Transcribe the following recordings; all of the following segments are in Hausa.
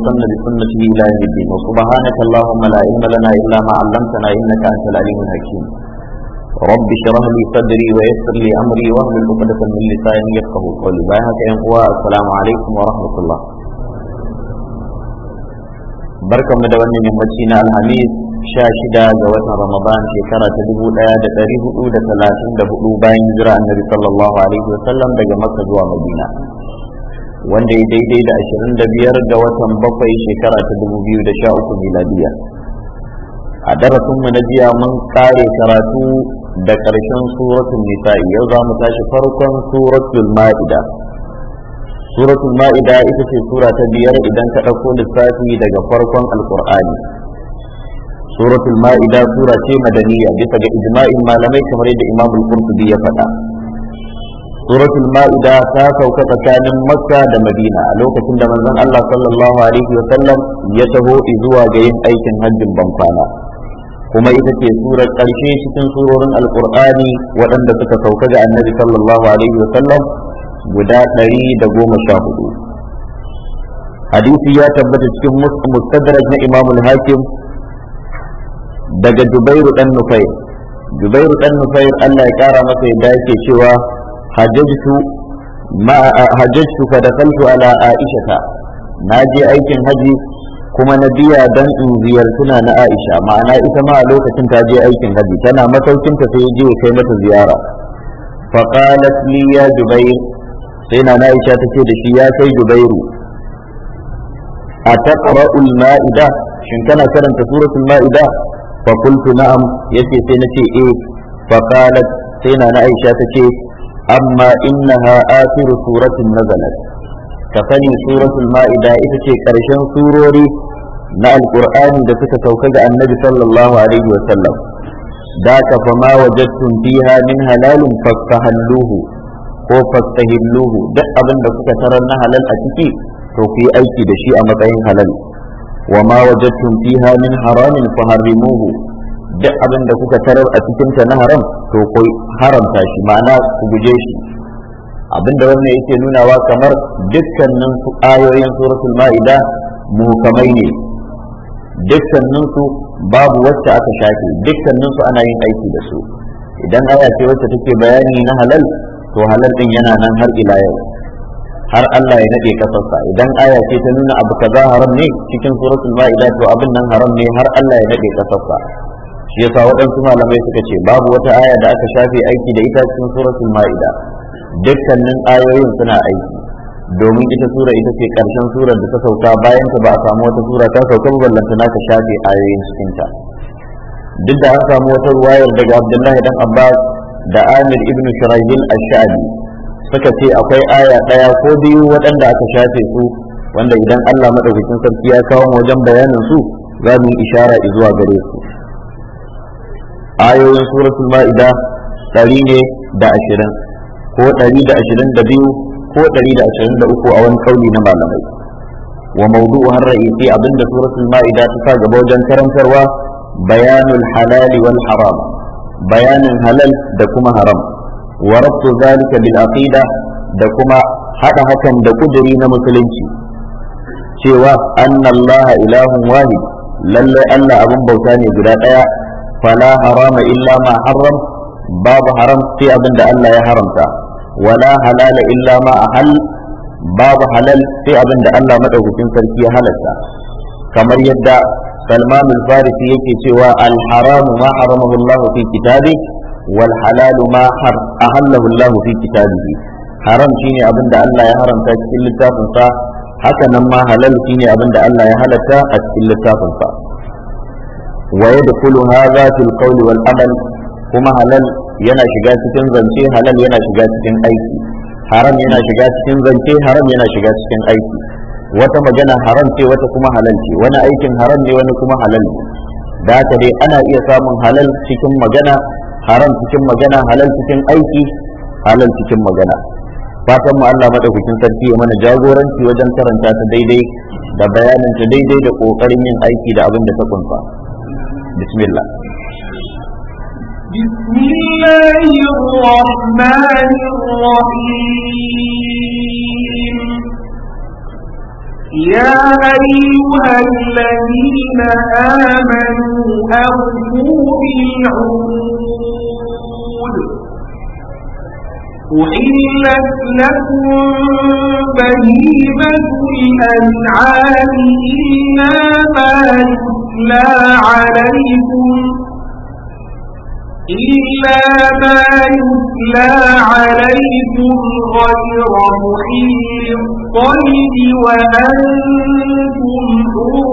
المضطن بسنته الى يوم الدين سبحانك اللهم لا علم لنا الا ما علمتنا انك انت العليم الحكيم رب اشرح لي صدري ويسر لي امري واهل عقدة من لساني يفقه قولي بايعك يا السلام عليكم ورحمة الله بركة من دواني من مدينة الحميد شاشدة جوات رمضان في كرة تدبو لا يدتاريه أولى ثلاثين دبو باين النبي صلى الله عليه وسلم دقى مكة دوا مدينة wanda ya daidai da ashirin da biyar ga watan bakwai shekara ta 2013 miladiya a darasinmu na jiya mun kare karatu da ƙarshen suratul nisa'i yau za mu tashi farkon suratul ma'ida suratul ma'ida ita ce sura ta biyar idan ka ɗauko lissafi daga farkon alƙur'ani suratul ma'ida sura ce madaniya bisa ga ijma'in malamai kamar yadda imamul qurtubi ya faɗa suratul ma'ida ta sauka tsakanin makka da madina a lokacin da manzon Allah sallallahu alaihi wa sallam ya taho zuwa ga yin aikin hajjin ban kwana kuma ita ce surar ƙarshe cikin surorin alkur'ani waɗanda suka sauka ga annabi sallallahu alaihi wa sallam guda ɗari da goma sha hudu hadisi ya tabbata cikin mustadrak na imamul hakim daga jubairu dan nufayr jubairu dan nufayr Allah ya kara masa ya dace cewa hajjajtu ma hajjajtu fa dakaltu ala aisha na je aikin haji kuma na biya dan in ziyarci na aisha ma'ana ita ma lokacin ta je aikin haji tana masaukin ta sai je kai mata ziyara fa qalat li ya jubair sai na aisha tace da shi ya kai jubairu a taqra'ul karanta sai sai na eh. aisha amma innaha akhiru suratin nazalat ka suratun suratul ma'ida ita ce ƙarshen surori na alqur'ani da suka sauka ga annabi sallallahu alaihi wasallam da ka fa ma wajadtum fiha min halalin fastahalluhu ko fastahilluhu duk abinda da kuka tarar na halal a ciki to ku yi aiki da shi a matsayin halal wa ma wajadtum fiha min haramin faharrimuhu duk abin da kuka tarar a cikin ta na haram to ku haramta shi ma'ana ku guje shi abinda wannan yake nunawa kamar dukkanin su ayoyin suratul ma'ida kamai ne dukkanin su babu wacce aka shafe dukkanin su ana yin aiki da su idan aya ce wacce take bayani na halal to halal din yana nan har ila yau har Allah ya nade kasarsa idan aya ce ta nuna abu kaza haram ne cikin suratul ma'ida to abin nan haram ne har Allah ya nade kasarsa shi yasa waɗansu malamai suka ce babu wata aya da aka shafe aiki da ita cikin suratul ma'ida dukkanin ayoyin suna aiki domin ita sura ita ce karshen surar da ta sauka bayan ta ba a samu wata sura ta sauka ballanta na ka shafe ayoyin cikin ta duk da an samu wata ruwayar daga Abdullahi dan Abbas da Amir ibn Shuraibil Ash-Sha'bi suka ce akwai aya ɗaya ko biyu waɗanda aka shafe su wanda idan Allah madaukakin sarki ya kawo wajen bayanin su za mu yi ishara zuwa gare su ayoyin suratul ma'ida ɗari ne da ashirin ko ɗari da ashirin da biyu ko ɗari da ashirin da uku a wani kauli na malamai wa maudu'u har ra'isi abinda suratul ma'ida ta sa gaba wajen karantarwa bayanul halali wal haram bayanin halal da kuma haram wa rabtu zalika bil aqida da kuma hada hakan da kuduri na musulunci cewa annallaha ilahun wahid lallai Allah abin bauta ne guda daya fala harama illa ma haram babu haram sai abin Allah ya haramta wala halala illa ma ahal babu halal sai abin da Allah madaukakin sarki ya halarta kamar yadda Salman al-Farisi yake cewa al-haram ma haramahu Allah fi kitabi wal halal ma ahallahu Allah fi kitabihi haram shine abin Allah ya haramta cikin littafinsa hakanan ma halal shine abinda Allah ya halarta a cikin littafinsa wa yadkhulu hadha fil qawli wal amal kuma halal yana shiga cikin zance halal yana shiga cikin aiki haram yana shiga cikin zance haram yana shiga cikin aiki wata magana haram ce wata kuma halal ce wani aikin haram ne wani kuma halal ne da haka ana iya samun halal cikin magana haram cikin magana halal cikin aiki halal cikin magana fatan mu Allah madaukakin sarki ya mana jagoranci wajen karanta ta daidai da bayanin ta daidai da kokarin yin aiki da abin da ta kunsa بسم الله بسم الله الرحمن الرحيم يا أيها الذين آمنوا أوفوا بالعقول أحلت لكم بهيمة الأنعام إلا ما يتلى عليكم إلا ما يتلى عليكم غير محيط الطيب وأنتم حرم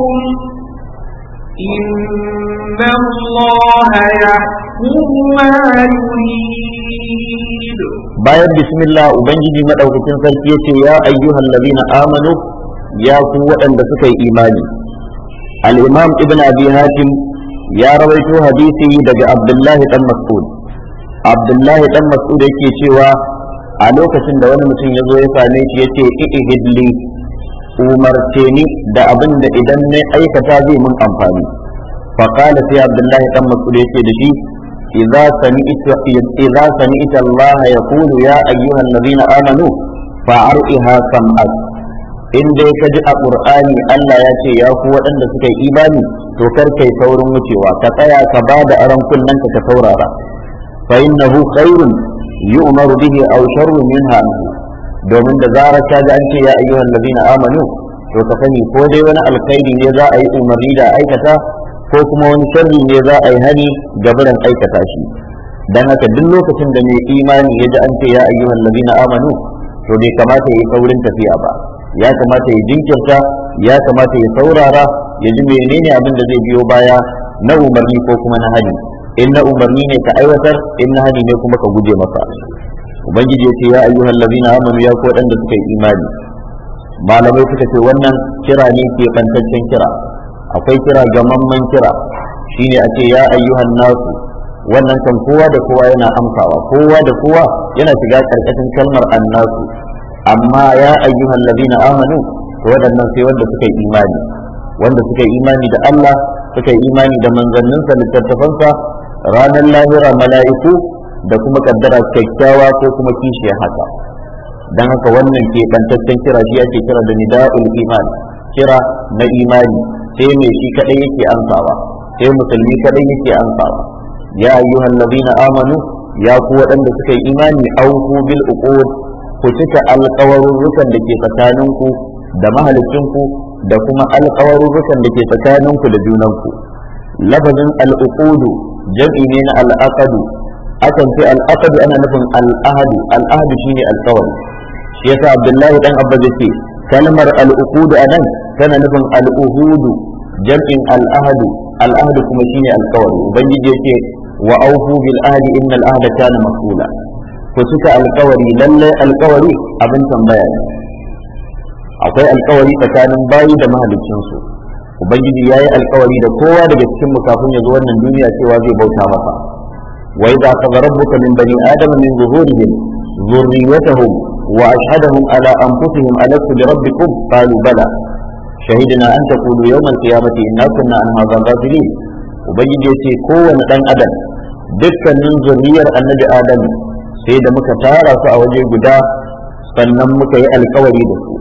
إن الله يحكم ما يريد بايد بسم الله وبنجي مدعوكتين سيكيتي يا أيها الذين آمنوا يا قوة أن تسكي إيماني al-imam ibn abi hatim ya rawaito hadisi daga abdullahi dan mas'ud abdullahi dan mas'ud yake cewa a lokacin da wani mutum ya zo ya same shi yace ihidli umarce ni da abin da idan na aikata zai mun amfani faqala sai abdullahi dan mas'ud yake da shi idza sami'tu idza sami'ta Allah yaqulu ya ayyuhal ladina amanu fa'ar'iha sam'ak in dai ka ji a ƙur'ani Allah ya ce ya ku waɗanda suka yi imani to kar kai saurin wucewa ka tsaya ka ba da aron kunnen ka saurara fa innahu khairun yu'maru bihi aw sharrun minha domin da zarar ka ji an ce ya ayyuhal ladina amanu to ka sani ko dai wani alkhairi ne za a yi umarni da aikata ko kuma wani sharri ne za a yi hani ga biran aikata shi dan haka duk lokacin da mai imani ya ji an ce ya ayyuhal ladina amanu to bai kamata ya yi saurin tafiya ba ya kamata ya jinkirta ya kamata ya saurara ya ji menene abin da zai biyo baya na umarni ko kuma na hani in na umarni ne ka aiwatar in na hani ne kuma ka guje masa ubangiji ya ce ya ayyuhal ladina amanu ya ko da suka yi imani malamai suka ce wannan kira ne ke kantaccen kira akwai kira ga mamman kira shine a ce ya ayyuhan nasu wannan kan kowa da kowa yana amsawa kowa da kowa yana shiga karkashin kalmar annasu amma ya ayyuhan ladina amanu to waɗannan sai wanda suka yi imani wanda suka yi imani da Allah suka yi imani da manzanninsa littattafansa ranar lahira mala'iku da kuma kaddara kyakkyawa ko kuma kishiya haka dan haka wannan ke bantaccen kira shi ake kira da nida'ul iman kira na imani sai mai shi kadai yake amsawa sai musulmi kadai yake amsawa ya ayyuhan ladina amanu ya ku waɗanda suka yi imani auku bil uqud ku cika alƙawarurrukan da ke tsakaninku da mahalicinku da kuma alƙawarurrukan da ke tsakaninku da junanku lafazin al'uqudu jam'i ne na al'aqadu akan ce al'aqadu ana nufin al'ahadu al'ahadu shine alƙawari shi yasa abdullahi dan abba ce kalmar al'uqudu anan tana nufin al'uhudu jam'in al'ahadu al'ahadu kuma shine alƙawari ubangiji yake wa aufu bil ahdi innal ahda kana mas'ula ko cika alkawari lallai alkawari abin tambaya ne akwai alkawari tsakanin bayi da mahaliccinsu ubangiji ya yi alkawari da kowa daga cikin mukafin kafin ya zo wannan duniya cewa zai bauta masa Wai idza qadara rabbuka min bani adama min zuhurihim dhurriyyatahum wa ashhadahum ala anfusihim alastu bi rabbikum qalu bala shahidina an taqulu yawm al-qiyamati inna kunna an hadha ghafilin ubangiji ya ce kowane dan adam dukkanin zuriyar annabi adam sai da muka tara su a waje guda sannan muka yi alkawari da su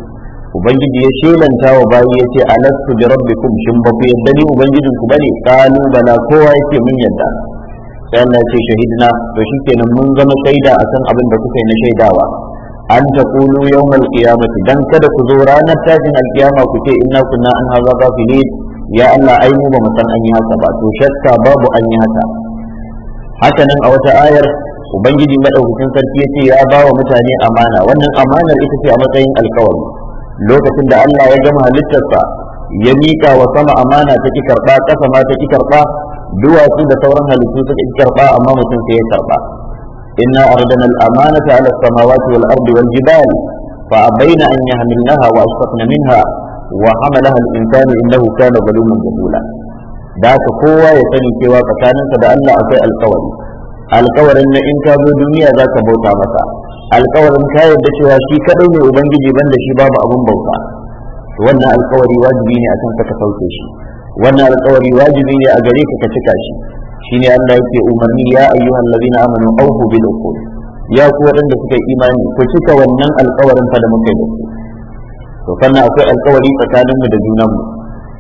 ubangiji ya shelanta wa bayi ya ce alastu bi rabbikum shin ba ku yadda ni ubangijin ku bane kalu bala kowa yake mun yadda sai Allah ya ce shahidna to shikenan mun zama shaida akan abin da kuka yi na shaidawa an kulu yawmal qiyamati dan kada ku zo ranar tashin alkiyama ku ce inna kunna an haza ghafilin ya Allah ai mu ba mu san an yi haka ba to shakka babu an yi haka haka nan a wata ayar ubangiji madaukakin sarki yace ya ba wa mutane amana wannan amanar ita ce a matsayin alkawari lokacin da Allah ya gama halittarsa ya mika wa sama amana ta ki karba kasa ma ta ki karba duwatsu da sauran halittu ta ki karba amma mutum sai ya karba inna ardana al-amanata ala samawati wal ardi wal jibal fa abaina an yahmilnaha wa ashfaqna minha wa hamalaha al-insanu innahu kana zaluman jahula da kowa ya sani cewa tsakaninsa da Allah akwai alkawari alkawarin na in ka zo duniya za ka bauta masa alkawarin ka yarda cewa shi kadai ne ubangiji banda shi babu abun bauta wannan alkawari wajibi ne akan ka sauke shi wannan alkawari wajibi ne a gare ka ka cika shi shine Allah yake umarni ya ayyuhal ladina amanu awfu bil uqud ya ku waɗanda suka yi imani ku cika wannan alkawarin fa da muke da yi to kana akwai alkawari tsakanin mu da junan mu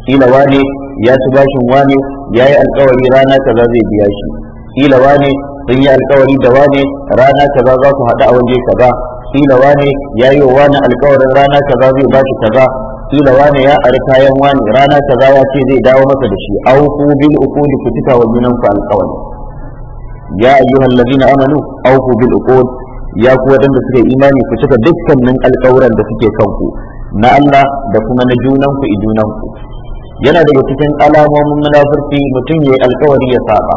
kila wane ya ci bashin wane ya alkawari rana kaza zai biya shi kila wane sun yi alkawari da wane rana kaza za su haɗu a waje kaza kila wane ya yi wa wani alkawarin rana kaza zai ba shi kaza kila wane ya ari kayan wane rana kaza ya ce zai dawo masa da shi au ku bil uqud ku tuka wa junan ku alkawari ya ayyuhal ladina amanu au ku bil uqud ya ku wadanda suka imani ku cika dukkanin alkawuran da suke kanku na Allah da kuma na junan ku idunan ku yana daga cikin alamomin munafurci mutum yayi alkawari ya saba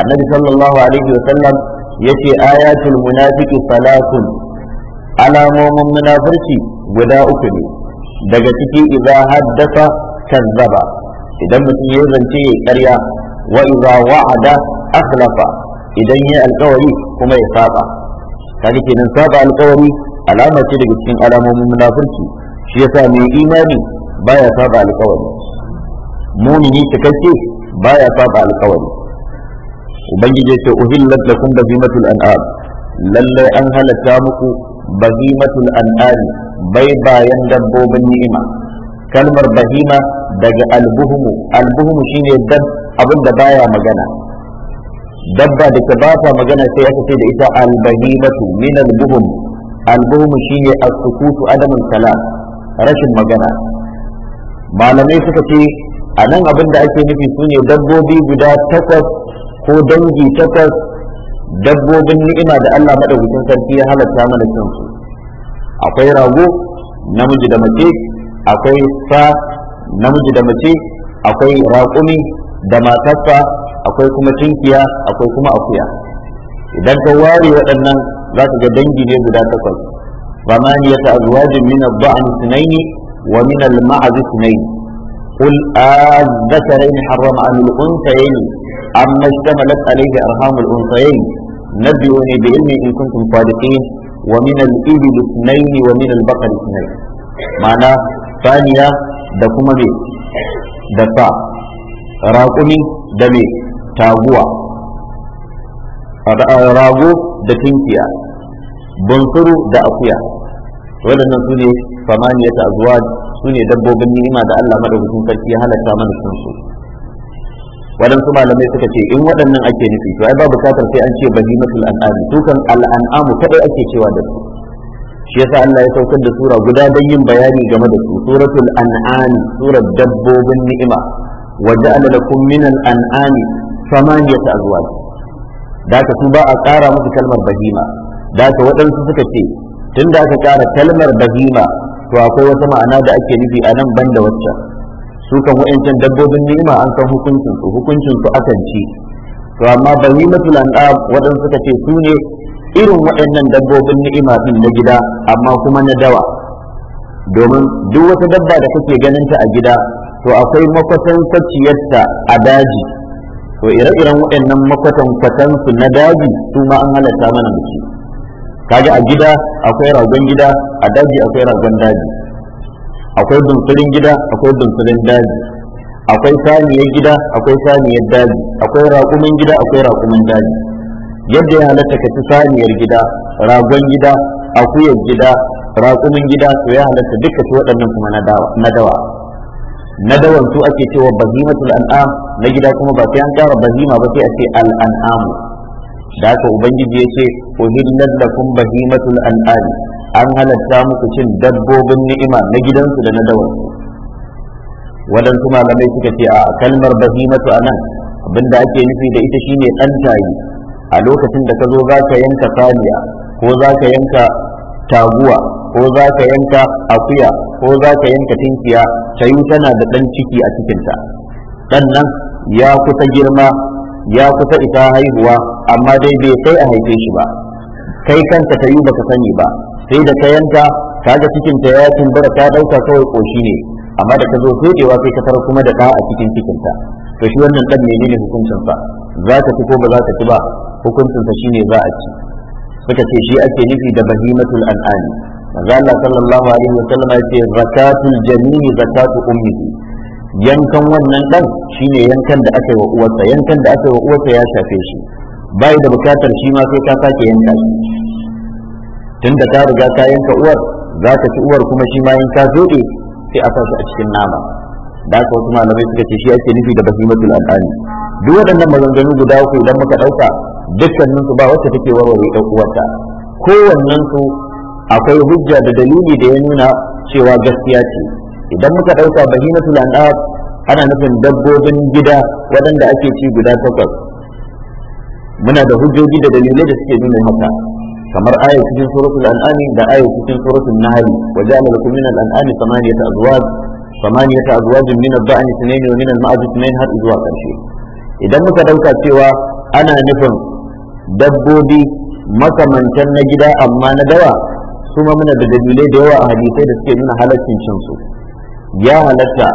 annabi sallallahu alaihi wasallam yace ayatul munafiki salatun alamomin munafurci guda uku ne daga ciki idza haddasa kazzaba idan mutum ya zance ya karya wa idza wa'ada akhlafa idan ya alkawari kuma ya saba kaga kenan saba alkawari alama ce daga cikin alamomin munafurci shi yasa mai imani baya saba alkawari mumini cikakke baya saba alkawari ubangiji ce uhillat lakum bazimatul an'am lallai an halatta muku bazimatul an'am bai bayan dabbobin ni'ima kalmar bahima daga albuhumu albuhumu shine dab abin da baya magana dabba da ta bata magana sai aka ce da ita albahimatu min albuhum albuhumu shine as-sukutu adamul kalam rashin magana malamai suka ce a nan abin da ake nufi su ne dabbobi guda takwas ko dangi takwas dabbobin ni'ima da Allah madaukakin sarki ya halatta mana cin su akwai rago namiji da mace akwai fa namiji da mace akwai raƙumi da matarsa akwai kuma tinkiya akwai kuma akuya idan ka ware waɗannan za ka ga dangi ne guda takwas ثمانية أزواج من الضأن اثنين ومن المعز اثنين قل آذكرين حرم عن الأنثيين amma ishtamalat alayhi arhamul unsayayn nabiyuni bi ilmi in kuntum sadiqin wa min al-ibil ithnayn wa min al-baqar ithnayn ma'ana saniya da kuma me da sa raƙumi da me taguwa rago da tinkiya bunsuru da akuya waɗannan su ne samaniya ta azuwa su dabbobin ni'ima da Allah madaukakin sarki ya halarta mana sun waɗansu malamai suka ce in waɗannan ake nufi to ai ba bukatar sai an ce bahimatul an'am dukan al'an'am kadai ake cewa da su shi yasa Allah ya saukar da sura guda don yin bayani game da su suratul an'am surar dabbobin ni'ima wa ja'ala lakum min al'an'am samaniyata azwaj da ka su ba a ƙara musu kalmar bahima da ka waɗansu suka ce tun da aka ƙara kalmar bahima to akwai wata ma'ana da ake nufi a nan banda waccan su kan wa'ancan dabbobin ni'ima an san hukuncin su hukuncin su akan ci to amma bahimatul da wadanda suka ce su ne irin waɗannan dabbobin ni'ima din na gida amma kuma na dawa domin duk wata dabba da kake ganin ta a gida to akwai makwatan kwaciyarta a daji to ire-iren wadannan makwatan kwatansu na daji su ma an halatta mana da kaga a gida akwai ragon gida a daji akwai ragon daji akwai dunkulin gida akwai dunsurin daji akwai saniyar gida akwai saniyar daji akwai raƙumin gida akwai rakumin daji yadda ya halatta ka ci saniyar gida ragon gida akuyar gida raƙumin gida to ya halatta duka su waɗannan kuma na dawa na dawan su ake cewa bazimatul an'am na gida kuma ba sai an kara bazima ba sai a ce al'an'amu da haka ubangiji ya ce uhillat lakum bazimatul an'am an halatta musu cin dabbobin ni'ima na gidansu da na dawarsu waɗansu malamai suka ce a kalmar bahimatu a nan abinda ake nufi da ita shine ɗan tayi a lokacin da ka zo za ka yanka saniya ko za ka yanka taguwa ko za ka yanka akuya ko za ka yanka tinkiya tayu tana da ɗan ciki a cikinta ɗan nan ya kusa girma ya kusa isa haihuwa amma dai bai kai a haife shi ba kai kanka ta yi ka sani ba sai da ka yanka kaga cikin ta ya tumbura ta dauka kawai koshi ne amma da ka zo fedewa sai ka tarar kuma da ɗa a cikin cikinta, to shi wannan dan menene hukuncin sa za ka ci ko ba za ka ci ba hukuncin sa shine za a ci suka ce shi ake nufi da bahimatul an'ani manzo Allah sallallahu alaihi wasallam ya ce zakatul jamini zakatu ummihi yankan wannan dan shine yankan da aka yi wa uwarsa yankan da aka yi wa uwarsa ya shafe shi bai da bukatar shi ma sai ka sake yanka shi tun da ka riga ka yanka uwar za ka ci uwar kuma shi ma yanka zoɗe sai a sa a cikin nama da aka wasu malamai suka ce shi ake nufi da basimatul al'ani duk waɗannan maganganu guda uku idan muka ɗauka dukkanin su ba wacce take warware ɗan uwarta kowannen su akwai hujja da dalili da ya nuna cewa gaskiya ce idan muka ɗauka bahimatul al'ad ana nufin dabbobin gida waɗanda ake ci guda takwas muna da hujjoji da dalilai da suke nuna maka, kamar aya cikin suratul an'am da aya cikin suratul nahl wa ja'ala lakum min al-an'am thamaniyata azwaj thamaniyata azwaj min ad-da'n ithnayn wa min al-ma'az ithnayn har zuwa karshe idan muka dauka cewa ana nufin dabbobi makamantan na gida amma na dawa su ma muna da dalilai da yawa a hadisai da suke nuna halaccin cin su ya halatta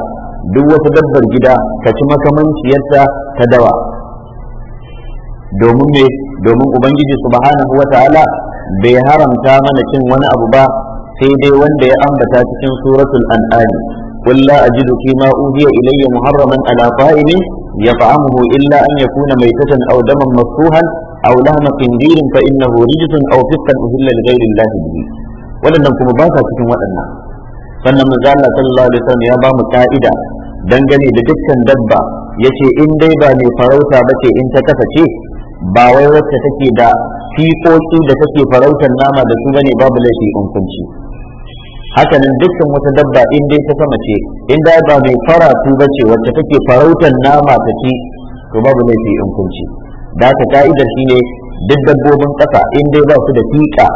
duk wata dabbar gida ka ci makamanciyarta ta dawa domin me domin ubangiji subhanahu wataala bai haramta mana cin wani abu ba sai dai wanda ya ambata cikin suratul an'am قل لا أجد فيما أوحي إلي محرما على طائم يطعمه إلا أن يكون kuma ba cikin waɗannan sannan manzo Allah sallallahu alaihi wasallam ya bamu ƙa'ida. dangane da dukkan dabba ce in dai ba mai farauta bace in ta kasace ba wai wacce take da fiƙoƙi da take farautar nama da su bane babu laifi in kunci hakanan dukkan wata dabba in dai ta sama ce in da ba mai fara su bace wacce take farautar nama ta ci to babu laifi in kunci da ta ka'idar shi ne duk dabbobin ƙasa in dai ba su da fiƙa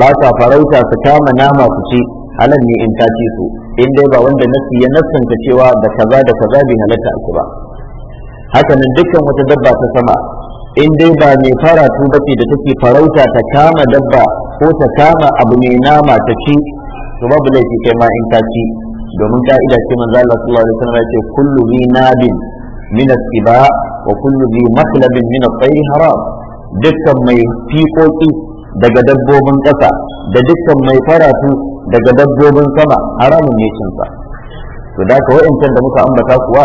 ba sa farauta su kama nama su ci halan ne in ta ci su in dai ba wanda nasi ya nassanta cewa da kaza da kaza bai halatta su ba hakanan dukkan wata dabba ta sama in dai ba mai faratu ba ce da take farauta ta kama dabba ko ta kama abu mai nama ta ci to babu laifi kai ma in ta ci domin ka'ida ce manzo Allah sallallahu alaihi wasallam ce kullu bi nabin min as-siba wa kullu bi maklabin min at-tayr haram dukkan mai fikoki daga dabbobin kasa, da dukkan mai faratu daga dabbobin sama haramun ne cinsa to da ka wa'ancan da muka ambata kuwa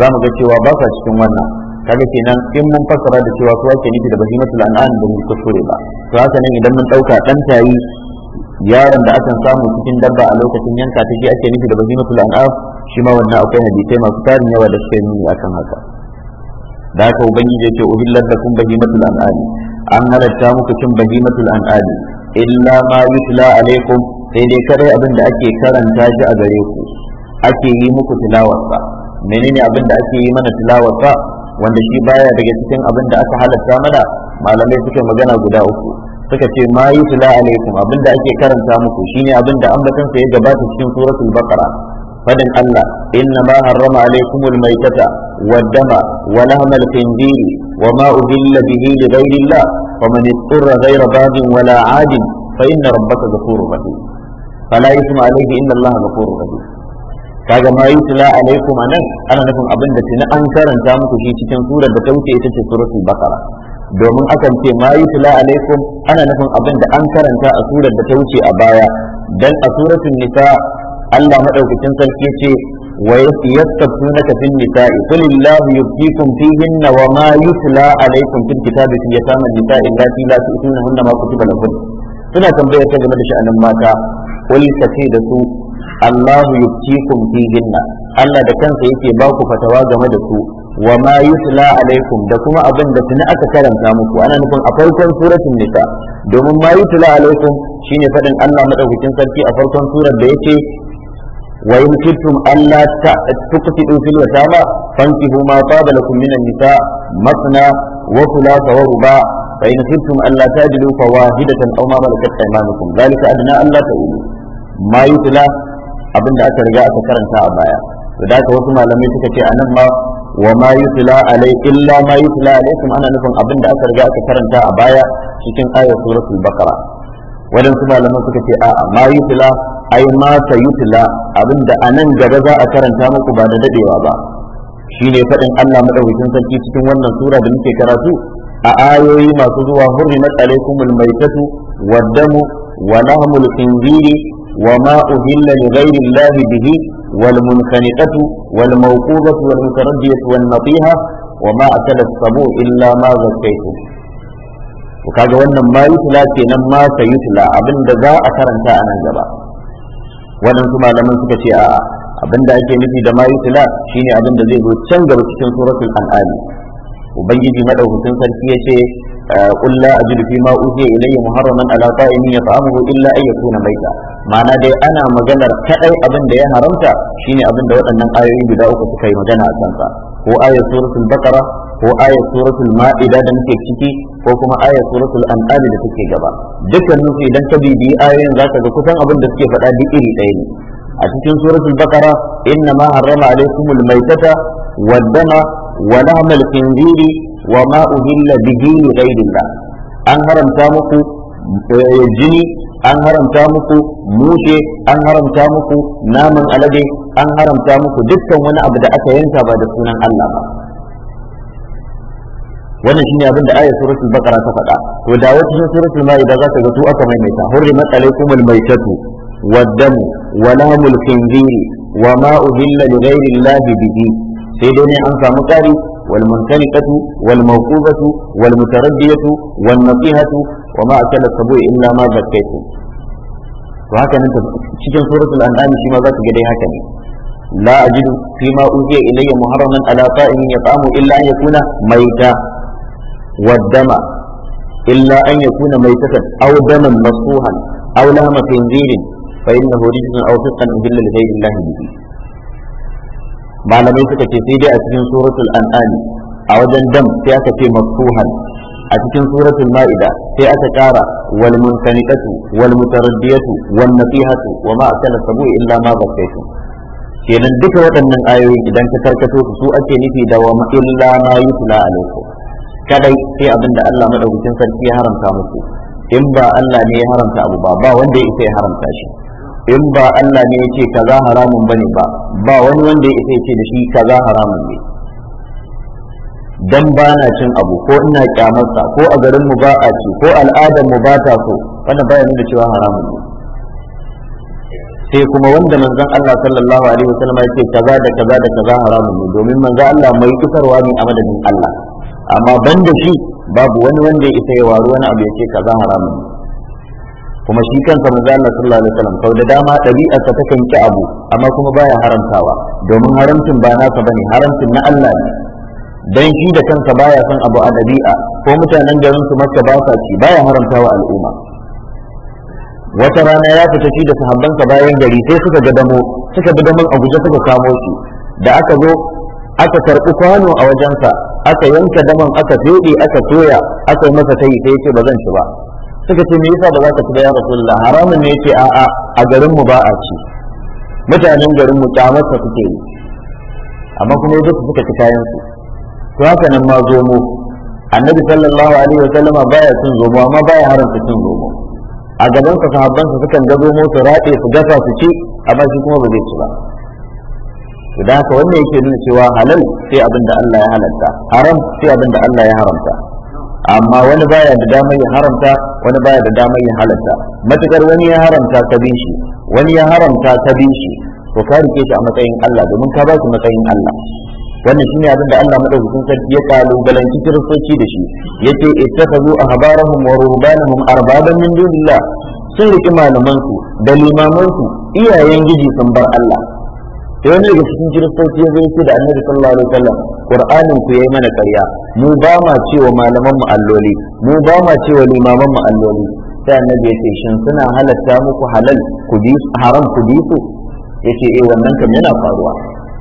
za mu ga cewa ba sa cikin wannan kaga kenan in mun fassara da cewa su ake nufi da bahimatul an'am da mun ba to haka nan idan mun dauka dan tayi yaron da akan samu cikin dabba a lokacin yanka ta ji ake nufi da bahimatul an'am shi ma wannan akwai hadisai masu tarin yawa da suke nuni akan haka da haka ubangiji ce uhillat lakum bahimatul an'am an halatta muku cin bahimatul an'am illa ma yutla alaikum sai dai kare abin da ake karanta shi a gare ku ake yi muku tilawarsa menene abin da ake yi mana tilawarsa wanda shi baya daga cikin abin da aka halatta mana malamai suka magana guda uku suka ce ma yutla alaikum abin da ake karanta muku shine abin da ambatan sa ya gabata cikin suratul baqara fadin Allah inna ma harrama alaikumul maitata waddama wa lahmal khinziri wa ma uhilla bihi li ghairillah faman ittara ghaira baghin wala adin fa inna rabbaka ghafurur rahim fala yusma alaihi inna Allah ghafurur rahim kaga ma yutla alaikum anan ana nufin abin da tuni an karanta muku shi cikin surar da ta wuce ita ce suratul baqara domin akan ce ma yutla alaikum ana nufin abin da an karanta a surar da ta wuce a baya dan a suratul nisa Allah madaukakin sarki ce wa yastaftunaka fin nisa'i qul illahu yuftikum fihinna wa ma yutla alaikum fil kitabi fi yatama nisa'i allati la tu'tunahunna ma kutiba lakum suna tambayar ta game da sha'anin mata kul ka ce da su Allahu yubtikum fihinna Allah da kansa yake ba ku fatawa game da su wa ma yutla alaikum da kuma abin da tuni aka karanta muku ana nufin a farkon suratul nisa domin ma yutla alaikum shine fadin Allah madaukakin sarki a farkon surar da yake wa in kuntum alla tuqsidu fil yatama fankihu ma taba lakum min an-nisa masna wa thulatha wa ruba fa in kuntum alla tajidu fawahidatan aw ma malakat aymanukum dhalika adna alla ta'ulu ma yutla abin da aka riga aka karanta a baya to da wasu malamai suka ce anan ma wa ma yutla alai illa ma alai kuma ana nufin abin da aka riga aka karanta a baya cikin ayat suratul baqara wadansu malamai suka ce a ma yutla ai ma ta yutla abin da anan gaba za a karanta muku ba da dadewa ba shine fadin Allah madaukakin sarki cikin wannan sura da muke karatu a ayoyi masu zuwa hurrimat alaikumul maitatu waddamu wa lahmul وما أهل لغير الله به والمنخنقة والموقوبة والمتردية والنطيحة وما أكل السبوع إلا ما زكيتم وكذا wannan ma yutla kenan masa sai yutla abin za a karanta a nan gaba wannan malaman suka ce a'a abin da ake nufi da mayu yutla shine abin da zai zo can gaba cikin suratul al'ali ubangiji madaukakin sarki ce. qul la ajidu fi ma uhiya ilayya muharraman ala ta'imin yat'amuhu illa an yakuna maita ma'ana dai ana maganar kaɗau abin da ya haramta shine abin da waɗannan ayoyi guda uku sukayi magana a kansa ko ayat suratul baqara ko ayat suratul ma'ida da muke ciki ko kuma ayat suratul an'am da take gaba dukkanin idan ka bibiyi ayoyin zaka ga kusan abin da suke faɗa duk iri ɗaya ne a cikin suratul baqara inna ma harrama alaykumul maitata wad dama wa lahmal wa ma uhilla bihi li ghayrillah an haramta muku eh, jini an haramta muku mushe an haramta muku naman alade an haramta muku dukkan wani abu da aka yanka ba da sunan Allah ba wannan shine abin da ayat suratul baqara ta faɗa to da wata suratul maida za ta ga su aka maimaita hurrimat alaykum almaytatu والدم ولهم الخنزير وما أهل لغير الله به sai dai ne an samu ƙari والمنخنقة والموقوبة والمتردية والنصيحة وما أكل السبوع إلا ما زكيتم وهكذا أنت cikin suratul an'am shi ma zaka ga dai haka ne la ajidu fima uziya ilayya muharraman ala ta'imin yat'amu illa an yakuna maita wa dama illa an yakuna maitatan aw daman masfuhan aw lahma khinzirin fa innahu rijsun aw malamai suka ce sai dai a cikin suratul an'ami a wajen dam sai aka ce mafsuhan a cikin suratul ma'ida sai aka kara wal munkanikatu wal mutaraddiyatu wan nasihatu wa ma akala sabu illa ma bakaitu kenan duka waɗannan ayoyi idan ka karkato su su ake nufi da wa illa ma yutla alaikum kadai sai abinda Allah madaukakin sarki ya haramta muku in ba Allah ne ya haramta abu ba ba wanda ya isa ya haramta shi in ba Allah ne yake kaza haramun bane ba ba wani wanda ya isa ce da shi kaza haramun ne dan ba cin abu ko ina kyamarsa ko a garin mu ba a ci ko al'adar mu ba ta so wannan baya nuna cewa haramun ne sai kuma wanda manzon Allah sallallahu alaihi wasallam ya kaza da kaza da kaza haramun ne domin manzon Allah mai isarwa ne a madadin Allah amma banda shi babu wani wanda ya isa ya waru wani abu ya ce kaza haramun ne kuma shi kansa manzo Allah sallallahu alaihi wasallam sau da dama ɗabi'arsa ta kanki abu amma kuma baya haramtawa domin haramcin ba nasa bane haramcin na Allah ne dan shi da kansa baya son abu a ɗabi'a ko mutanen garin su Makka ba sa ci baya haramtawa al'umma wata rana ya fita shi da sahabbansa bayan gari sai suka ga damo suka bi damon a suka kamo shi da aka zo aka karɓi kwano a wajensa aka yanka damon aka fede aka toya aka yi masa tayi sai ya ce ba zan ci ba suka ce me yasa ba za ka ci da ya rasulullah haramun ne yake a'a a garin mu ba a ci mutanen garin mu kyamarsa suke yi amma kuma yadda su suka ci kayan su to haka nan ma mu annabi sallallahu alaihi wa sallama ya cin zomo amma ya haramta cin zomo a gaban sa sahabban sa sukan ga zomo su raɗe su gasa su ci amma shi kuma ba zai ci ba to da haka wannan yake nuna cewa halal sai abin da Allah ya halalta haram sai abin da Allah ya haramta amma wani baya da damar ya haramta wani baya da damar ya halatta matukar wani ya haramta ta bin shi wani ya haramta ta bin shi to ka rike shi a matsayin Allah domin ka ba shi matsayin Allah wannan shine abin da Allah madaukakin sarki ya kalubalanci kiristoci da shi yace ittakhadhu ahbarahum wa a arbaban min dunillah sun riki malaman su da limaman su iyayen giji sun bar Allah sai wani daga cikin kiristoci ya zo da annabi sallallahu alaihi wasallam qur'anin ku yayi mana ƙarya mu ba ma cewa malaman mu alloli mu ba ma cewa limaman mu alloli sai annabi ya ce shin suna halatta muku halal ku bi haram ku bi su yace eh wannan kam yana faruwa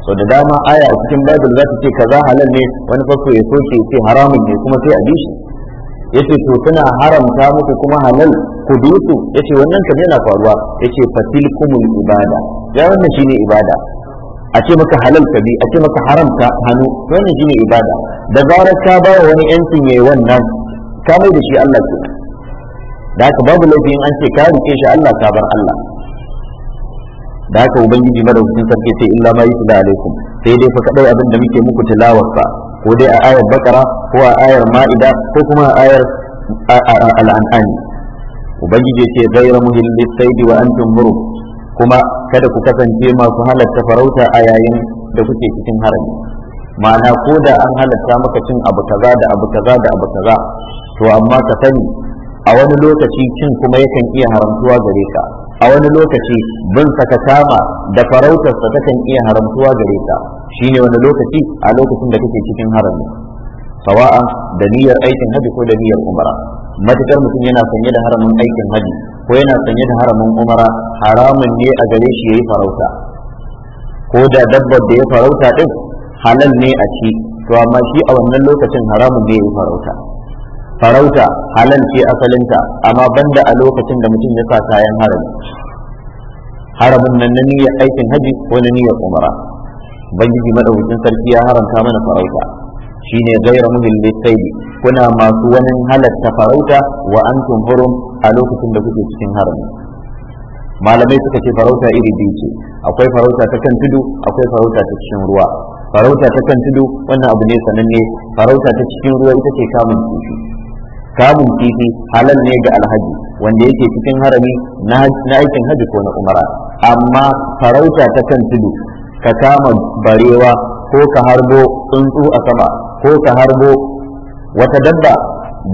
so da dama aya a cikin bible za ta ce kaza halal ne wani fasso ya soke ya ce haramun ne kuma sai a bi shi yace to suna haramta muku kuma halal ku bi su yace wannan kam yana faruwa yace fatilkumul ibada ya wannan shine ibada a ce maka halal ka bi a ce maka haram ka hannu wannan shine ibada da zarar ka ba wani yancin yayi wannan ka mai da shi Allah ke da haka babu laifin an ce ka rike shi Allah ka bar Allah da haka ubangiji madaukakin sarki sai illa ma yusla alaikum sai dai fa kadai abin da muke muku sa ko dai a ayar bakara ko a ayar ma'ida ko kuma a ayar al'an'ani ubangiji ce ghayra muhillis saidi wa antum murum kuma kada ku kasance masu halatta farauta a yayin da kuke cikin harami ma'ana ko da an halatta maka cin abu kaza da abu kaza da abu kaza to amma ka sani a wani lokaci cin kuma yakan iya haramtuwa gare ka a wani lokaci bin saka kama da farautarsa takan iya haramtuwa gare ka shine wani lokaci a lokacin da kake cikin harami sawa'an da niyyar aikin hajji ko da niyyar umara matukar mutum yana sanye da haramin aikin haji ko yana sanye da haramin umara haramun ne a gare shi ya yi farauta ko da dabbar da ya farauta din halal ne a ci to amma shi a wannan lokacin haramun ne yayi farauta farauta halal ce asalinta amma banda a lokacin da mutum ya sa kayan haramin haramin nan na niyyar aikin haji ko na niyyar umara ubangiji madaukakin sarki ya haramta mana farauta shine gaira muhil kuna masu wani halatta farauta wa an hurum a lokacin da kuke cikin harami malamai suka ce farauta iri biyu ce akwai farauta ta kan tudu akwai farauta ta cikin ruwa farauta ta kan tudu wannan abu ne sananne farauta ta cikin ruwa ita ce kamun kifi kamun kifi halal ne ga alhaji wanda yake cikin harami na aikin haji ko na umara amma farauta ta kan tudu ka kama barewa ko ka harbo tsuntsu a sama ko ka harbo wata dabba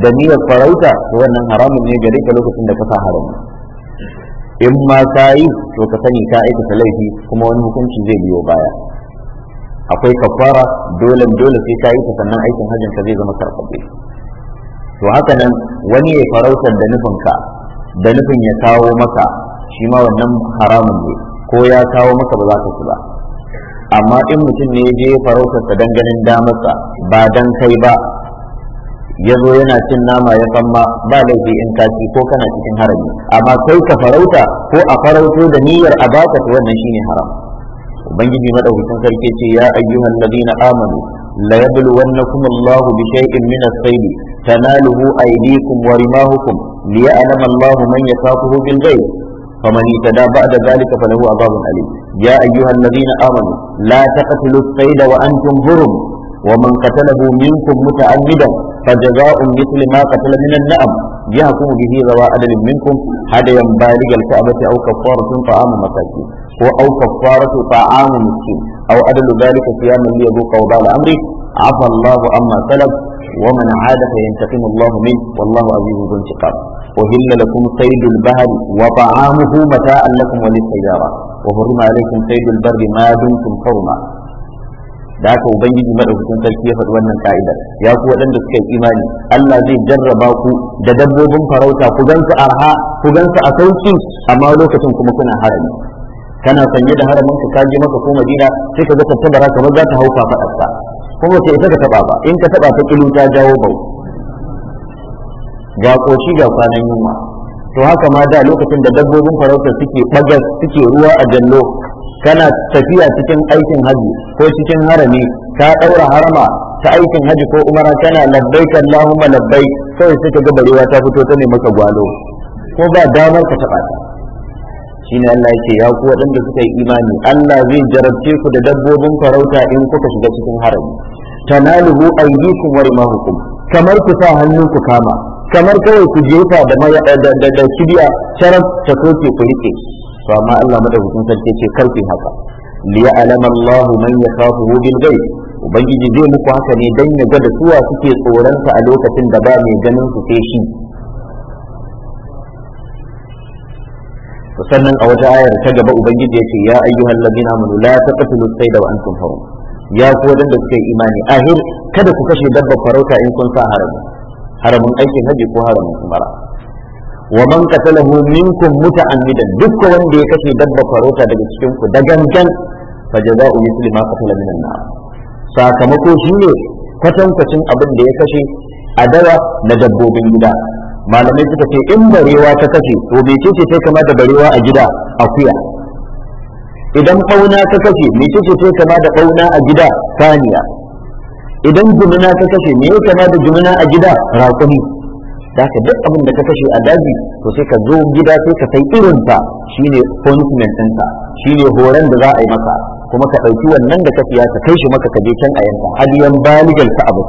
da niyyar farauta to wannan haramun ne gare ka lokacin da ka sa haramun in ma ka yi to ka sani ka aikata laifi kuma wani hukunci zai biyo baya akwai kafara dole dole sai ka yi ta sannan aikin hajjin ka zai zama karfafe to haka nan wani ya farautar da nufin ka da nufin ya kawo maka shi ma wannan haramun ne ko ya kawo maka ba za ka ci ba amma in mutum ne ya je farautar ta dan ganin damarsa ba dan kai ba ya zo yana cin nama ya famma ba laifi in ka ci ko kana cikin harami amma kai ka farauta ko a farauto da niyyar a baka to wannan shine haram ubangiji madaukakin sarki ce ya ayyuhan ladina amanu la yabluwannakum Allahu bi shay'in min as-sayl tanaluhu aydikum wa rimahukum liya'lam Allahu man yakafuhu bil ghaib فمن اهتدى بعد ذلك فله عذاب أليم يا أيها الذين آمنوا لا تقتلوا الصيد وأنتم حرم ومن قتله منكم متعمدا فجزاء مثل ما قتل من النعم يحكم به ذوى عدل منكم هديا بالغ الكعبة أو كفارة طعام مساكين أو كفارة طعام مسكين أو عدل ذلك صياما ليذوق وبال أمره عفى الله عما سلف ومن عاد فينتقم الله منه والله عزيز ذو انتقام أهل لكم صيد البهر وطعامه متاعا لكم وللسيارة وحرم عليكم صيد البر ما دمتم حرما da haka ubangiji madaukakin sarki ya faɗi wannan ka'ida ya ku waɗanda suka yi imani Allah zai jarraba ku da dabbobin farauta ku gansu arha ku gansu a sauki amma lokacin kuma kuna harami kana sanye da haramin ka kaje maka ko Madina sai ka ga tattabara kamar za ta hau faɗarsa kuma sai ita ka taba ba in ka taba ta kilu ta jawo bau ga koshi ga kwanan yunwa to haka ma da lokacin da dabbobin farauta suke bagas suke ruwa a jallo kana tafiya cikin aikin haji ko cikin harami ka daura harama ta aikin haji ko umara kana labbaika allahumma labbaik sai sai ka ga barewa ta fito ta ne maka gwalo ko ba damar ka taba ta shine Allah yake ya ku waɗanda suka yi imani Allah zai jarabce ku da dabbobin farauta in kuka shiga cikin harami tanaluhu aydikum wa rimahukum kamar ku sa hannu ku kama kamar kawai ku jefa da da da kibiya sharaf ta soke ku rike to amma Allah madaukakin sarki ce karfi haka li ya'lama Allahu man yakhafuhu bil ghaib ubangiji zai muku haka ne dan ya ga da suwa suke tsoron a lokacin da ba mai ganin su sai shi sannan a wata ayar ta gaba ubangiji ya ce ya ayyuhal ladina amanu la ta sayda wa antum hurum ya ku wadanda suka yi imani ahir kada ku kashe dabbar farauta in kun sa haramun aikin haji ko haramin umara wa man qatalahu minkum muta'ammidan duk wanda ya kashe dabba farauta daga cikin ku da gangan fa jaza'u mithli ma qatala min an-nar sakamako shine kwatankwacin abin da ya kashe a dawa na dabbobin gida malamai suka ce in barewa ta kashe to mecece sai kama da barewa a gida akuya idan ɓauna ta kashe mecece sai kama da ɓauna a gida saniya idan jumuna ta kashe me ya kama da jumuna a gida raƙumi da ka duk abin da ka kashe a daji to sai ka zo gida sai ka sai irin ta shine punishment ɗinka shine horon da za a yi maka kuma ka ɗauki wannan da ka fiya ka kai shi maka ka je can a yanka hadiyan baligal ka'aba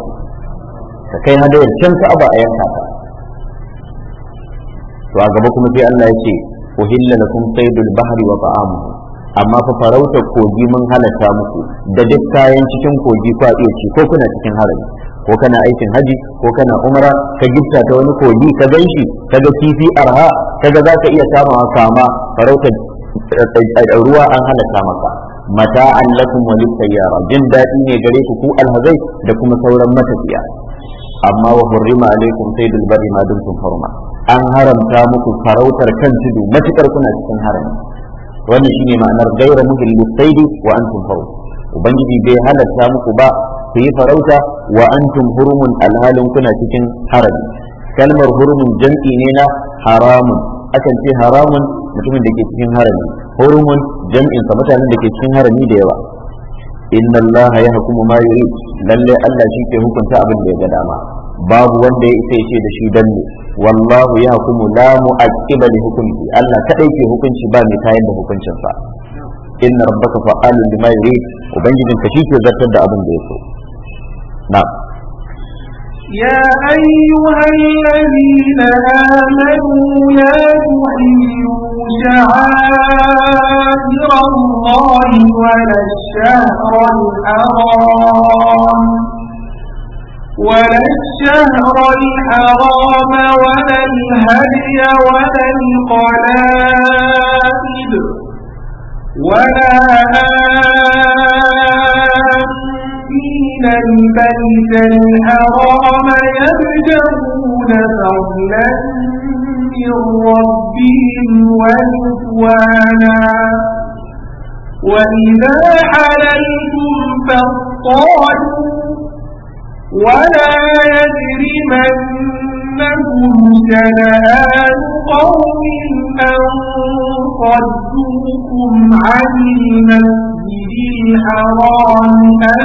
ka kai hadiyan can ka'aba a yanka ta to a gaba kuma sai Allah ya ce uhilla lakum saydul bahri wa ta'amuhu amma fa farautar kogi mun halatta muku da duk kayan cikin kogi kwa iya ci ko kuna cikin harami ko kana aikin haji ko kana umara ka gifta ta wani kogi ka ganshi kaga kifi arha kaga za ka iya kama kama farautar eh, eh, ruwa an halatta maka mata'an lakum wani lisayyara jin daɗi ne gare ku ku alhazai da kuma sauran matafiya amma wa hurrima alaikum saydul barri ma dumtum hurma an haramta muku farautar kan tudu matukar kuna cikin harami wannan shine ma'anar gaira muhillu saydi wa antum hurum ubangiji bai halatta muku ba ku yi farauta wa antum hurumun alhalin kuna cikin harami kalmar hurumun jam'i ne na haramun akan ce haramun mutumin da ke cikin harami hurumun jam'in sa mutanen da ke cikin harami da yawa inna Allah ya hukumu ma yuri lalle Allah shi ke hukunta abin da ya ga dama babu wanda ya isa ce da shi dan wallahu ya hukumu la mu'aqqiba li hukmihi Allah kadai ke hukunci ba mai kayan da hukuncin sa inna rabbaka fa'alun lima yurid ubangijin ka shi ke zartar da abin da ya so نعم يا أيها الذين آمنوا لا تحلوا شعائر الله ولا الشهر الحرام ولا الشهر الحرام ولا الهدي ولا القلائد ولا آه من البيت الحرام يبتغون فضلا من ربهم ورضوانا وإذا حللتم فاصطادوا ولا يجرمن إنكم شنآن قوم أن صدوكم عن المسجد الحرام أن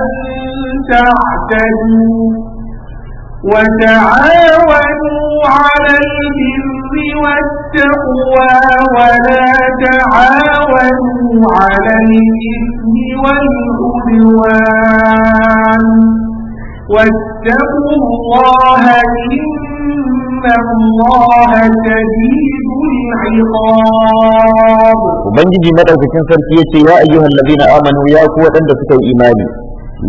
تعتدوا وتعاونوا على البر والتقوى ولا تعاونوا على الإثم والعدوان واتقوا الله إن Ubangiji madaukakin sarki ce ya ayyuhal ladina amanu ya ku waɗanda suka yi imani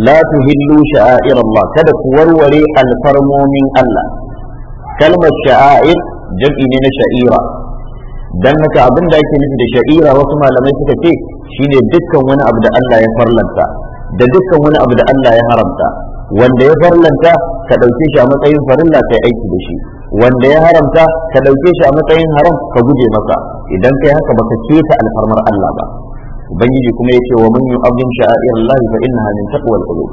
la tuhillu sha'air Allah kada ku warware alfarmomin Allah kalmar sha'air jam'i ne na sha'ira dan haka abin da ake nufi da sha'ira wasu malamai suka ce shine dukkan wani abu da Allah ya farlanta da dukkan wani abu da Allah ya haramta wanda ya farlanta ka ɗauke shi a matsayin farilla kai aiki da shi wanda ya haramta ka ɗauke shi a matsayin haram ka guje masa idan kai haka baka keta alfarmar Allah ba ubangiji kuma ya ce wa man yu'azzim sha'air Allah fa innaha min taqwal qulub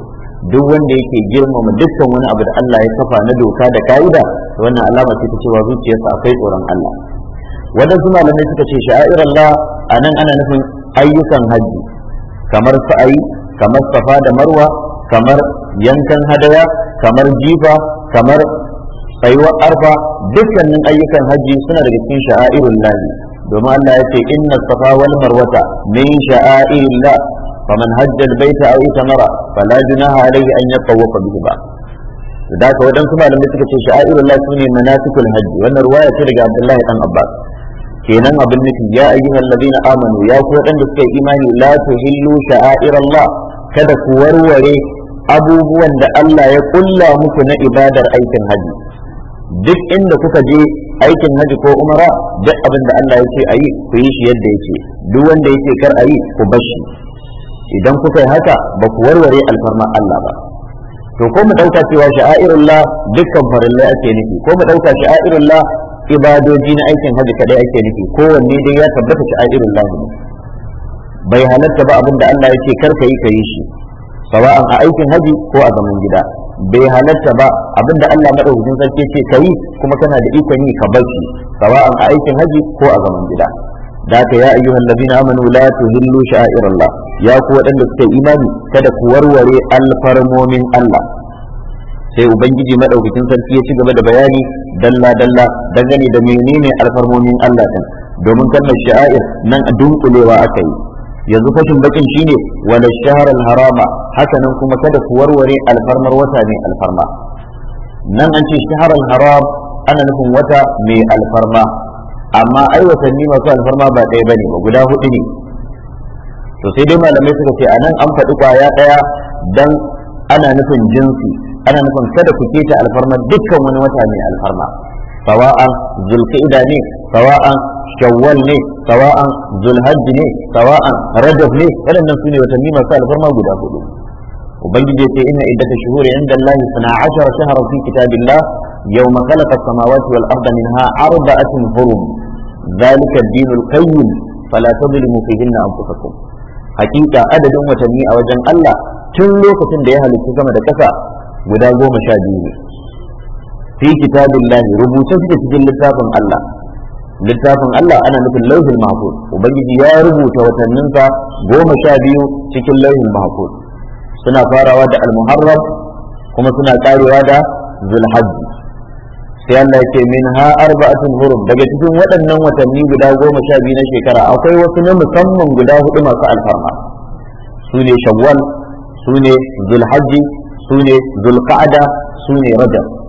duk wanda yake girmama dukkan wani abu da Allah ya kafa na doka da ka'ida wannan alama ce ta cewa zuciyarsa akwai tsoron Allah wadansu malamai suka ce sha'air Allah anan ana nufin ayyukan haji kamar sa'ayi kamar safa da marwa kamar yankan hadaya kamar jifa kamar tsayuwar arfa dukkanin ayyukan hajji suna daga cikin sha'airun lahi domin Allah ya ce inna safa wal marwata min sha'airin faman hajja baita aw itamara fala junaha alayhi an yatawaffa bihima da haka waɗansu malamai suka ce sha'airun lahi sune manasikul hajji wannan ruwaya ce daga Abdullahi dan Abbas kenan abin nufi ya ayyuha alladhina amanu ya ku waɗanda suka yi imani la tuhillu sha'airallah kada ku warware abubuwan da Allah ya kulla muku na ibadar aikin haji duk inda kuka je aikin haji ko umara duk abin da Allah ya ce a yi ku yi shi yadda ya ce duk wanda ya ce kar a yi ku bar shi idan kuka yi haka ba ku warware alfarma Allah ba to ko mu dauka cewa sha'airullah dukkan farillai ake nufi ko mu dauka sha'airullah ibadoji na aikin haji kadai ake nufi kowanne dai ya tabbata sha'airullah ne bai halatta ba abin da Allah ya ce kar ka yi ka yi shi an a aikin haji ko a zaman gida bai halarta ba abinda Allah madaukakin sarki ce kai kuma kana da ikon yi ka bar shi an a aikin haji ko a zaman gida Da ka ya ayyuha allazina amanu la tuhillu sha'irallah ya ku waɗanda suka imani kada ku warware alfarmomin Allah sai ubangiji madaukakin sarki ya ci gaba da bayani dalla dalla dangane da menene alfarmomin Allah din domin kalmar sha'ir nan a dunkulewa aka yanzu fashin bakin shine wala shahr al harama hakanan kuma kada ku warware alfarmar wata mai alfarma nan an ce shahr haram ana nufin wata mai alfarma amma ai watanni masu alfarma ba ɗaya bane ba guda hudu ne to sai dai malamai suka ce anan an faɗi kwaya ɗaya dan ana nufin jinsi ana nufin kada ku keta alfarma dukkan wani wata mai alfarma sawa'an zulqa'ida ne sawa'an shawwal ne sawa'an zulhajj ne sawa'an rajab ne waɗannan su ne watanni masu alfarma guda hudu ubangiji ce inna iddata shuhuri inda Allah sana ashara shahara fi kitabillah yawma khalaqa as-samawati wal arda minha arba'atun hurum ذلك الدين القيم فلا تظلموا فيهن انفسكم hakika adadin watanni a wajen Allah tun lokacin da ya halitta sama da ƙasa guda goma sha biyu ne fi kitabillahi rubuce suke cikin littafin Allah littafin Allah ana nufin lauhin mahfuz ubangiji ya rubuta watannin sa goma sha biyu cikin lauhin mahfuz suna farawa da almuharram kuma suna karewa da zulhajji sai Allah ya ce min ha arba'atul hurum daga cikin waɗannan watanni guda goma sha biyu na shekara akwai wasu na musamman guda hudu masu alfarma su ne shawwal su ne sune su ne zulqa'ada su ne rajab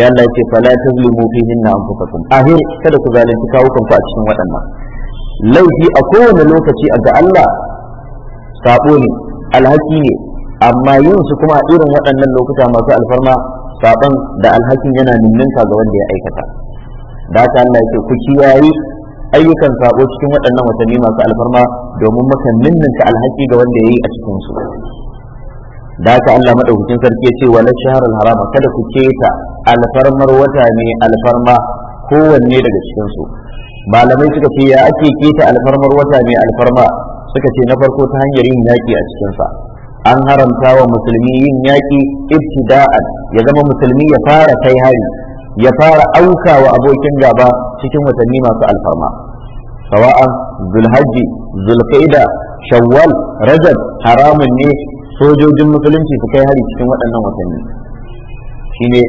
sai Allah ya ce fala tazlimu fihinna anfusakum ahir kada ku zalunci kawo ku a cikin waɗannan laifi a kowane lokaci a ga Allah sabo ne alhaki ne amma yin su kuma a irin waɗannan lokuta masu alfarma saban da alhakin yana ninninka ga wanda ya aikata da haka Allah ya ce ku kiyaye ayyukan sabo cikin waɗannan watanni masu alfarma domin mukan ninninka alhaki ga wanda ya yi a cikin su da ta Allah madaukakin sarki ya ce wa la shahrul harama kada ku keta alfarmar wata ne alfarma kowanne daga cikin su malamai suka ce ya ake keta alfarmar wata ne alfarma suka ce na farko ta hanyar yin yaki a cikin sa an haramta wa musulmi yin yaki ibtida'an ya zama musulmi ya fara kai hari ya fara auka wa abokin gaba cikin watanni masu alfarma sawa'an zulhajji zulqaida shawwal rajab haramun ne sojojin musulunci su kai hari cikin waɗannan watanni shine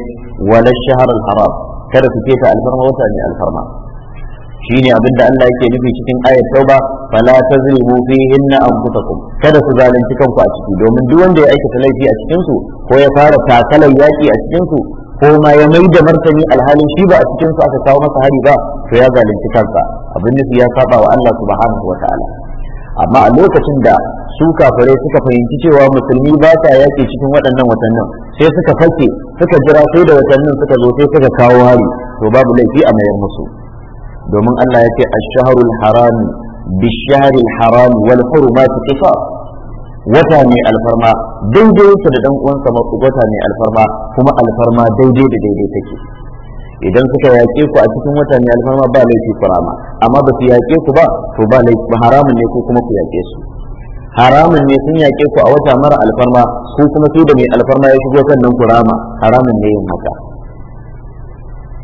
wala shahar al-haram kada su keta alfarma wata ne alfarma shine abin da Allah yake nufi cikin ayat tauba fala tazlimu fihinna anfusakum kada su zalunci kanku a ciki domin duk wanda ya aikata laifi a cikin su ko ya fara takalar yaki a cikin su ko ma ya mai da martani alhalin shi ba a cikin su aka kawo masa hari ba to ya zalunci kansa abin nufi ya saba wa Allah subhanahu wa amma a lokacin da su kafirai suka fahimci cewa musulmi ba yaƙi cikin waɗannan watannin sai suka fake suka jira sai da watannin suka zo sai suka kawo hari to babu laifi a mayar musu domin Allah ya ce ash-shahrul haram bish-shahril haram wal hurumatu qisas wata ne alfarma daidai da dan uwansa wata ne alfarma kuma alfarma daidai da daidai take idan suka yaƙe ku a cikin wata ne alfarma ba laifi kurama amma ba su yaƙe ku ba to ba laifi haramun ne ko kuma ku yaƙe su haramun ne sun yake ku a wata mara alfarma ko kuma su da mai alfarma ya shigo kan nan rama? haramun ne yin haka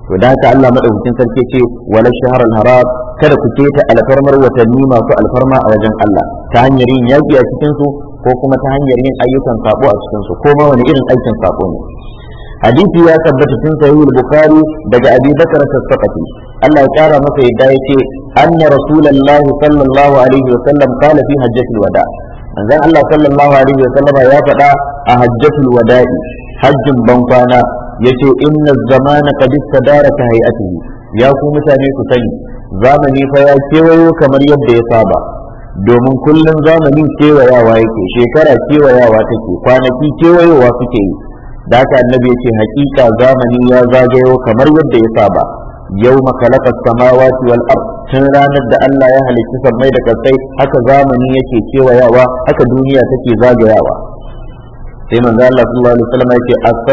to da haka Allah madaukakin sarki ce wala shahar haram kada ku keta alfarmar watanni masu alfarma a wajen Allah ta hanyar yin yaki a cikin su ko kuma ta hanyar yin ayyukan sako a cikin su ko ma wani irin aikin sako ne hadisi ya tabbata sun sahih al-bukhari daga abi bakar as-saqafi Allah ya kara masa yadda yake anna rasulullah sallallahu alaihi wa sallam qala fi hajjatil wada Allah sallallahu alaihi wa sallam ya faɗa a hajjatul wada'i hajjin bankwana yace inna zamana qad istadara ka hay'atihi ya ku mutane ku sani zamani fa ya kewayo kamar yadda ya saba domin kullum zamanin kewayawa yake shekara kewayawa take kwanaki kewayowa suke yi da ka annabi yace haƙiƙa zamani ya zagayo kamar yadda ya saba yau makalaka samawati wal ard tun ranar da Allah ya halicci sammai da kasai haka zamani yake kewayawa haka duniya take zagayawa sai manzo Allah sallallahu alaihi wasallam yake as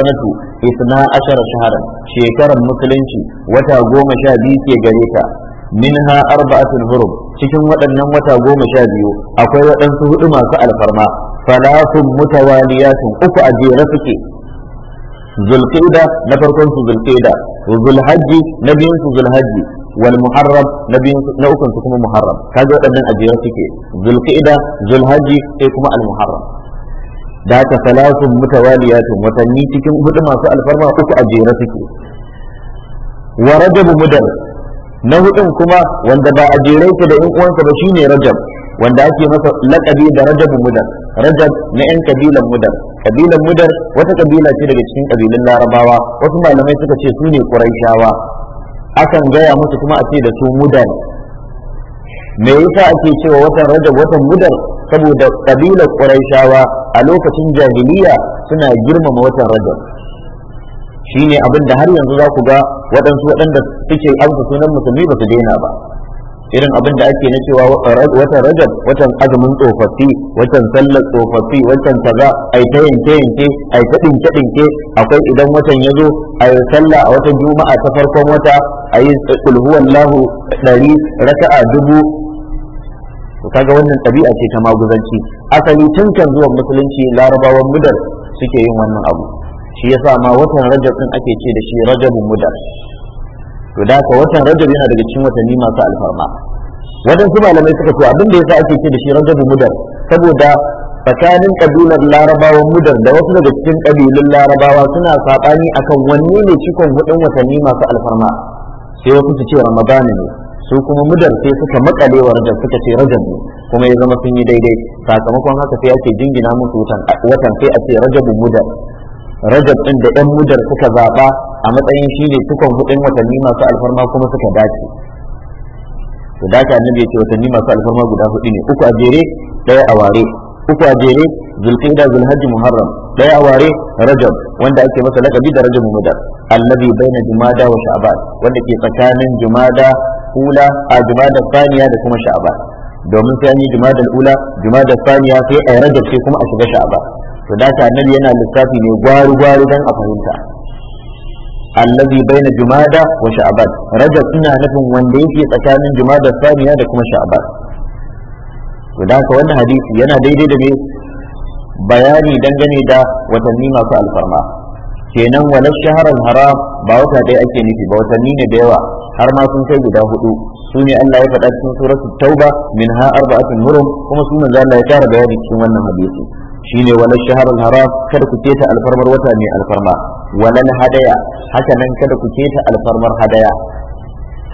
isna ashara shahran shekaran musulunci wata goma sha biyu ke gare ta minha arba'atul hurum cikin waɗannan wata goma sha biyu akwai waɗansu hudu masu alfarma falasun mutawaliyatun uku a jere suke zulqa'ida na farkon su zulqa'ida zulhajji na biyun su zulhajji wal muharram na biyun na ukun su kuma muharram kaga waɗannan ajiyar suke zulqa'ida zulhajji sai kuma al muharram da haka salasun mutawaliyatun watanni cikin hudu masu alfarma uku ajiyar suke wa rajab mudar na hudun kuma wanda ba a jere ka da in uwanka ba shine rajab wanda ake masa laƙabi da rajab mudar rajab na 'yan kabilan mudar kabilan mudar wata kabila ce daga cikin kabilun larabawa wasu malamai suka ce su ne quraishawa akan gaya musu kuma a ce da su mudar me yasa ake cewa watan rajab watan mudar saboda kabilar ƙuraishawa a lokacin jahiliya suna girmama watan rajab shine abin da har yanzu za ku ga waɗansu waɗanda suke amsa sunan musulmi ba su daina ba irin abin da ake na cewa watan rajab watan azumin tsofaffi watan sallar tsofaffi watan kaza yi ta yanke yanke ai ta dinke dinke akwai idan watan ya zo yi sallah a watan juma'a ta farkon wata yi kul huwallahu ɗari raka'a dubu kaga wannan ɗabi'a ce ta maguzanci asali tun kan zuwan musulunci larabawan mudar suke yin wannan abu shi yasa ma watan rajab ɗin ake ce da shi rajabun mudar to da haka watan rajab yana daga cikin watanni masu alfarma waɗansu malamai suka ce abin da yasa ake ce da shi rajab mudar saboda tsakanin kabilar larabawa mudar da wasu daga cikin kabilun larabawa suna saɓani akan wanne ne cikon hudun watanni masu alfarma sai wasu su ce ramadana ne su kuma mudar sai suka makale wa rajab suka ce rajab ne kuma ya zama sun yi daidai sakamakon haka sai ake jingina musu watan sai a ce rajab mudar rajab din da yan mudar suka zaba a matsayin shi ne tukon hudun watanni masu alfarma kuma suka dace to dace annabi ya ce watanni masu alfarma guda hudu ne uku a jere daya a ware uku a jere zulqa'da zulhajj muharram daya a ware rajab wanda ake masa lakabi da rajab mudar allazi baina jumada wa sha'ban wanda ke tsakanin jumada hula a jumada saniya da kuma sha'ban domin sai an yi jumada ula jumada saniya sai a rajab sai kuma a shiga sha'ban to dace annabi yana lissafi ne gwaru gwaru dan a fahimta allazi baina jumada wa sha'ban rajab ina nufin wanda yake tsakanin jumada saniya da kuma sha'ban to da haka hadisi yana daidai da ne bayani dangane da watanni masu alfarma kenan walau shaharar haram ba wata ɗaya ake nufi ba watanni ne da yawa har ma sun kai guda hudu su ne Allah ya faɗa cikin suratul tauba min ha arba'atun hurum kuma su manzo Allah ya ƙara bayani cikin wannan hadisi ne walau shaharar haram kada ku keta alfarmar wata mai alfarma walal hadaya haka nan kada ku keta alfarmar hadaya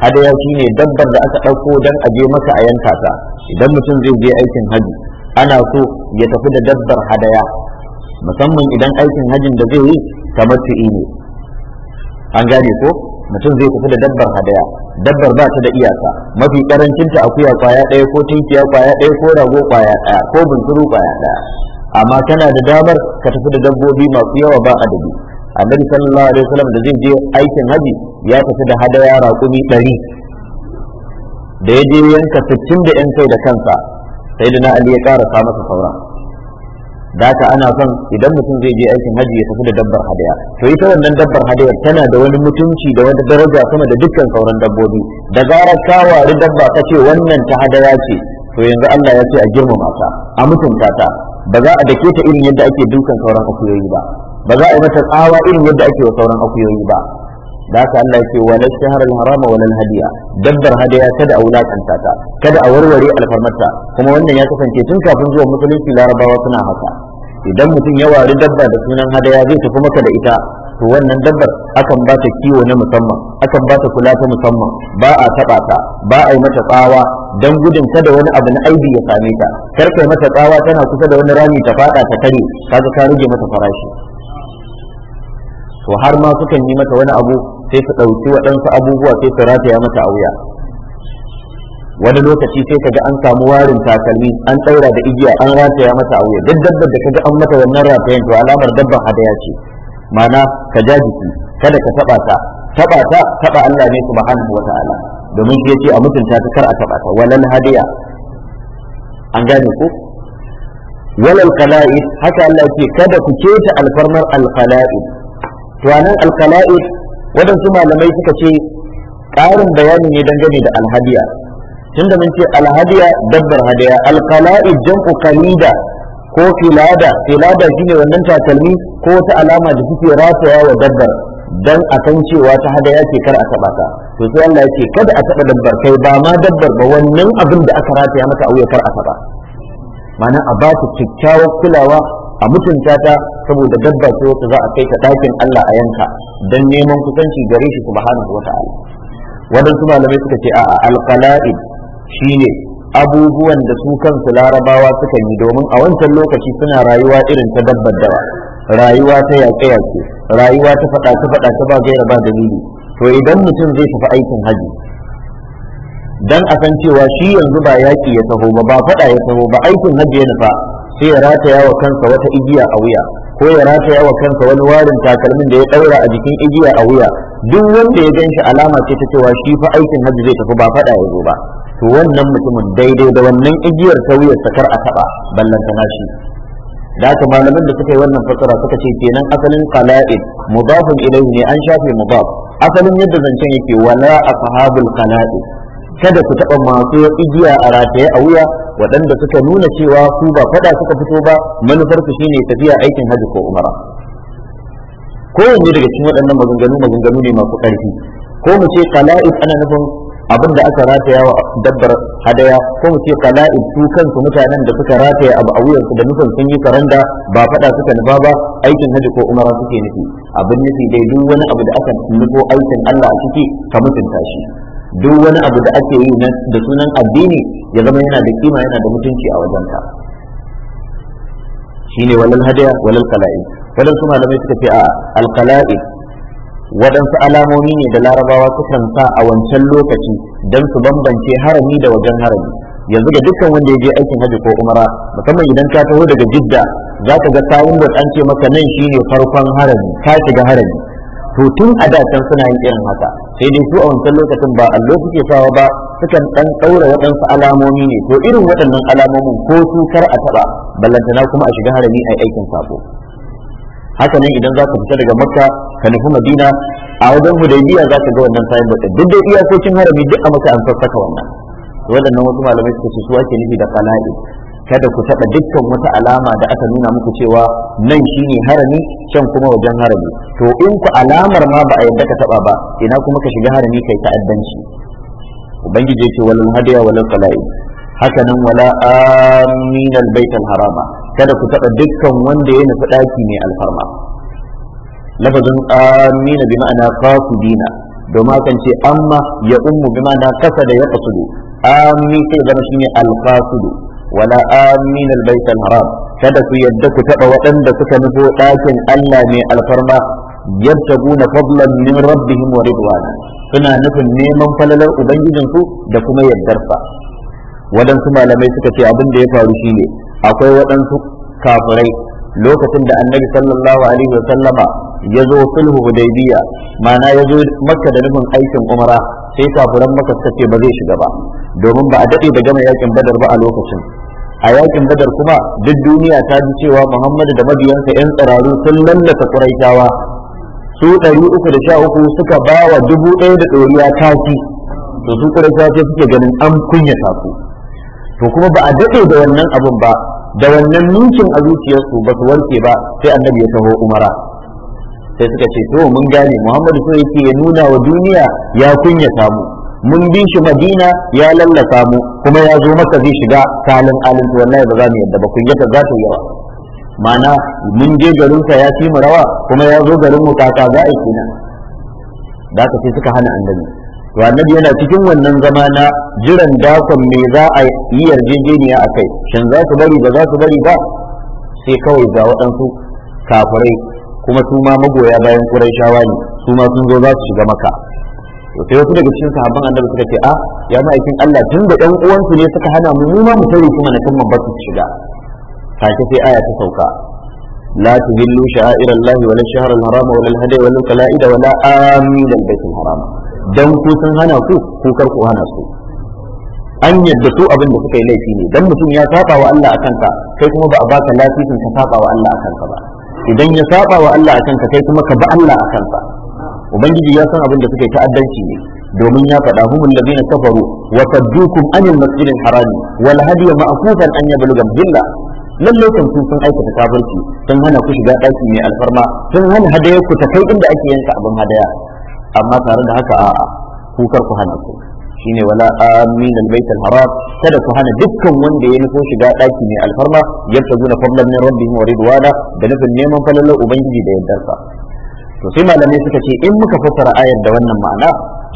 hadaya shine dabbar da aka ɗauko dan a je maka a yanka ta idan mutum zai je aikin haji ana so ya tafi da dabbar hadaya musamman idan aikin hajin da zai yi kamar su ne an gane ko mutum zai tafi da dabbar hadaya dabbar ba ta da iyaka mafi ta akuya kwaya ɗaya ko tinkiya kwaya ɗaya ko rago kwaya ɗaya ko bunsuru kwaya ɗaya amma kana da damar ka tafi da dabbobi masu yawa ba adadi annabi sallallahu alaihi wasallam da zai je aikin haji ya tafi da hadaya raƙumi ɗari da ya je yanka sittin da yan kai da kansa sai da na ali ya sa masa saura da haka ana son idan mutum zai je aikin haji ya tafi da dabbar hadaya to ita wannan dabbar hadayar tana da wani mutunci da wata daraja sama da dukkan sauran dabbobi da zarar ka wari dabba ka ce wannan ta hadaya ce to yanzu Allah ya ce a girmama ta a mutunta ta ba za a dake ta irin yadda ake dukan sauran akuyoyi ba ba za a yi mata tsawa irin yadda ake wa sauran akuyoyi ba da haka Allah yake wala shahar harama wala hadiya dabbar hadiya kada a wulakanta ta kada a warware alfarmarta kuma wannan ya kasance tun kafin zuwa musulunci larabawa suna haka idan mutum ya wari dabba da sunan hadaya zai tafi maka da ita to wannan dabbar akan ba ta kiwo na musamman akan ba ta kula ta musamman ba a taba ta ba a yi mata tsawa dan gudun kada wani abu na aibi ya same ta kar kai mata tsawa tana kusa da wani rami ta fada ta kare kaga ka rage mata farashi to har ma sukan yi mata wani abu sai su ɗauki waɗansu abubuwa sai su rataya mata a wuya wani lokaci sai kaga an samu warin takalmi an ɗaura da igiya an rataya mata a wuya duk dabbar da ga an mata wannan ratayen to alamar dabban hadaya ce ma'ana ka ja jiki kada ka taɓa ta taɓa ta taɓa Allah ne subhanahu wata'ala domin shi yace a mutunta ta kar a taɓa ta walal hadiya an gane ku walal qala'id haka Allah yake kada ku keta alfarmar al qala'id Wannan anan waɗansu malamai suka ce ƙarin bayani ne dangane da alhadiya tunda mun ce alhadiya dabbar hadiya, alqala'id jam'u qalida ko filada filada shine wannan takalmi ko wata alama da suke rataya wa dabbar dan a kan cewa ta hadaya ce kar a taba ta to sai Allah yake kada a taba dabbar kai ba ma dabbar ba wannan abin da aka rataya maka a wuya kar a taba ma'ana a ba ta kyakkyawar kulawa a mutunta ta saboda dabba ce wacce za a kai ta ɗakin Allah a yanka dan neman kusanci gare shi subhanahu wata'ala wadansu malamai suka ce a alqala'id shine abubuwan da su kansu larabawa suka yi domin a wancan lokaci suna rayuwa irin ta dabbar dawa rayuwa ta yaƙe yaƙe rayuwa ta faɗa ta faɗa ta ba gaira ba dalili to idan mutum zai tafi aikin haji dan a san cewa shi yanzu ba yaƙi ya taho ba ba faɗa ya taho ba aikin haji ya nufa sai ya rataya wa kansa wata igiya a wuya ko ya rataya wa kansa wani warin takalmin da ya daura a jikin igiya a wuya duk wanda ya ganshi alama ce ta cewa shi fa aikin hajji zai tafi ba fada ya zo ba to wannan mutumin daidai da wannan igiyar ta wuyar kar a taba ballanta nashi da haka malaman da suka yi wannan fasara suka ce kenan asalin qala'id mudafun ilayhi ne an shafe mudaf asalin yadda zancen yake wala ashabul qala'id kada ku taba masu igiya a rataye a wuya waɗanda suka nuna cewa su ba faɗa suka fito ba manufarsu shine tafiya aikin hajji ko umara kowanne daga cikin waɗannan maganganu maganganu ne masu ƙarfi ko mu ce qala'id ana nufin abin da aka rataya wa dabbar hadaya ko mu ce qala'id su kansu mutanen da suka rataya abu a wuyansu da nufin sun yi karanda ba faɗa suka nufa ba aikin hajji ko umara suke nufi abin nufi dai duk wani abu da aka nufo aikin Allah a ciki ka mutunta shi duk wani abu da ake yi da sunan addini ya zama yana da kima yana da mutunci a Shi shine walal hadaya walal qala'id su malamai suka ce a alqala'id waɗansu alamomi ne da larabawa sukan sa a wancan lokaci don su bambance harami da wajen harami yanzu da dukkan wanda ya je aikin hajji ko umara musamman idan ka taho daga jidda za ka ga tawun da an ce maka nan shine farkon harami ka shiga harami to tun a da can suna yin irin haka sai dai su a wancan lokacin ba allo suke sawa ba sukan dan ɗaura waɗansu alamomi ne to irin waɗannan alamomin ko su kar a taɓa ballantana kuma a shiga harami a aikin sako haka nan idan za ka fita daga makka ka nufi madina a wajen hudaybiya za ka ga wannan sayan bata duk da iyakokin harami duk a maka an sassaka wannan waɗannan wasu malamai suka ce su ake nufi da fala'i kada ku taɓa dukkan wata alama da aka nuna muku cewa nan shine harami can kuma wajen harami to in ku alamar ma ba a yadda ka taɓa ba ina kuma ka shiga harami kai ta'addanci ubangiji yake walal hadiya walal qala'i haka nan wala amin albayt harama kada ku taɓa dukkan wanda ya nufi ɗaki mai alfarma lafazin amina bi ma'ana qasidina domin kan ce amma ya ummu bi ma'ana kasa da ya qasidu amin sai zama shine alqasidu wala amin albayt alharam kada su yadda ku taɓa waɗanda suka nufo ɗakin Allah mai alfarma yabtaguna fadlan min rabbihim wa ridwana suna nufin neman falalar ubangijinsu da kuma yardarsa waɗansu malamai suka ce abin da ya faru shine akwai waɗansu kafirai lokacin da annabi sallallahu alaihi wa sallama ya zo sulhu hudaybiya ma'ana ya zo makka da nufin aikin umara sai kafuran makka suka ce ba zai shiga ba domin ba a dade da gama yakin badar ba a lokacin a yakin badar kuma duk duniya ta ji cewa muhammadu da mabiyansa yan tsararru sun lallata quraishawa su 313 suka bawa dubu ɗaya da ɗoriya tafi to su quraishawa sai suke ganin an kunya ku to kuma ba a dade da wannan abun ba da wannan ninkin a zuciyarsu ba su warke ba sai annabi ya taho umara sai suka ce to mun gane muhammadu so yake ya nuna wa duniya ya kunya samu mun bi shi madina ya lallata mu kuma ya zo maka zai shiga kalin alin to wallahi ba za mu yadda ba kunyata za ta yawa mana mun je garinsa ya fi mu rawa kuma ya zo garin mu kaka za a yi kenan da aka sai suka hana annabi to annabi yana cikin wannan zama na jiran dakon me za a yi yarjejeniya a kai shin za su bari ba za su bari ba sai kawai ga waɗansu kafirai kuma su ma magoya bayan kurai shawa ne su ma sun zo za su shiga maka to sai wasu daga cikin sahabban annabi suka ce a ah, ya ma'aikin Allah tun da ɗan uwansu ne suka hana mu ma mu tare kuma na kan ba su shiga Kake sai aya ta sauka لا تذلوا شعائر الله ولا الشهر الحرام ولا الهدي ولا القلائد ولا آمين البيت الحرام don ku sun hana ku ko kar ku hana su an yadda su abin da suka yi laifi ne dan mutum ya saba wa Allah akan ka kai kuma ba a baka lafifin ka saba wa Allah akan ka ba idan ya saba wa Allah akan ka kai kuma ka ba Allah akan ka ubangiji ya san abin da suka yi ta'addanci ne domin ya faɗa hum allazina kafaru wa saddukum anil masjidil harami wal hadiy ma'kufan an yablugha billah lalle kan sun sun aikata kafirci sun hana ku shiga ɗaki mai alfarma sun hana hadaya ku ta kai inda ake yanka abin hadaya amma tare da haka a'a kukar ku hana ku shine wala amin albayt alharam kada ku hana dukkan wanda ya nufo shiga daki mai alfarma yabtaguna fadlan min rabbihim wa ridwana da nufin neman falalar ubangiji da yardarsa to sai malamai suka ce in muka fassara ayar da wannan ma'ana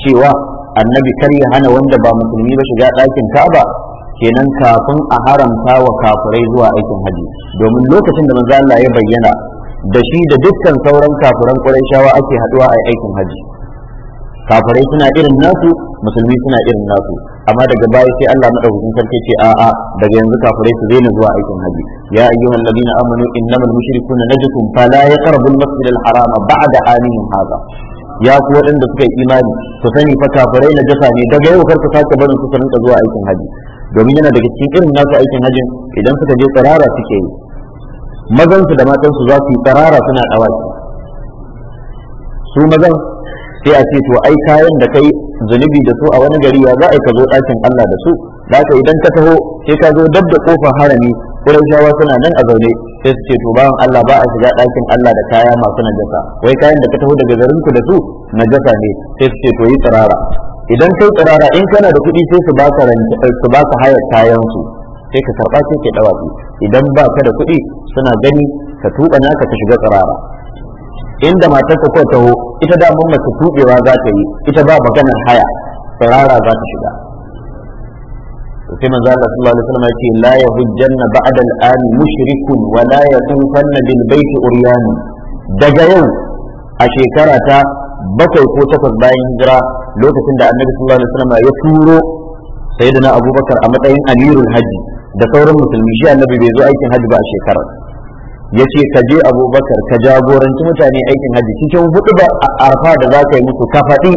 cewa annabi kar ya hana wanda ba musulmi ba shiga ɗakin ka'aba kenan kafin a haramta wa kafirai zuwa aikin haji domin lokacin da manzo Allah ya bayyana da shi da dukkan sauran kafiran Qurayshawa ake haduwa a aikin haji kafirai suna irin nasu musulmi suna irin nasu amma daga baya sai Allah madaukakin sarki ce a daga yanzu kafirai su na zuwa aikin haji ya ayyuhal ladina amanu innamal mushrikuna najatum fala yaqrabu al-masjid al-haram ba'da anihim hadha ya ku waɗanda suka yi imani su sani fa kafirai jasa ne daga yau kar ku sake barin su rinka zuwa aikin haji domin yana daga cikin irin nasu aikin hajin idan suka je tsirara suke yi mazansu da su za su yi tsirara suna dawaki su mazan sai a ce to ai kayan da kai zunubi da su a wani gari ya za a ka zo ɗakin Allah da su da ka idan ka taho sai ka zo dab da kofar harami Qurayshawa suna nan a zaune sai su ce to bawan Allah ba a shiga ɗakin Allah da kaya masu najasa wai kayan da ka taho daga garin ku da su najasa ne sai su ce to yi tsirara idan kai tsirara in kana da kuɗi sai su baka eh, su baka kayan su sai ka karɓa sai ke dawafi idan ba ka da kuɗi suna gani ka tuka naka ka shiga tsirara inda matar ta kawai taho ita da mun mace tubewa za ta yi ita ba maganar haya tsirara za ta shiga sai manzo Allah sallallahu alaihi wasallam ce, la yahujjanna ba'da al-an mushrikun wa la yatunfanna bil bayt uryani daga yau a shekara ta bakwai ko takwas bayan hijira lokacin da annabi sallallahu alaihi wasallam ya turo sayyidina abubakar a matsayin amirul hajji da sauran musulmi shi annabi bai zo aikin hajji ba a shekarar ya ce ka je abubakar ka jagoranci mutane aikin hajji cikin hudu ba a arfa da za ka yi musu ka faɗi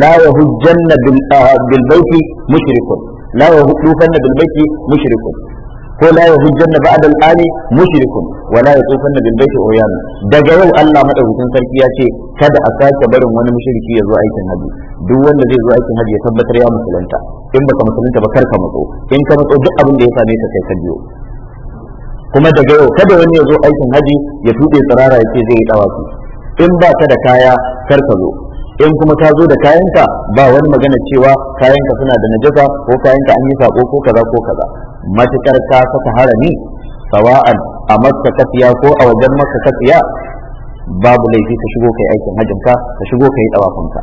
la ya hujjanna bilbaiki ah, mushrikun la ya hujjanna bilbaiki mushrikun ko la ya hujjanna ba'da al'ani mushrikun wa la yatufanna bilbaiki uyan daga yau Allah madaukakin sarki ya ce kada a sake barin wani mushriki ya zo aikin hajji duk wanda zai zo aikin hajji ya tabbatar ya musulunta in baka musulunta ba kar ka matso in ka matso duk abin da ya same ka kai ka biyo kuma daga yau kada wani ya zo aikin haji ya tuɗe tsirara ya ce zai yi dawaki in ba ka da kaya kar ka zo in kuma ka zo da kayanka ba wani magana cewa kayanka suna da najasa ko kayanka an yi sako ko kaza ko kaza matukar ka saka harami sawa'an a makka kafiya ko a wajen makka kafiya babu laifi ka shigo kai aikin hajjinka ka shigo kai dawafinka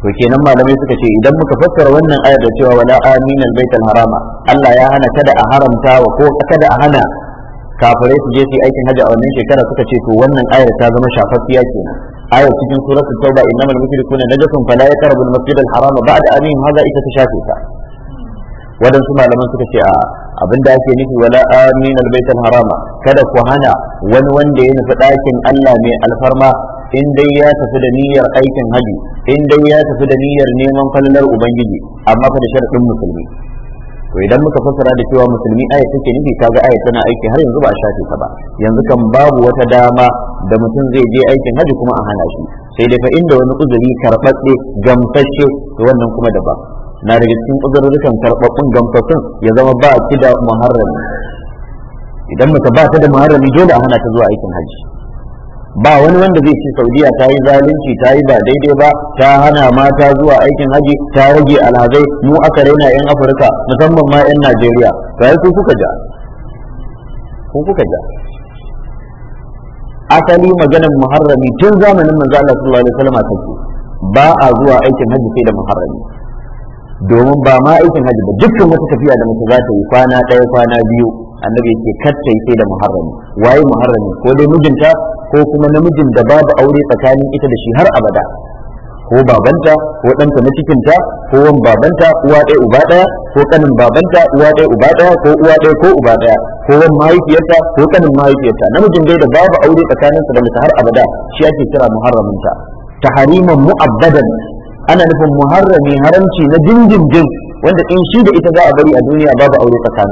to kenan malamai suka ce idan muka fassara wannan ayar da cewa wala amin albayt harama Allah ya hana kada a haramta wa ko kada a hana kafirai su je su aikin hajji a wannan shekara suka ce to wannan ayar ta zama shafaffiya kenan ayar cikin suratul tauba innamal mushrikuna najasun fala yaqrabu al-masjid al-haram ba'da amin hada ita ta shafe ta wadansu malaman suka ce a abinda ake nufi wala amin albayt harama kada ku hana wani wanda ya nufi ɗakin Allah mai alfarma in dai ya tafi da niyyar aikin haji in dai ya tafi da niyyar neman falalar ubangiji amma fa da sharadin musulmi to idan muka fassara da cewa musulmi aya take nufi kaga aya tana aiki har yanzu ba a shafe ta ba yanzu kan babu wata dama da mutum zai je aikin haji kuma a hana shi sai dai fa inda wani uzuri karɓaɓɓe gamfashe, to wannan kuma da ba, na daga cikin uzurrukan karɓaɓɓun gamsassun ya zama ba ki da muharrami idan muka ba ta da muharrami dole a hana ta zuwa aikin haji ba wani wanda zai ce saudiya ta yi zalunci ta yi ba daidai ba ta hana mata zuwa aikin haji ta rage alhazai mu aka raina yan afirka musamman ma yan najeriya ta yi ku kuka ja ku kuka ja asali maganar muharrami tun zamanin manzo Allah sallallahu alaihi wasallam take ba a zuwa aikin haji sai da muharrami domin ba ma aikin haji ba dukkan wata tafiya da mutum za ta yi kwana ɗaya kwana biyu annabi yake katta sai da muharrami waye muharrami ko dai mijinta ko kuma namijin da babu aure tsakanin ita da shi har abada ko babanta ko ɗanta na cikinta ko wan babanta uwa ɗaya uba ɗaya ko kanin babanta uwa ɗaya uba ɗaya ko uwa ɗaya ko uba ɗaya ko wan mahaifiyarta ko kanin mahaifiyarta namijin dai da babu aure tsakaninsa da mace har abada shi ake kira muharraminta tahariman mu'abbadan ana nufin muharrami haramci na dindindin wanda in shi da ita za a bari a duniya babu aure su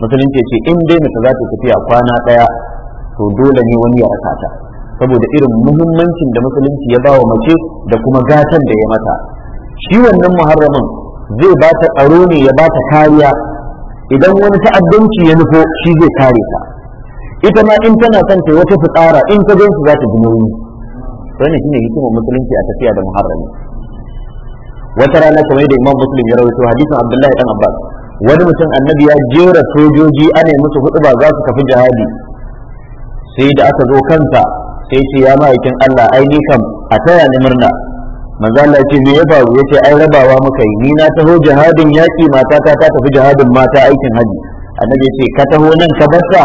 musulunci ce in dai mace za ta tafiya kwana daya to dole ne wani ya raka ta saboda irin muhimmancin da musulunci ya bawa mace da kuma gatan da ya mata shi wannan muharramin zai ba ta tsaro ne ya ba ta kariya idan wani ta'addanci ya nufo shi zai kare ta ita ma in tana son ta wata fitsara in ta gan su za ta ji nauyi to ne shine musulunci a tafiya da muharrami wata rana kamar da imam muslim ya rawaito hadisin abdullahi dan abbas wani mutum annabi ya jera sojoji ana musu hudu ba za su tafi jihadi sai da aka zo kansa sai ce ya ma'aikin Allah ai ni kam a taya ni murna manzo Allah ce me ya faru yace ai rabawa muka yi ni na taho jihadin yaki mata ta ta tafi jihadin mata aikin haji annabi ce ka taho nan ka barka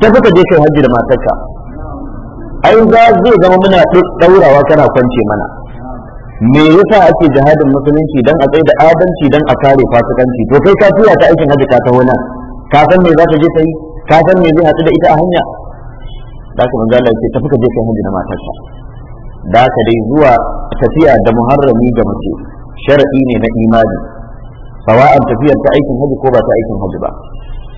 ta kuka je kai haji da matarka ai za zai zama muna daurawa kana kwance mana me yasa ake jihadin musulunci dan a tsaye da adalci dan a kare fasikanci to kai ka tura ta aikin haji ka taho nan ka san me za ta je kai ka san me zai haɗu da ita a hanya da ka manzo Allah ya tafi ka je kai haji da matarka da ka dai zuwa tafiya da muharrami ga mace shar'i ne na imani sawa'an tafiyar ta aikin haji ko ba ta aikin haji ba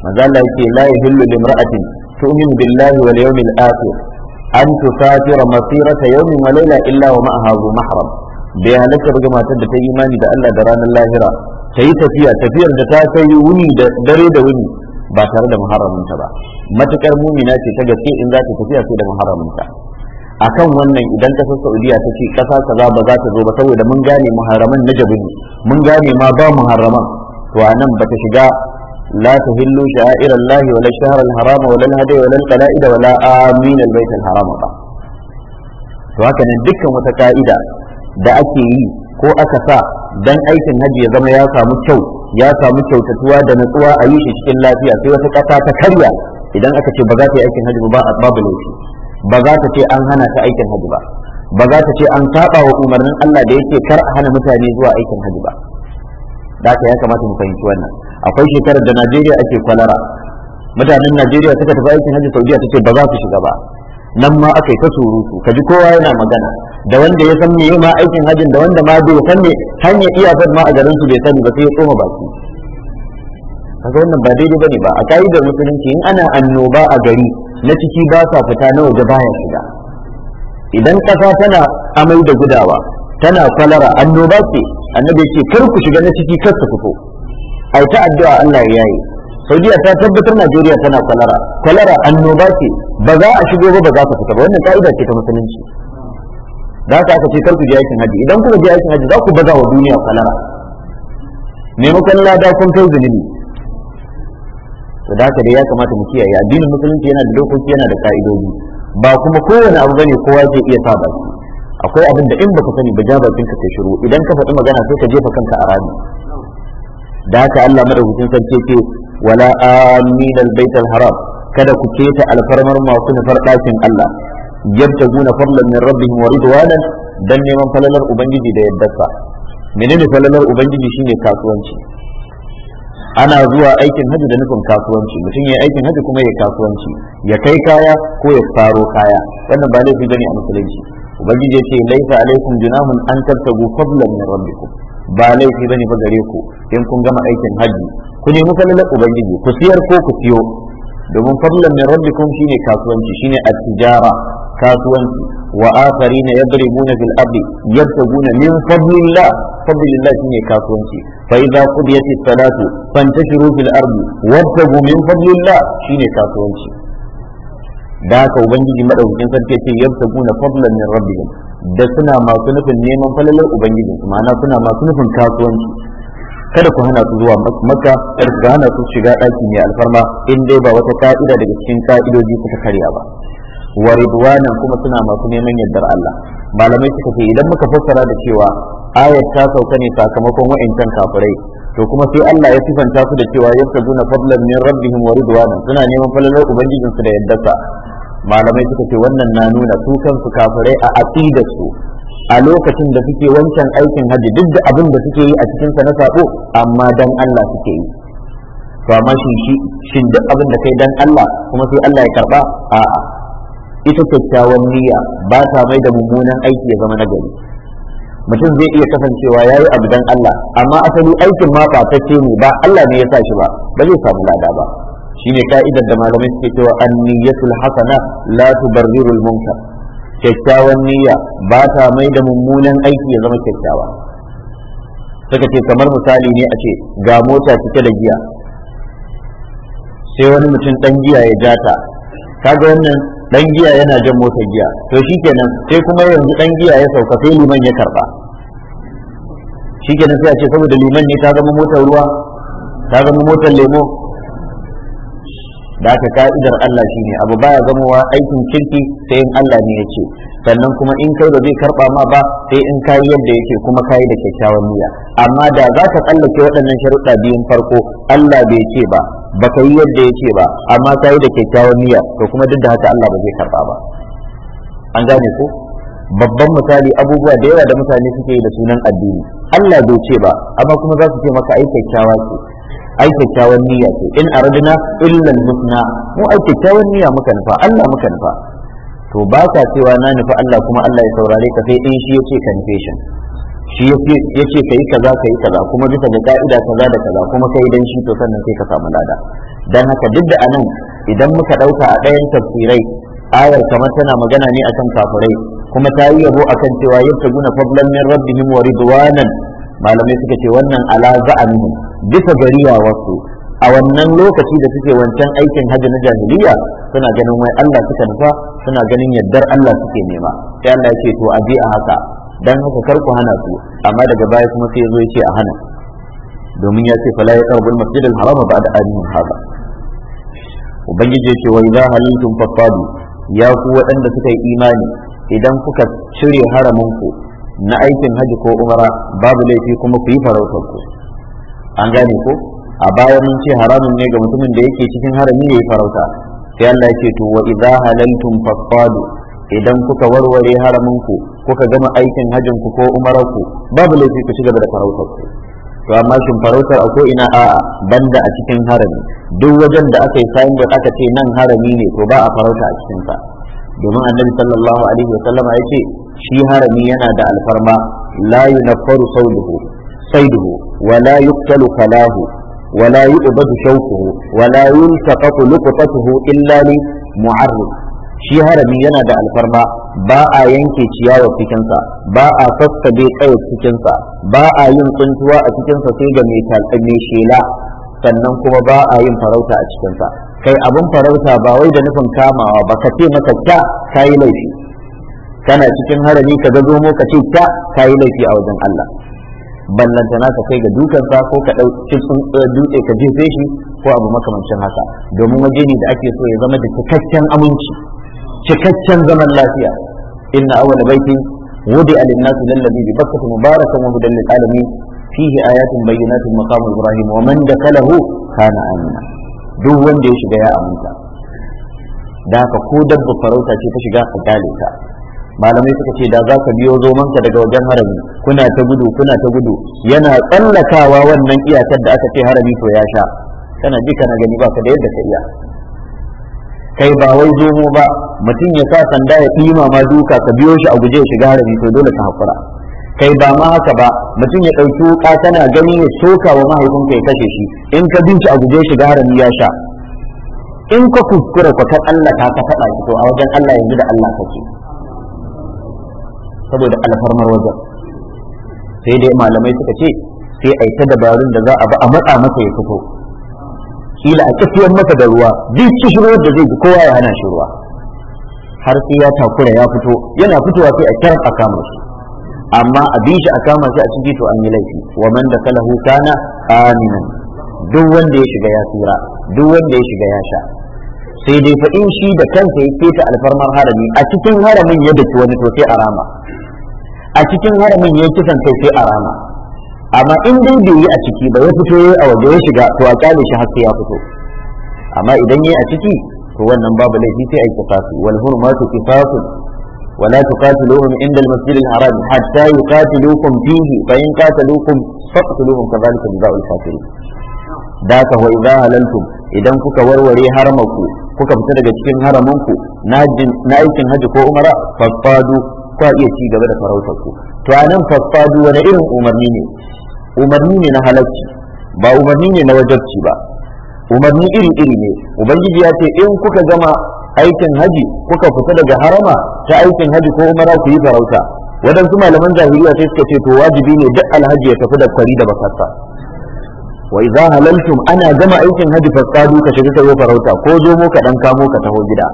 manzo Allah yake la yahillu limra'atin tu'minu billahi wal yawmil akhir an tusafira masirata yawmin wa layla illa wa ma'aha mahram bai halatta ga matar da ta yi imani da Allah da ranar lahira ta yi tafiya tafiyar da ta sayi wuni da dare da wuni ba tare da muharraminta ba matukar mumina ce ta gaske in za ta tafiya sai da muharraminta akan wannan idan kasar saudiya ta kasa kaza ba za ta zo ba saboda mun gane muharraman na jabi mun gane ma ba muharraman to anan ba ta shiga لا تهلوا شعائر الله ولا الشهر الحرام ولا الهدي ولا القلائد ولا آمين البيت الحرام ba to haka nan dukkan wata ka'ida da ake yi ko aka sa dan aikin hajji ya zama ya samu kyau ya samu kyautatuwa da nutsuwa a yi shi cikin lafiya sai wata ƙasa ta karya idan aka ce ba za ta yi aikin hajji ba babu laifi ba za ta ce an hana ta aikin hajji ba ba za ta ce an saba wa umarnin Allah da yake kar a hana mutane zuwa aikin hajji ba da haka ya kamata mu fahimci wannan akwai shekarar da Najeriya ake kwalara mutanen Najeriya suka tafi aikin hajji Saudiya ta ce ba za su shiga ba nan ma aka yi ta surutu kaji kowa yana magana da wanda ya san meye ma aikin hajin da wanda ma bai san ne hanyar iyakar ma a garin su bai sani ba sai ya tsoma baki kaga wannan ba daidai bane ba a da musulunci in ana annoba a gari na ciki ba sa fita na waje baya shiga idan kasa tana amai da gudawa tana kwalara annoba ce annabi ce kar ku shiga na ciki kar ku fito ai ta addu'a Allah ya yi. saudiya ta tabbatar najeriya tana kwalara kwalara annoba ce ba za a shigo ba ba za ka fita ba wannan ka'ida ce ta musulunci Za ka aka ce kar ku je aikin haji idan kuka je aikin haji za ku baza wa duniya kwalara maimakon lada kun kai zunubi to da haka dai ya kamata mu kiyaye addinin musulunci yana da dokoki yana da ka'idoji ba kuma kowane abu bane kowa zai iya sa baki akwai abin da in baka sani ba jaba bakin ka kai shiru idan ka faɗi magana sai ka jefa kanka a rami da haka Allah madaukakin sarki ce wala amin albayt alharam kada ku keta alfarmar masu nufar ɗakin Allah yabtaguna fadlan min rabbihim wa ridwanan dan neman falalar ubangiji da yaddarsa menene falalar ubangiji shine kasuwanci ana zuwa aikin hajji da nufin kasuwanci mutum ya aikin hajji kuma ya kasuwanci ya kai kaya ko ya faro kaya wannan ba laifi bane a musulunci ubangiji ce laisa alaikum junahun an tabtagu fadlan min rabbikum ba laifi bane ba gare ku in kun gama aikin hajji ku nemi falalar ubangiji ku siyar ko ku siyo domin fadlan min rabbikum shine kasuwanci shine at-tijara kasuwanci wa akharina yadribuna fil ardi yabtaguna min fadlillah fadlillah shine kasuwanci fa idza qudiyat as-salatu fantashiru fil ardi wabtagu min fadlillah shine kasuwanci da haka ubangiji madaukakin sarki ce yabtaguna fadlan min rabbihim da suna masu nufin neman falalar ubangijinsu ma'ana suna masu nufin kasuwanci kada ku hana su zuwa makka kada ku hana su shiga ɗaki mai alfarma in dai ba wata ka'ida daga cikin ka'idoji suka karya ba wa ridwanan kuma suna masu neman yardar Allah malamai suka ce idan muka fassara da cewa ayat ta sauka ne sakamakon wa'ancan kafirai to kuma sai Allah ya sifanta su da cewa yastajuna fadlan min rabbihim wa ridwanan suna neman falalar ubangijinsu da yardarsa malamai suka ce wannan na nuna su kansu kafirai a aqidarsu su a lokacin da suke wancan aikin hajji duk da abin da suke yi a cikin sa na sako amma dan Allah suke yi to amma shi shi duk abin da kai dan Allah kuma sai Allah ya karba a'a ita kyakkyawan niyya ba ta mai da mummunan aiki ya zama nagari mutum zai iya kasancewa ya yi abu dan Allah amma asali aikin ma fatacce ne ba Allah ne ya sa shi ba ba zai samu lada ba shine ka'idar da malamai suke cewa an niyyatul hasana la tubarriru al munkar kyakkyawan niyya ba ta mai da mummunan aiki ya zama kyakkyawa suka ce kamar misali ne a ce ga mota cike da giya sai wani mutum dan giya ya ja ta kaga wannan dan giya yana jan mota giya to shikenan sai kuma yanzu dan giya ya sauka sai liman ya karba shikenan sai a ce saboda liman ne ta zama motar ruwa ta zama motar lemo da aka ka'idar Allah shi ne abu baya zamowa aikin kirki sai in Allah ne ya ce sannan kuma in kai ba zai karba ma ba sai in kayi yadda yake kuma kayi da kyakkyawan niyya amma da za ka tsallake waɗannan sharuɗa biyun farko Allah bai ce ba baka yi yadda yake ba amma kayi da kyakkyawan niyya to kuma duk da haka Allah ba zai karba ba an gane ko babban misali abubuwa da yawa da mutane suke yi da sunan addini Allah bai ce ba amma kuma za su ce maka ai kyakkyawa ce ai kyakkyawan niyya ce in aradna illa al-husna mu ai kyakkyawan niyya muka nufa Allah muka nufa to ba ka cewa na nufi Allah kuma Allah ya saurare ka sai in shi yace confession shi yace kai kaza kai kaza kuma bisa da ka'ida kaza da kaza kuma kai dan shi to sannan sai ka samu lada dan haka duk da anan idan muka dauka a ɗayan tafsirai ayar kamar tana magana ne akan kafirai kuma ta yi yabo akan cewa yabtaguna fadlan min rabbihim wa ridwanan malamai suka ce wannan ala za'ani bisa gariya wasu a wannan lokaci da suke wancan aikin hajji na jahiliya suna ganin wai Allah suka nufa suna ganin yardar Allah suke nema sai Allah ya ce to a je a haka dan haka kar ku hana su amma daga baya kuma sai zo ya ce a hana domin ya ce fala yaqrabul masjidal ba ba'da amin hada ubangiji ya ce wa idza halaltum fafadu ya ku waɗanda suka yi imani idan kuka cire haramin ku na aikin haji ko umara babu laifi kuma ku yi farautar ku an gane ko a baya mun ce haramun ne ga mutumin da yake cikin harami ya yi farauta sai Allah yake to wa idza halaltum fasadu idan kuka warware haramin ku kuka gama aikin hajin ku ko umarar ku babu laifi ku ci da farautar ku to amma shin farautar a ko ina a banda a cikin harami duk wajen da aka yi sayin da aka ce nan harami ne to ba a farauta a cikin sa domin annabi sallallahu alaihi wa sallama ya ce shi harami yana da alfarma la yunaffaru sauduhu saiduhu wa la yuqtalu kalahu wa la yuqbadu shawquhu wa la yuntaqatu luqtatuhu illa li mu'arrid shi harami yana da alfarma ba a yanke ciyawar cikinsa ba a sassabe tsayar cikinsa ba a yin tsuntuwa a cikinsa sai ga mai shela sannan kuma ba a yin farauta a cikinsa kai abun farauta ba wai da nufin kamawa ba ka ce maka ta yi laifi kana cikin harami ka ga zomo ka ce ta yi laifi a wajen Allah ballanta ka kai ga dukansa ko ka ɗauki eh, dutse ka je shi ko abu makamancin haka domin waje ne da ake so ya zama da cikakken aminci cikakken zaman lafiya inna awwala baiti wudi alinnasi lallabi bi bakkati mubarakan wa hudan lil alamin fihi bayyana bayyinatun maqam ibrahim wa man dakalahu kana amina duk wanda ya shiga ya aminta da haka ko dabba farauta ce ta shiga ka gane ta malamai suka ce da za ka biyo zomanka daga wajen harami kuna ta gudu kuna ta gudu yana tsallakawa wannan iyakar da aka ce harami to ya sha kana ji kana gani ba ka da yadda ka iya kai ba wai zomo ba mutum ya sa sanda ya ɗima ma duka ka biyo shi a guje shiga harami to dole ka haƙura kai ba ma haka ba mutum ya ɗauki wuka tana gani ya soka wa mahaifinka ya kashe shi in ka binci a guje shiga harami ya sha in ka kuskura ka ta Allah ka ka faɗa shi to a wajen Allah yanzu da Allah kake saboda alfarmar wajen sai dai malamai suka ce sai a yi dabarun da za a ba a matsa masa ya fito kila a kifiyar masa da ruwa duk shiru da zai ji kowa ya hana shi ruwa har sai ya takura ya fito yana fitowa sai a kyar a kama amma abin shi a kama shi a ciki to an yi laifi wa man da kalahu kana aminan duk wanda ya shiga ya tsira duk wanda ya shiga ya sha sai dai fa in shi da kansa ya keta alfarmar harami a cikin haramin ya daki wani to sai a rama a cikin haramin ya kisan kai sai a amma in dai bai yi a ciki ba ya fito a waje ya shiga to a kyale shi har sai ya fito amma idan yayi a ciki to wannan babu laifi sai a yi kifasu wal hurmatu kifasun ولا تقاتلوهم عند المسجد الحرام حتى يقاتلوكم فيه فإن قاتلوكم فاقتلوهم كذلك جزاء الكافرين ذاك وإذا هللتم إذا كك وروري هرمكو كك بتدق cikin haramanku na aikin hajji ko umara fasfadu kwa iya ci da farautarku to anan fasfadu wani irin umarni ne na halacci ba umarni ne na wajabci ba umarni iri ne ubangiji ya ce in kuka gama aikin haji kuka fita daga harama ta aikin haji ko umara ku yi farauta wadansu malaman zahiriya sai suka ce to wajibi ne duk alhaji ya tafi da kwari da bakarsa wa idza halaltum ana gama aikin haji fasadu ka shiga kai farauta ko zo mu ka dan kamo ka taho gida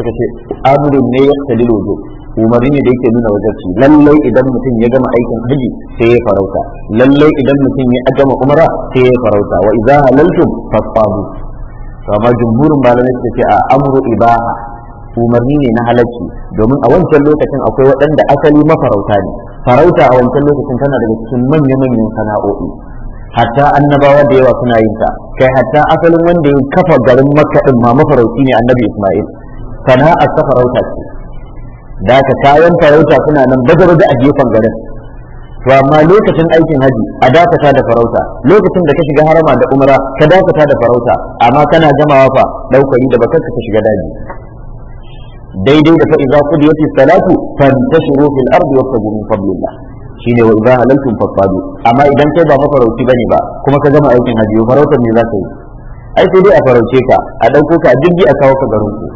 suka ce amrun ne ya salil wudu umarni da yake nuna wajarci lallai idan mutum ya gama aikin haji sai ya farauta lallai idan mutum ya gama umara sai ya farauta wa idza halaltum fasadu to amma jumhurin malamai ce a amru ibaha umarni ne na halarci, domin a wancan lokacin akwai waɗanda asali mafarauta ne farauta a wancan lokacin tana daga cikin manya manyan sana'o'i hatta annabawa da yawa suna yin ta kai hatta asalin wanda ya kafa garin makka din ma mafarauci ne annabi isma'il sana'ar ta farauta ce da ka kayan farauta suna nan baje-baje a gefen garin to amma lokacin aikin haji a dakata da farauta lokacin da ka shiga harama da umra ka dakata da farauta amma kana gamawa fa daukari da bakar ka shiga daji daidai da fa idza qudiyatis salatu fantashiru fil ardi wabtagu min fadlillah shine wa idza halaltum fasadu amma idan kai ba mafarauci bane ba kuma ka gama aikin haji farautar ne za ka yi ai sai dai a farauce ka a dauko ka a jirgi a kawo ka garin ku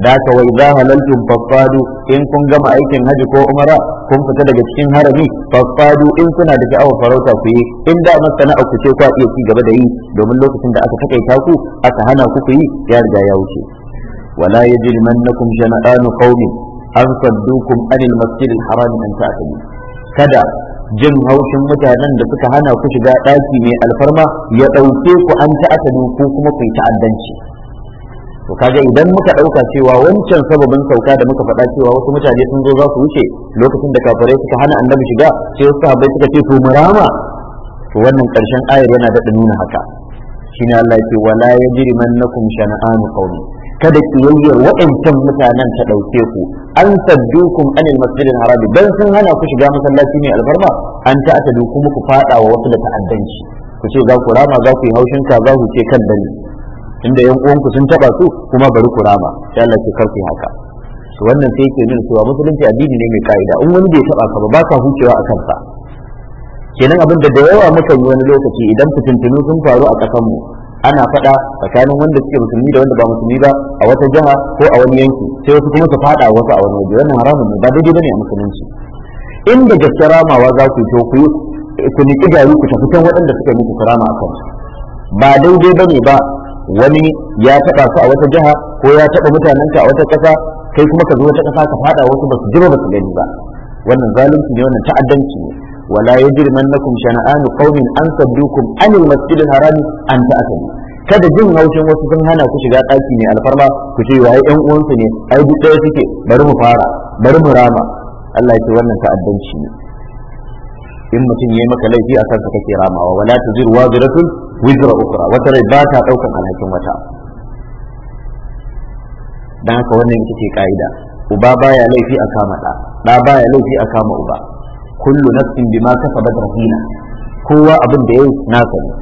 da ka wai za halaltun faffadu in kun gama aikin haji ko umara kun fita daga cikin harami faffadu in kuna da sha'awar farauta ku yi in da masana'a ku ce ku iya ci gaba da yi domin lokacin da aka takaita ku aka hana ku ku yi ya riga ya wuce wala yajrimannakum shana'anu qaumin an saddukum anil masjidil haram an ta'tabu kada jin haushin mutanen da suka hana ku shiga ɗaki mai alfarma ya ɗauke ku an ta'atabu ko kuma ku yi ta'addanci to kaga idan muka dauka cewa wancan sababin sauka da muka faɗa cewa wasu mutane sun zo za su wuce lokacin da kafirai suka hana annabi shiga sai wasu sahabbai suka ce to murama to wannan karshen ayar yana da nuna haka shine Allah ya ce wala yajrimannakum shana'anu qawmi kada kiyayyar waɗancan mutanen ta ɗauke ku an saddukum anil masjidil harami dan sun hana ku shiga masallaci ne alfarma an ta'ata duku muku faɗawa wa wasu da ta'addanci ku ce za ku rama za ku yi haushin ka za ku ce kan dani tunda yan uwanku sun taba su kuma bari ku rama ya Allah ke karfi haka to wannan sai yake nuna cewa musulunci addini ne mai ka'ida in wani bai taba ka ba ba ka hukewa a kansa kenan abin da da yawa muka yi wani lokaci idan fitintunu sun faru a kasan mu ana faɗa tsakanin wanda suke musulmi da wanda ba musulmi ba a wata jiha ko a wani yanki sai wasu kuma su faɗa wasu a wani waje wannan haramun ne ba daidai bane a musulunci inda gaske ramawa za ku to ku ku niki gari ku tafi can waɗanda suka muku karama a kansu ba daidai bane ba wani ya taba su a wata jiha ko ya taba mutanenka a wata kasa kai kuma ka zo wata kasa ka fada wasu ba su jira ba su gani ba wannan zalunci ne wannan ta'addanci ne wala yajrimannakum shana'anu qaumin an saddukum anil masjidil harami an ta'tadu kada jin haushin wasu sun hana ku shiga ɗaki mai alfarma ku ce wai ƴan uwansu ne ai duk ɗaya suke bari mu fara bari mu rama Allah ya ce wannan ta'addanci ne in mutum yi maka laifi a kansa kake ramawa wala ta taziru waziratun wizra ukra wata rai ba ta daukan alhakin wata dan haka wannan ita ce ka'ida uba baya laifi a kama ɗa. Ɗa baya laifi a kama uba kullu nafsin bima kasabat rahina kowa abin da yayi nasa ne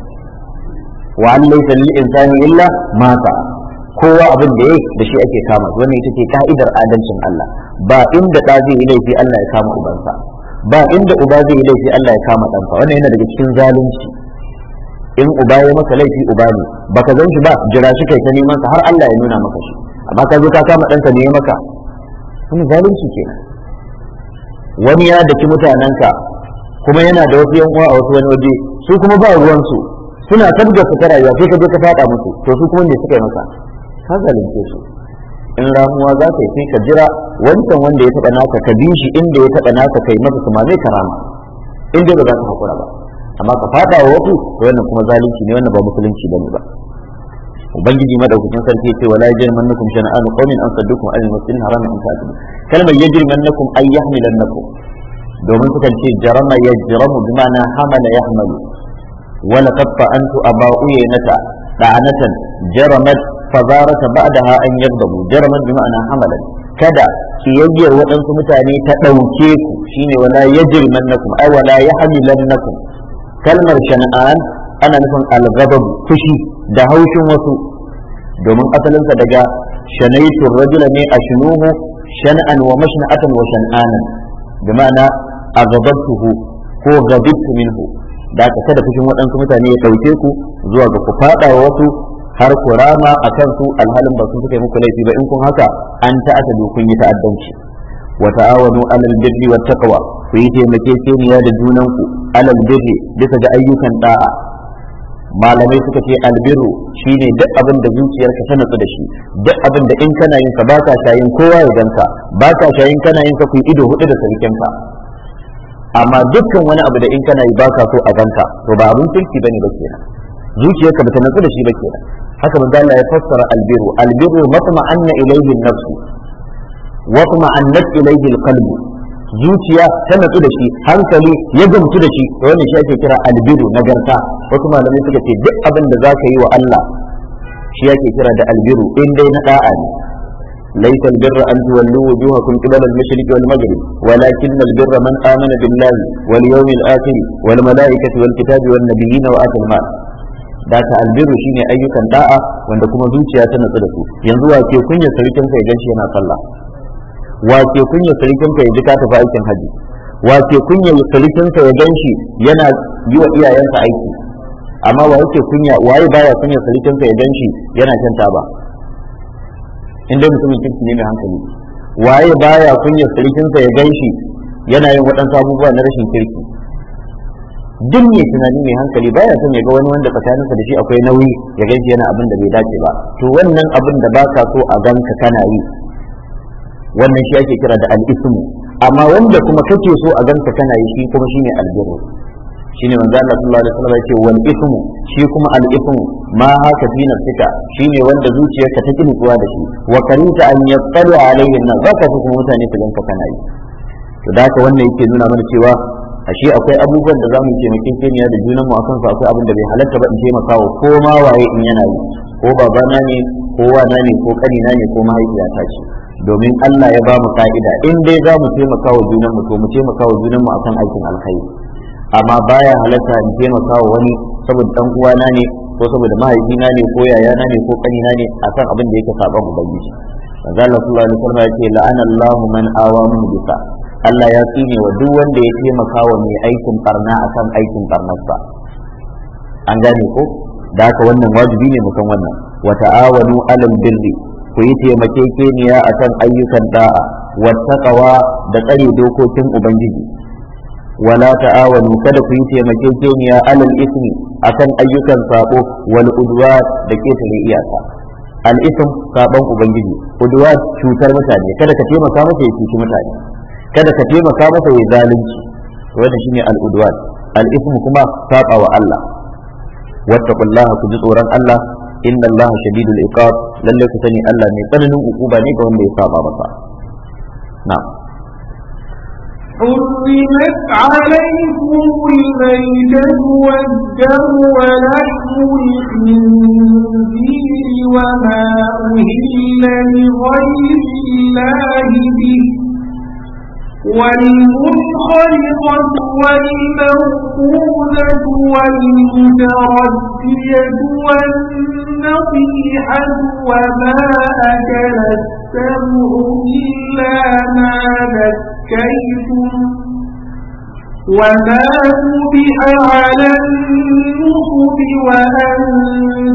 wa an laysa lil insani illa ma sa'a kowa abin da yayi da shi ake kama wannan ita ce ka'idar adalcin Allah ba inda da zai yi laifi Allah ya kama ubansa ba inda uba zai yi laifi Allah ya kama ɗansa wannan yana daga cikin zalunci in uba ya maka laifi uba ne baka zan shi ba jira shi kai ta neman sa har Allah ya nuna maka shi amma ka zo ka kama ɗanka ne maka kuma zalunci kenan wani ya daki mutanenka kuma yana da wasu yan uwa a wasu wani waje su kuma ba ruwan su suna tabgasa ta rayuwa sai ka je ka faɗa musu to su kuma me suka yi maka ka zalunce su in ramuwa za ka yi sai ka jira wancan wanda ya taɓa naka ka bi shi inda ya taɓa naka kai masa kuma zai karama inda ba za ka haƙura ba amma ka faɗa wa wasu wannan kuma zalunci ne wannan ba musulunci ba ne ba ubangiji madaukakin sarki ce wala yajrimannakum shana'an qawmin an saddukum anil masjidil haram an ta'tum kalmar yajrimannakum ay yahmilannakum domin sukan ce jarama yajramu bima'ana hamala yahmalu wala qatta antu aba uyaynata da'anatan jaramat ta fazarata ba'daha an yagdabu jarman bi ma'ana hamalan kada kiyayyar waɗansu mutane ta ɗauke ku shine wala yajrimannakum ay wala yahmilannakum kalmar shan'an ana nufin al-ghadab fushi da haushin wasu domin asalinsa daga shanaitu rajula ne a shinuhu shan'an wa mashna'atan wa shan'anan bi ma'ana aghadabtuhu ko ghadibtu minhu da aka kada fushin waɗansu mutane ya ɗauke ku zuwa ga ku faɗawa wasu har ku rama a kansu alhalin ba sun suka yi muku laifi ba in kun haka an ta'asadu kun yi ta'addanci wa ta'awanu alal birri wat taqwa ku yi taimakekeniya da ku alal birri bisa ga ayyukan da'a malamai suka ce albiru shine duk abin da zuciyarka ta natsu da shi duk abin da in kana yin ka ba ka shayin kowa ya ganka ba ka shayin kana yin ka ku ido hudu da ka, amma dukkan wani abu da in kana yi ba ka so a ganka to ba abin kirki bane ba kenan zuciyarka bata natsu da shi ba kenan haka manzo Allah ya fassara albiru albiru matma'anna ilayhi an-nafs wa matma'anna ilayhi al-qalb zuciya ta natsu da shi hankali ya gamsu da shi wanda shi ake kira albiru nagarta wasu malamai suka ce duk abin da zaka yi wa Allah shi ake kira da albiru in dai na da'a ne ليس البر أن تولوا وجوهكم قبل المشرق والمغرب ولكن البر من آمن بالله واليوم الآخر والملائكة والكتاب والنبيين وآتى المال da ta albiru shine ayyukan da'a wanda kuma zuciya ta natsu da su yanzu wa ke kunya sarkin ka ya ganshi yana sallah wa ke kunya sarkin ka ya ji ka tafi aikin haji wa ke kunya sarkin ka ya ganshi yana yi wa iyayensa aiki amma wa yake kunya waye baya kunya sarkin ka ya ganshi yana shan taba inda dai mutumin kirki ne mai hankali waye baya kunya sarkin sa ya ganshi yana yin waɗansu abubuwa na rashin kirki duk mai tunani mai hankali baya son ya ga wani wanda tsakaninsa da shi akwai nauyi ya gan yana abin da bai dace ba to wannan abin da ba ka so a ganka kana yi wannan shi ake kira da al'ismu amma wanda kuma kake so a ganka kana yi shi kuma shine albiru shine manzo Allah sallallahu alaihi wasallam yake wal ismu shi kuma al ismu ma haka fi nafsika shine wanda zuciyarka ta kintuwa da shi wa karinta an yattali alaihi nan zaka fi mutane su ganka kana yi to da haka wannan yake nuna mana cewa ashe akwai abubuwan da zamu ce mukin kimiya da junan mu akan su akwai abin da bai halatta ba in taimaka wa ko ma waye in yana yi ko babana ne ko na ne ko na ne ko ta ce domin Allah ya ba mu ka'ida in dai za mu taimaka wa junan mu to mu taimaka wa junan mu akan aikin alkhairi amma baya halatta in taimaka wa wani saboda dan na ne ko saboda na ne ko na ne ko na ne akan abin da yake saban ubangiji manzo Allah sallallahu alaihi wasallam ya ce la'ana man awa bika Allah ya tsine wa duk wanda ya taimaka wa mai aikin barna akan aikin barnarsa an gane ko da haka wannan wajibi ne mu san wannan wa ta'awanu alal birri ku yi taimakekeniya akan ayyukan da'a wa taqwa da tsare dokokin ubangiji wala ta'awanu kada ku yi taimakekeniya alal ismi akan ayyukan sabo wal udwan da ketare iyaka al ism saban ubangiji udwan cutar mutane kada ka taimaka masa ya cuci mutane kada ka taimaka masa ya zalunci wannan shine al-udwan al-ism kuma saba wa Allah wattaqullaha ku ji tsoron Allah inna Allah shadidul iqab lalle ku sani Allah ne tsananin ukuba ne ga wanda ya saba masa na'am حرمت عليكم الميتة والدم ولحم الخنزير وما أهل لغير الله به والمنخلقة والموقوذة والمتردية والنصيحة وما أكل السمع إلا ما ذكيتم وما تبح على النصب وأن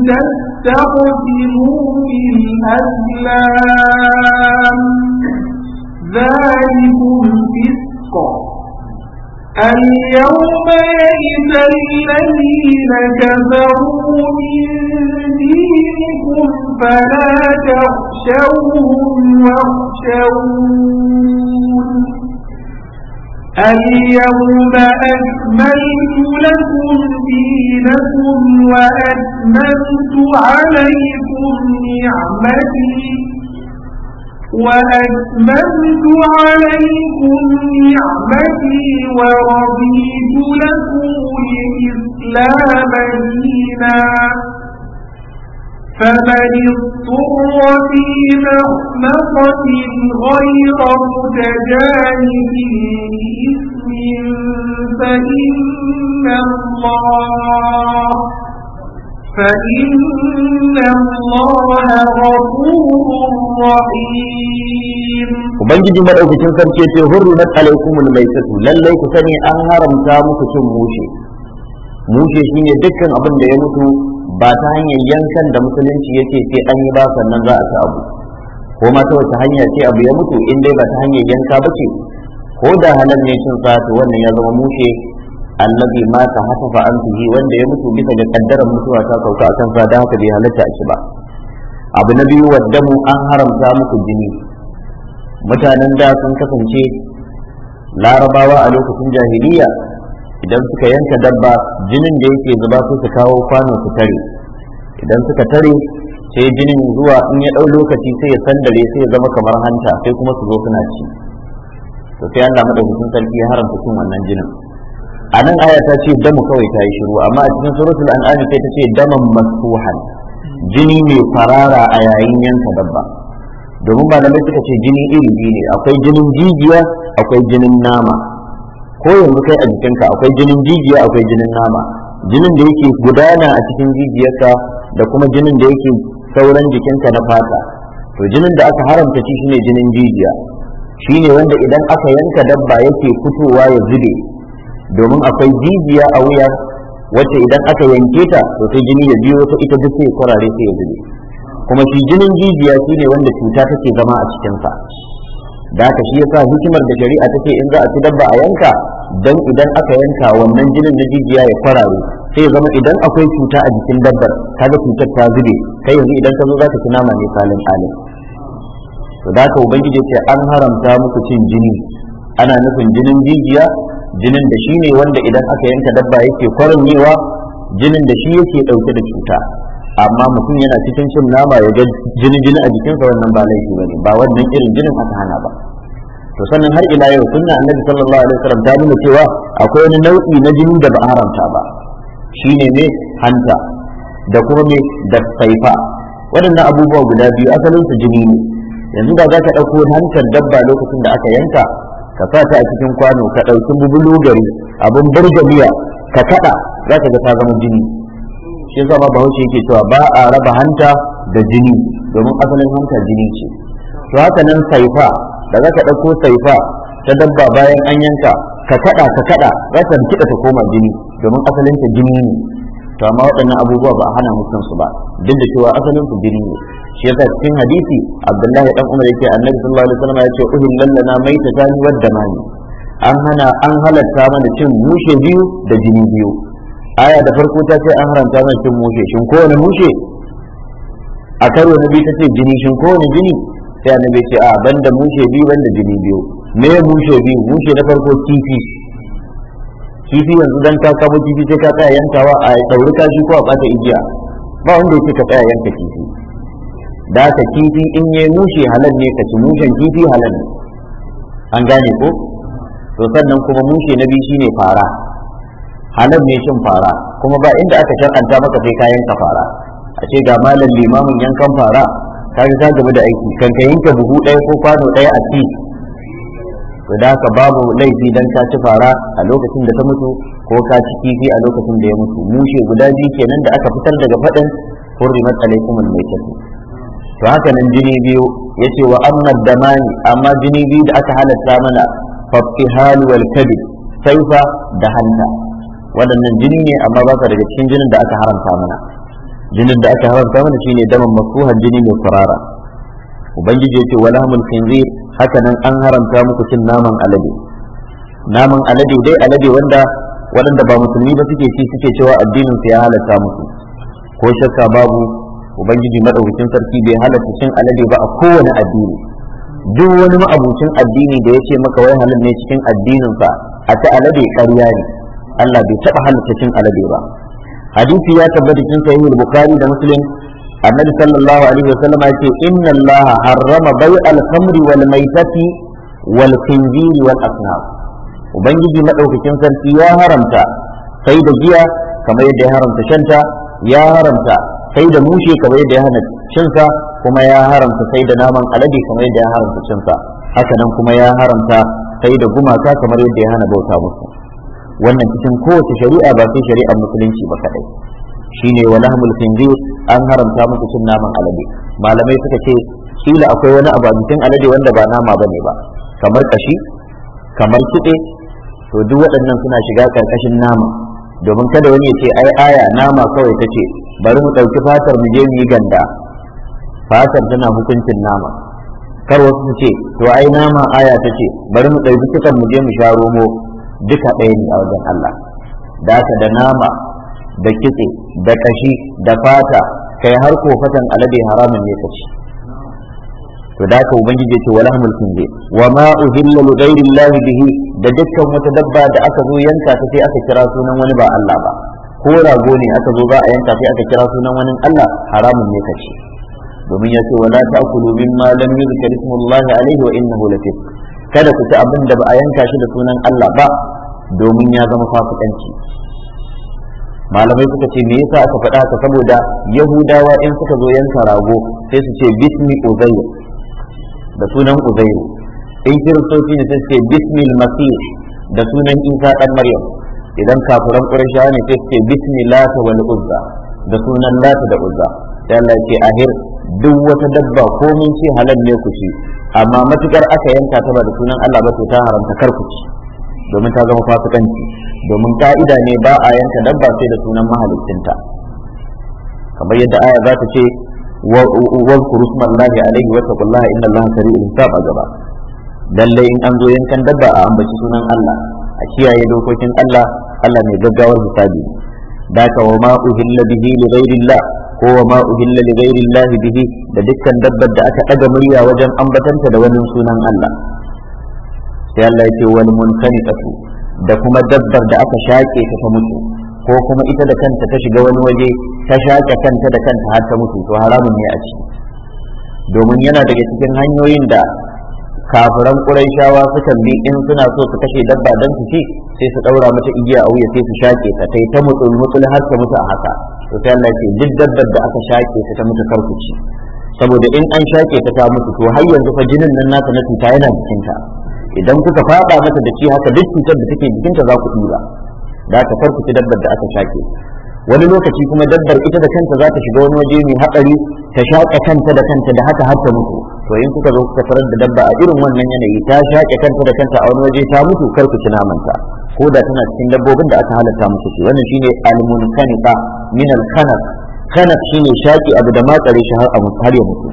تستقدموا بالأسلام ذلكم فسق اليوم يئس الذين كفروا من دينكم فلا تخشوهم واخشون اليوم أكملت لكم دينكم وأكملت عليكم نعمتي وأتممت عليكم نعمتي ورضيت لكم الإسلام دينا فمن اضطر في مخمصة غير متجانب لإثم فإن الله Ubangiji maɗaukacin sarki ya ce hurru na alaikumul mai tattu lallai ku sani an haramta muku cin mushe. Mushe shine dukkan abin da ya mutu ba ta hanyar yankan da musulunci yake sai an yi ba sannan za a ci abu. Ko ma ta wata hanya ce abu ya mutu in dai ba ta hanyar yanka ba ce ko da halal ne cin sa to wannan ya zama mushe annabi mata haka fa an tuhi wanda ya mutu bisa ga kaddarar mutuwa ta sauka akan sa da haka bai halatta shi ba abu na biyu wadda mu an haramta muku jini mutanen da sun kasance larabawa a lokacin jahiliya idan suka yanka dabba jinin da yake zuba sai su kawo kwanon su tare idan suka tare sai jinin zuwa in ya ɗau lokaci sai ya sandare sai ya zama kamar hanta sai kuma su zo suna ci to sai Allah madaukakin sarki ya haramta cin wannan jinin a nan aya ta ce damu kawai ta yi shiru amma a cikin suratul an'am sai ta ce daman masuhan jini mai farara a yayin yanka dabba domin ba malamai suka ce jini iri biyu ne akwai jinin jijiya akwai jinin nama ko yanzu kai a jikinka akwai jinin jijiya akwai jinin nama jinin da yake gudana a cikin jijiyarka da kuma jinin da yake sauran jikinka na fata to jinin da aka haramta shi shine jinin jijiya shine wanda idan aka yanka dabba yake fitowa ya zube domin akwai jijiya a wuya wacce idan aka yanke ta to sai jini ya biyo ta ita duk sai kwarare sai ya zube kuma shi jinin jijiya shine wanda cuta take zama a cikinsa da haka shi yasa hikimar da shari'a take in za a ci dabba a yanka dan idan aka yanka wannan jinin na jijiya ya kwarare sai zama idan akwai cuta a jikin dabbar kaga cutar ta zube kai yanzu idan ka zo za ka ci nama ne salin alin to da haka ubangiji ce an haramta muku cin jini ana nufin jinin jijiya jinin da shi ne wanda idan aka yanka dabba yake kwaranyewa jinin da shi yake dauke da cuta amma mutum yana cikin cin nama ya ga jinin jini a jikinsa wannan ba laifi bane ba wannan irin jinin aka hana ba to sannan har ila yau sunna annabi sallallahu alaihi wasallam ta nuna cewa akwai wani nau'i na jinin da ba haramta ba shine ne hanta da kuma me da saifa waɗannan abubuwa guda biyu asalin su jini ne yanzu da za ka ɗauko hantar dabba lokacin da aka yanka ka sa ta a cikin kwano ka ɗauki bubulu gari abin burgaliya miya ka kaɗa za ka ga ta zama jini shi yasa ba bahaushe yake cewa ba a raba hanta da jini domin asalin hanta jini ce to haka nan saifa da za ka ɗauko saifa ta dabba bayan an yanka ka kaɗa ka kaɗa za ka kiɗa ta koma jini domin asalin ta jini ne to amma waɗannan abubuwa ba a hana mutum su ba duk da cewa asalin su jini ne shi yasa cikin hadisi abdullahi dan umar yake annabi sallallahu alaihi wasallam yace uhillal mai ta tani wadda mani an hana an halatta mana cin mushe biyu da jini biyu aya da farko ta ce an haramta mana cin mushe shin ko wani mushe a karo na biyu ta ce jini shin ko wani jini sai annabi ce a banda mushe biyu banda jini biyu me mushe biyu mushe na farko kifi kifi yanzu dan ka kawo kifi sai ka tsaya yankawa a dauri kashi ko a bata igiya ba wanda yake ka tsaya yanka kifi da ta kifi in yi mushe halal ne ka ci mushen kifi halal an gane ko to sannan kuma mushe na biyu shine fara halal ne shin fara kuma ba inda aka shakanta maka sai kayan ka fara a ce ga malam limamin yankan fara ka ji ta gaba da aiki kan ka yanka buhu ɗaya ko kwano ɗaya a ci to da ka babu laifi dan ka ci fara a lokacin da ta mutu ko ka ci kifi a lokacin da ya mutu mushe guda biyu kenan da aka fitar daga faɗin hurrimat alaikumul maitatu to haka nan jini biyu ya ce wa da damani amma jini biyu da aka halatta mana fafihal wal kabid saifa da hanta waɗannan jini ne amma ba ka daga cikin jinin da aka haramta mana jinin da aka haramta mana shine daman masuhan jini mai kurara ubangiji yace wa lahmul khinzir haka nan an haramta muku cin naman alade naman alade dai alade wanda waɗanda ba musulmi ba suke ci suke cewa addinin su ya halatta musu ko shakka babu ubangiji madaukakin sarki bai halatta cin alade ba a kowane addini duk wani ma'abucin addini da ya ce maka wai halin ne cikin addininsa a ta alade ƙarya ne Allah bai taɓa halatta cin alade ba hadisi ya tabbata cin sahih al da muslim annabi sallallahu alaihi wasallam ya ce inna Allah harrama bai'al khamri wal maitati wal khinziri wal asnaf ubangiji madaukakin sarki ya haramta sai da giya kamar yadda ya haramta shanta ya haramta sai da mushe kamar yadda ya hana cinsa kuma ya haramta sai da naman alade kamar yadda ya haramta cinsa haka nan kuma ya haramta sai da gumaka kamar yadda ya hana bauta musu wannan cikin kowace shari'a ba sai shari'ar musulunci ba kadai shine wa lahmul khinzir an haramta musu cin naman alade malamai suka ce kila akwai wani abu a alade wanda ba nama bane ba kamar kashi kamar kitse to duk waɗannan suna shiga karkashin nama domin kada wani ya ce ai aya nama kawai ta ce bari mu ɗauki fatar mu je mu yi ganda fatar tana hukuncin nama kar wasu ce to ai nama aya ta ce bari mu ɗauki cikan mu je mu sha romo duka ɗaya ne a wajen Allah da haka da nama da kitse da kashi da fata kai har fatan alade haramun ne ka ci to da ka ubangiji ce wala mulkin je wa ma uhilla li ghairi bihi da dukkan wata dabba da aka zo yanka ta sai aka kira sunan wani ba Allah ba ko rago ne aka zo za a yanka sai aka kira sunan wani Allah haramun ne kace domin ya ce wala ta'kulu mimma lam yuzkar ismullahi alaihi wa innahu lafisq kada ku ci abin da ba a yanka shi da sunan Allah ba domin ya zama fasikanci malamai suka ce me yasa aka faɗa haka saboda yahudawa in suka zo yanka rago sai su ce bismi uzayr da sunan uzayr in kiristoci ne sai su ce bismil masih da sunan isa dan maryam idan kafiran qurayshawa ne sai ce bismillah wani uzza da sunan lata da uzza sai Allah ce ahir duk wata dabba ko mun ce halal ne ku ci amma matukar aka yanka ta ba da sunan Allah ba to ta haramta kar ku ci domin ta zama fasikanci domin ka'ida ne ba a yanka dabba sai da sunan mahaliccinta. kamar yadda aya za ta ce wa kurusman lahi alaihi wa taqullaha inna allaha sari'ul hisab a gaba Lallai in an zo yankan dabba a ambaci sunan Allah a kiyaye dokokin Allah Allah mai gaggawar hisabi da ka wa ma uhilla bihi li ghairillah ko wa ma uhilla li ghairillah bihi da dukkan dabbar da aka daga murya wajen ambatanta da wani sunan Allah sai Allah yake wal munkanitatu da kuma dabbar da aka shaƙe ta ta mutu ko kuma ita da kanta ta shiga wani waje ta shaƙe kanta da kanta har ta mutu to haramun ne a ciki domin yana daga cikin hanyoyin da kafiran ƙuraishawa sukan bi in suna so su kashe dabba don su ci sai su ɗaura mata igiya a wuya sai su shake ta tai ta mutu mutsul har ta mutu a haka to sai Allah ce duk dabbar da aka shake ta ta mutu ku ci saboda in an shake ta ta mutu to har yanzu fa jinin nan nata na cuta yana jikinta idan kuka faɗa mata da shi haka duk cutar da take jikinta za ku ɗiba da ka karku dabbar da aka shake wani lokaci kuma dabbar ita da kanta za ta shiga wani waje mai hatsari ta shaƙa kanta da kanta da haka har ta mutu to in kuka zo kuka farar da dabba a irin wannan yanayi ta shaƙe kanta da kanta a wani waje ta mutu kar ku ci namanta ko da tana cikin dabbobin da aka halatta musu shi wannan shine al-munkanika min al-kanaf kanaf shine shaƙi abu da matsare shi har abu har ya mutu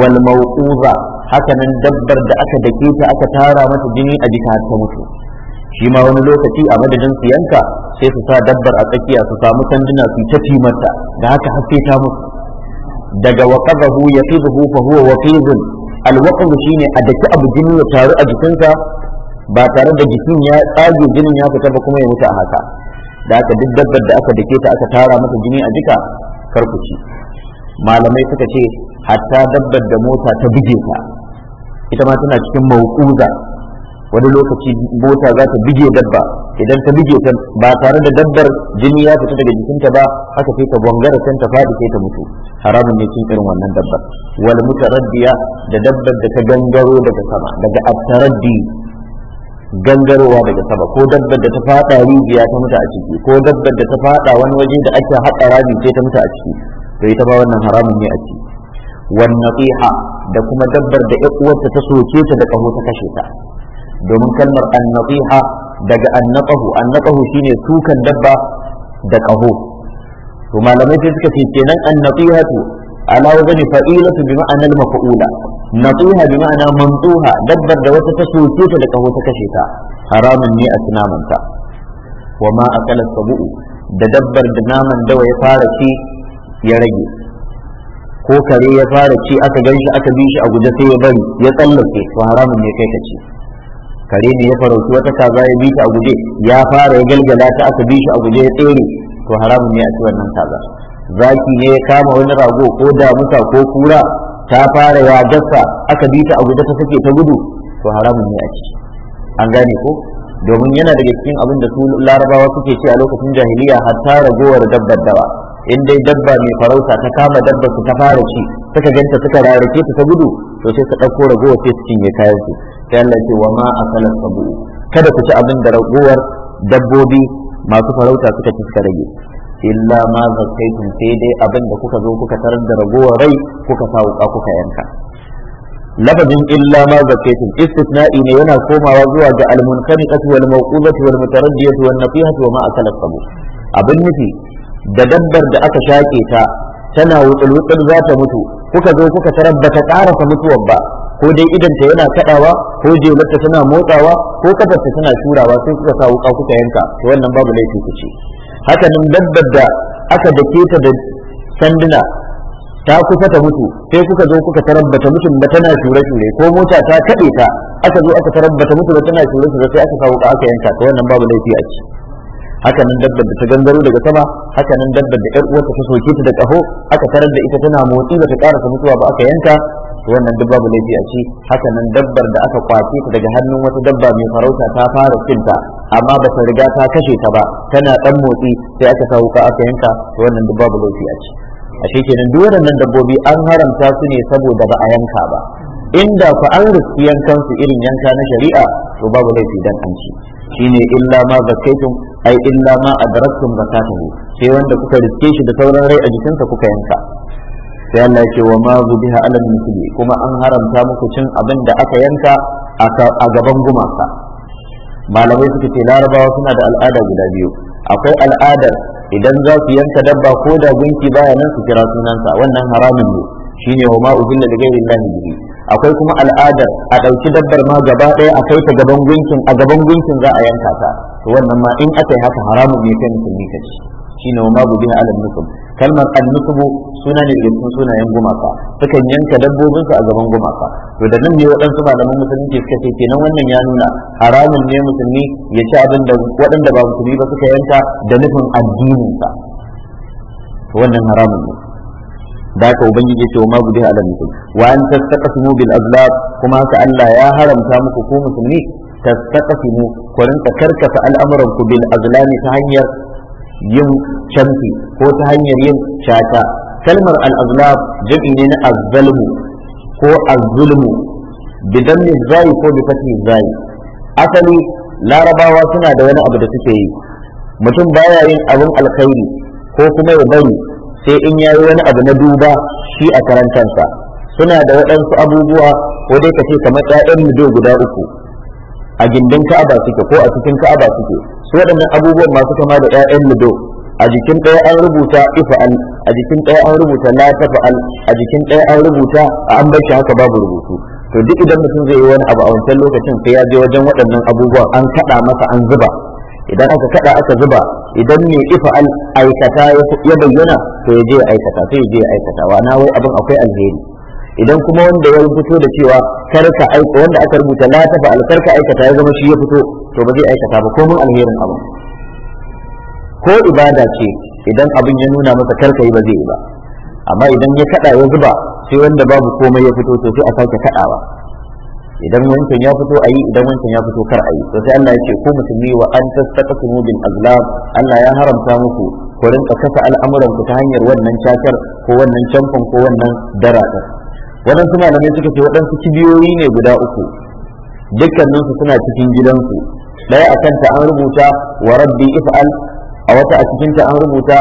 wal mawquza haka nan dabbar da aka dake ta aka tara mata jini a jika har ta mutu shi ma wani lokaci a madadin su yanka sai su sa dabbar a tsakiya su samu sanduna su ta timarta da haka haske ta mutu daga waqabahu yaqidhu fa huwa waqizun alwaqab shine a daki abu jini ya taru a jikinsa ba tare da jikin ya tsage jinin ya fita ba kuma ya mutu a haka da haka duk dabbar da aka dake ta aka tara masa jini a jika karkuci malamai suka ce hatta dabbar da mota ta buge ta ita ma tana cikin mauquza wani lokaci mota za ta bige dabba idan ta bige ta ba tare da dabbar jini ya fita daga jikinta ba haka sai ta gwangara can ta faɗi sai ta mutu haramun ne cin irin wannan dabbar wal mutaraddiya da dabbar da ta gangaro daga sama daga attaraddi gangarowa daga sama ko dabbar da ta faɗa rijiya ta mutu a ciki ko dabbar da ta faɗa wani waje da ake haɗa rami sai ta mutu a ciki to ita ba wannan haramun ne a ciki Wannan nasiha da kuma dabbar da ƴan uwarta ta soke ta da kaho ta kashe ta domin kalmar annatiha daga annaqahu annaqahu shine tukan dabba da kaho to malamai sai suka ce kenan annatihatu ala wazani fa'ilatu bi ma'ana al-maf'ula natiha bi ma'ana mantuha dabbar da wata ta soke ta da kaho ta kashe ta haramun ne a tunamanta wa ma akala sabu'u da dabbar da naman dawa ya fara ci ya rage ko kare ya fara ci aka ganshi aka bi shi a guje sai ya bari ya tsallake to haramun ne kai ka ci kare ne ya farauci wata kaza ya bi ta a guje ya fara ya galgala ta aka bi shi a guje ya tsere to haramun ne a ci wannan kaza zaki ne ya kama wani rago ko damusa ko kura ta fara ya gassa aka bi ta a guje ta sake ta gudu to haramun ne a ci an gane ko domin yana daga cikin abin da su larabawa suke ce a lokacin jahiliya hatta ragowar dabbar dawa in dai dabba mai farauta ta kama dabbar su ta fara ci suka ganta suka rarrake ta ta gudu to sai su ɗauko ragowar sai su cinye kayan su sai Allah ce wa ma akala sabu kada ku ci abin da ragowar dabbobi masu farauta suka ci suka rage illa ma zakaitum sai dai abin da kuka zo kuka tarar da ragowar rai kuka sa wuka kuka yanka lafazin illa ma zakaitum istisna'i ne yana komawa zuwa ga al-munqaniqati wal mawqubati wal mutaraddiyati wan nafihati wa ma akala sabu abin nufi da dabbar da aka shake ta tana wutsul-wutsul za ta mutu kuka zo kuka tarar ba ta ƙarasa mutuwar ba ko dai ta yana kadawa ko jelarta tana motsawa ko kafarta tana shurawa sai kuka sa wuka kuka yanka to wannan babu laifi ku ce haka nan dabbar da aka dake ta da sanduna ta kusa ta mutu sai kuka zo kuka tarabbata mutum ba tana shure shure ko mota ta kade ta aka zo aka tarabbata mutum ba tana shure shure sai aka sa wuka aka yanka to wannan babu laifi a ce. haka nan dabbar da ta gangaro daga sama haka nan dabbar da yar uwarta ta soke ta da kaho aka tarar da ita tana motsi ba ta karasa mutuwa ba aka yanka wannan duk laifi a ci haka nan dabbar da aka kwace ta daga hannun wata dabba mai farauta ta fara cinta amma ba ta riga ta kashe ta ba tana dan motsi sai aka kawo ka aka yanka wannan duk babu laifi a ci a shi kenan duk waɗannan dabbobi an haramta su ne saboda ba a yanka ba inda ku an riski yankan su irin yanka na shari'a to babu laifi dan an ci shine illa ma zakaitum ai illa ma adraktum zakatahu sai wanda kuka riske shi da sauran rai a jikinsa kuka yanka sai Allah yake wa ma zubiha alal misli kuma an haramta muku cin abin da aka yanka a gaban gumaka malamai suka ce larabawa suna da al'ada guda biyu akwai al'adar idan za su yanka dabba ko da gunki baya nan su kira sunansa wannan haramun ne shine wa ma ubilla da gairin lahi bihi akwai kuma al'adar a ɗauki dabbar ma gaba ɗaya a kai ta gaban gunkin a gaban gunkin za a yanka ta to wannan ma in aka yi haka haramun ne kai musulmi ka ci shine wa mabu biha alal nusub kalmar al nusubu suna ne daga cikin sunayen gumaka sukan yanka dabbobin su a gaban gumaka to da nan ne waɗansu malaman musulunci suka ce kenan wannan ya nuna haramun ne musulmi ya ci abin da waɗanda ba musulmi ba suka yanka da nufin addinin sa wannan haramun ne da ka ubangiji ce wa ma gudu ala musul wa an tastaqsimu bil azlab kuma haka Allah ya haramta muku ku musulmi tastaqsimu ku rinka karkata al'amuran ku bil azlami ta hanyar yin canfi ko ta hanyar yin caca kalmar al jami'i ne na azzalmu ko Azulmu, zulmu bidan zai ko bi zai asali larabawa suna da wani abu da suke yi mutum baya yin abin alkhairi ko kuma ya bari sai in yayi wani abu na duba shi a karantarsa suna da waɗansu abubuwa ko dai ka ce kamar 'ya'yan mido guda uku a gindin ka'aba suke ko a cikin ka'aba suke su waɗannan abubuwan masu kama da 'ya'yan lido a jikin ɗaya an rubuta ifa'al a jikin ɗaya an rubuta la tafa'al a jikin ɗaya an rubuta a an bar shi haka babu rubutu to duk idan mutum zai yi wani abu a wancan lokacin sai ya je wajen waɗannan abubuwan an kaɗa masa an zuba idan aka kaɗa aka zuba idan ne ifa'al aikata ya bayyana to ya je aikata sai ya je aikata wa na wai abin akwai alheri idan kuma wanda ya fito da cewa karka aika wanda aka rubuta la ta karka aikata ya zama shi ya fito to ba zai aikata ba ko mun alherin abu ko ibada ce idan abin ya nuna masa karka yi ba zai yi ba amma idan ya kada ya zuba sai wanda babu komai ya fito to sai a sake kadawa idan wancan ya fito ayi idan wancan ya fito kar ayi to sai Allah ya ce ko musulmi wa an tastaqsimu bil azlam Allah ya haramta muku ku rinka kasa al'amuran ku ta hanyar wannan cakar ko wannan camfan ko wannan daratar waɗansu malamai suka ce waɗansu kibiyoyi ne guda uku dukkaninsu suna cikin gidansu ɗaya a kanta an rubuta wa rabbi if'al a wata a cikin ta an rubuta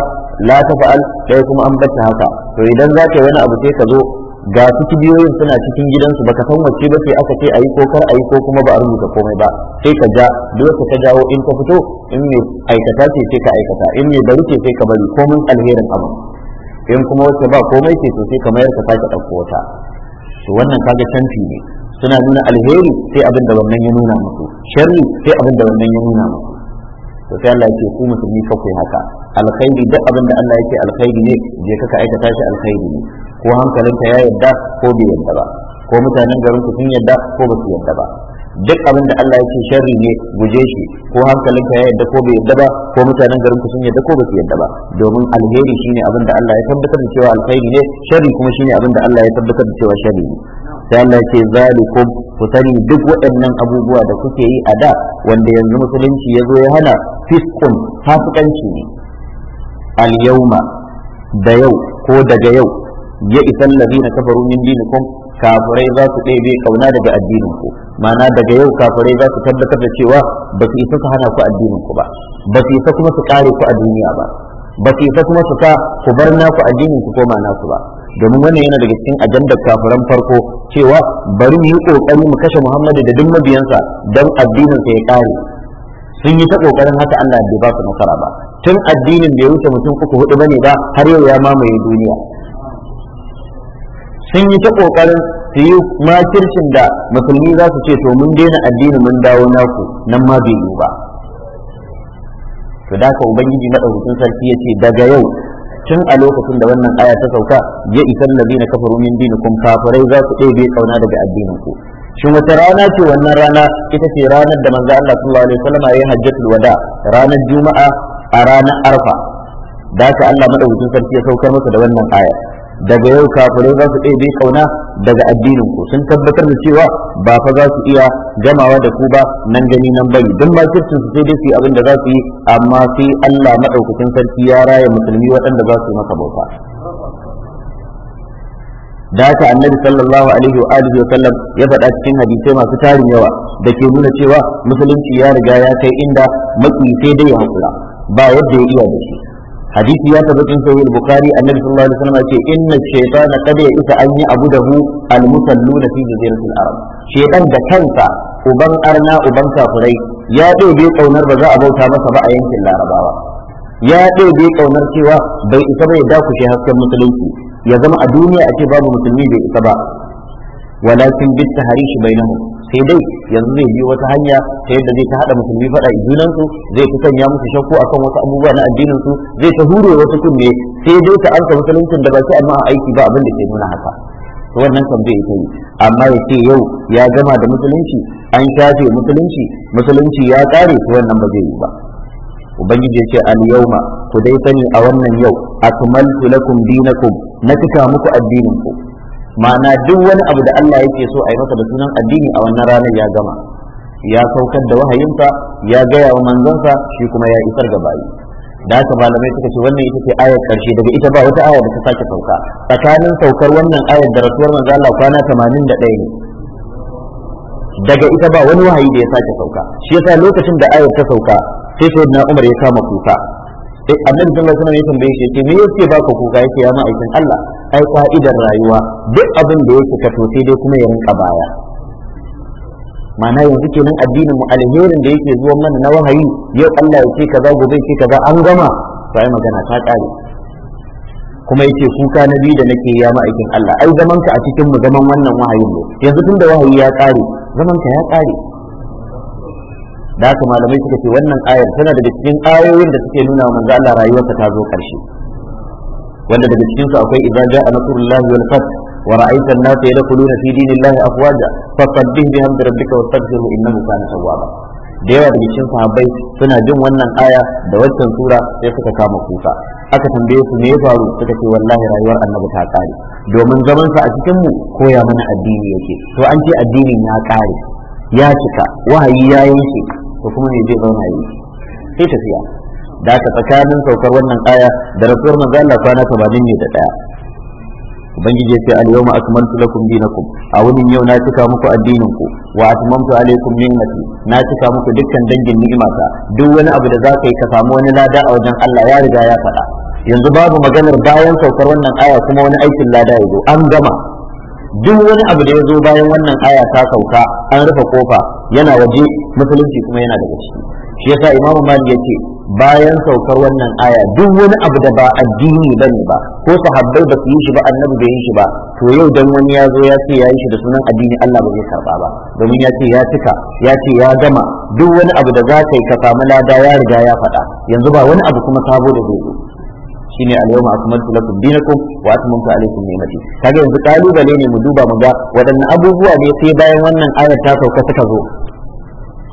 la tafa'al ɗaya kuma an bata haka to idan za ka wani abu sai ka zo ga su kibiyoyin suna cikin gidansu baka san wacce ba sai aka ce ayi ko kar ayi ko kuma ba a rubuta komai ba sai ka ja dole ka jawo in ka fito in ne aikata ce sai ka aikata in ne bari ce sai ka bari komai alherin abu in kuma wacce ba komai ce to sai ka mayar ka sake ɗauko wata to wannan kaga canfi ne suna nuna alheri sai abin da wannan ya nuna musu sharri sai abin da wannan ya nuna musu to sai Allah yake ku musulmi fa ku haka alkhairi duk abin da Allah yake alkhairi ne je ka ka aikata shi alkhairi ne ko hankalinka ya yarda ko bai yarda ba ko mutanen garin ku sun yarda ko ba su yarda ba duk abin da Allah yake sharri ne guje shi ko hankalinka ya yadda ko bai yadda ba ko mutanen garin ku sun yadda ko bai yadda ba domin alheri shine abin da Allah ya tabbatar da cewa alheri ne sharri kuma shine abin da Allah ya tabbatar da cewa sharri ne sai Allah ce zalikum ku sani duk waɗannan abubuwa da kuke yi a da wanda yanzu musulunci ya zo ya hana fiskun fasikanci ne al yauma da yau ko daga yau ya isan ladina kafaru min dinikum kafirai za su ɗebe kauna daga addinin ku ma'ana daga yau kafirai za su tabbatar da cewa ba su isa su hana ku addinin ku ba ba su isa kuma su kare ku a duniya ba ba su isa kuma su sa ku bar naku addinin ku ma'ana su ba domin wannan yana daga cikin ajandar kafiran farko cewa bari mu yi kokari mu kashe Muhammadu da duk mabiyansa don addinin ya kare sun yi ta kokarin haka Allah bai ba su nasara ba tun addinin bai wuce mutum uku hudu bane ba har yau ya mamaye duniya sun yi ta kokarin su yi makircin da musulmi za su ce to mun daina addini mun dawo naku nan ma bai yi ba to da ka ubangiji na ɗaukakin sarki ya ce daga yau tun a lokacin da wannan aya ta sauka ya zina kafa rumin dini dinikum kafirai za su ɗebe kauna daga addinin ku shin wata rana ce wannan rana ita ce ranar da manzo Allah sallallahu alaihi wasallam ya hajjatul wada ranar juma'a a ranar arfa da ka Allah madaukakin sarki ya saukar masa da wannan aya daga yau kafirai za su ɗaya kauna daga addinin ku sun tabbatar da cewa ba fa za su iya gamawa da ku ba nan gani nan bari don ma su sai dai su yi abin da za su yi amma sai Allah maɗaukacin sarki ya raya musulmi waɗanda za su yi masa bauta da haka annabi sallallahu alaihi wa alihi wa sallam ya faɗa cikin hadisai masu tarin yawa da ke nuna cewa musulunci ya riga ya kai inda maki sai dai ya hakura ba yadda ya iya da shi hadisi ya tabbata cikin sahih bukhari annabi sallallahu alaihi wasallam ce inna shaytana qad ya'isa an yi abu dahu al musalluna fi jaziratil arab shaytan da kansa uban arna uban kafirai ya ɗebe kaunar ba za a bauta masa ba a yankin larabawa ya dobe kaunar cewa bai isa ba ya dakushe hasken musulunci ya zama a duniya a ce babu musulmi bai isa ba walakin bitta harishi bainahum sai dai yanzu zai yi wata hanya ta yadda zai ta haɗa musulmi faɗa, junan su zai ta sanya musu shakku akan wasu abubuwa na addinin su zai ta hure wasu kunne sai dai ta amsa musuluncin da ba shi amma aiki ba abin da ke nuna haka to wannan kan bai yi amma ya ce yau ya gama da musulunci an shafe musulunci musulunci ya kare to wannan ba zai yi ba ubangiji ce al yauma ku dai sani a wannan yau akmaltu lakum dinakum na cika muku addinin ku ma'ana duk wani abu da Allah yake so a yi masa da sunan addini a wannan ranar ya gama ya saukar da wahayinsa ya gaya wa manzansa shi kuma ya isar da bayi da haka malamai suka ce wannan ita ce ayar karshe daga ita ba wata aya da ta sake sauka tsakanin saukar wannan ayar da rasuwar manzo Allah kwana 81 ne daga ita ba wani wahayi da ya sake sauka shi yasa lokacin da ayar ta sauka sai sai na Umar ya kama kuka Eh annabi sallallahu alaihi wasallam ya tambaye shi ce me yake ba ka kuka yake ya ma'aikin Allah ai fa'idar rayuwa duk abin da yake ka to sai dai kuma ya rinka baya ma'ana yanzu kenan addinin mu alherin da yake zuwa mana na wahayi yau Allah ya ce kaza gobe ka ce kaza an gama to ai magana ta kare kuma yake kuka na biyu da nake ya ma'aikin Allah ai zaman ka a cikin mu zaman wannan wahayin ne yanzu tunda wahayi ya kare zaman ka ya kare da haka malamai suka ce wannan ayar tana daga cikin ayoyin da suke nuna manzo Allah rayuwarsa ta zo karshe wanda daga cikin su akwai idza jaa nasrullahi wal fath wa ra'aita an-nasa yadkhuluna fi dinillahi afwaja fasabbih bihamdi rabbika wastaghfirhu innahu kana tawwaba da yawa daga cikin sahabbai suna jin wannan aya da waccan sura sai suka kama kuka aka tambaye su me ya faru suka ce wallahi rayuwar annabi ta kare domin zaman sa a cikin mu koya mana addini yake to an ce addinin ya kare ya cika wahayi ya shi to kuma me zai zauna yi sai tafiya da ta tsakanin saukar wannan aya da rasuwar manzo Allah kwana 80 ne da daya ubangiji ya ce al-yawma akmaltu lakum dinakum a wannan yau na cika muku addinin ku wa atmamtu alaykum ni'mati na cika muku dukkan dangin ni'imata duk wani abu da zaka yi ka samu wani lada a wajen Allah ya riga ya faɗa yanzu babu maganar bayan saukar wannan aya kuma wani aikin lada ya zo an gama duk wani abu da ya zo bayan wannan aya ta sauka an rufe kofa yana waje musulunci kuma yana daga ciki shi yasa imamu mali yace bayan saukar wannan aya duk wani abu da ba addini bane ba ko sahabbai ba su yi shi ba annabi bai yi shi ba to yau dan wani ya zo ya ce ya yi shi da sunan addini Allah ba zai karba ba domin ya ce ya cika ya ce ya gama duk wani abu da za ka yi ka samu lada ya riga ya faɗa yanzu ba wani abu kuma sabo da zai zo shine al-yawma akmaltu lakum dinakum wa atmamtu alaykum ni'mati kaga yanzu kalubale ne mu duba mu ga waɗanne abubuwa ne sai bayan wannan ayar ta sauka suka zo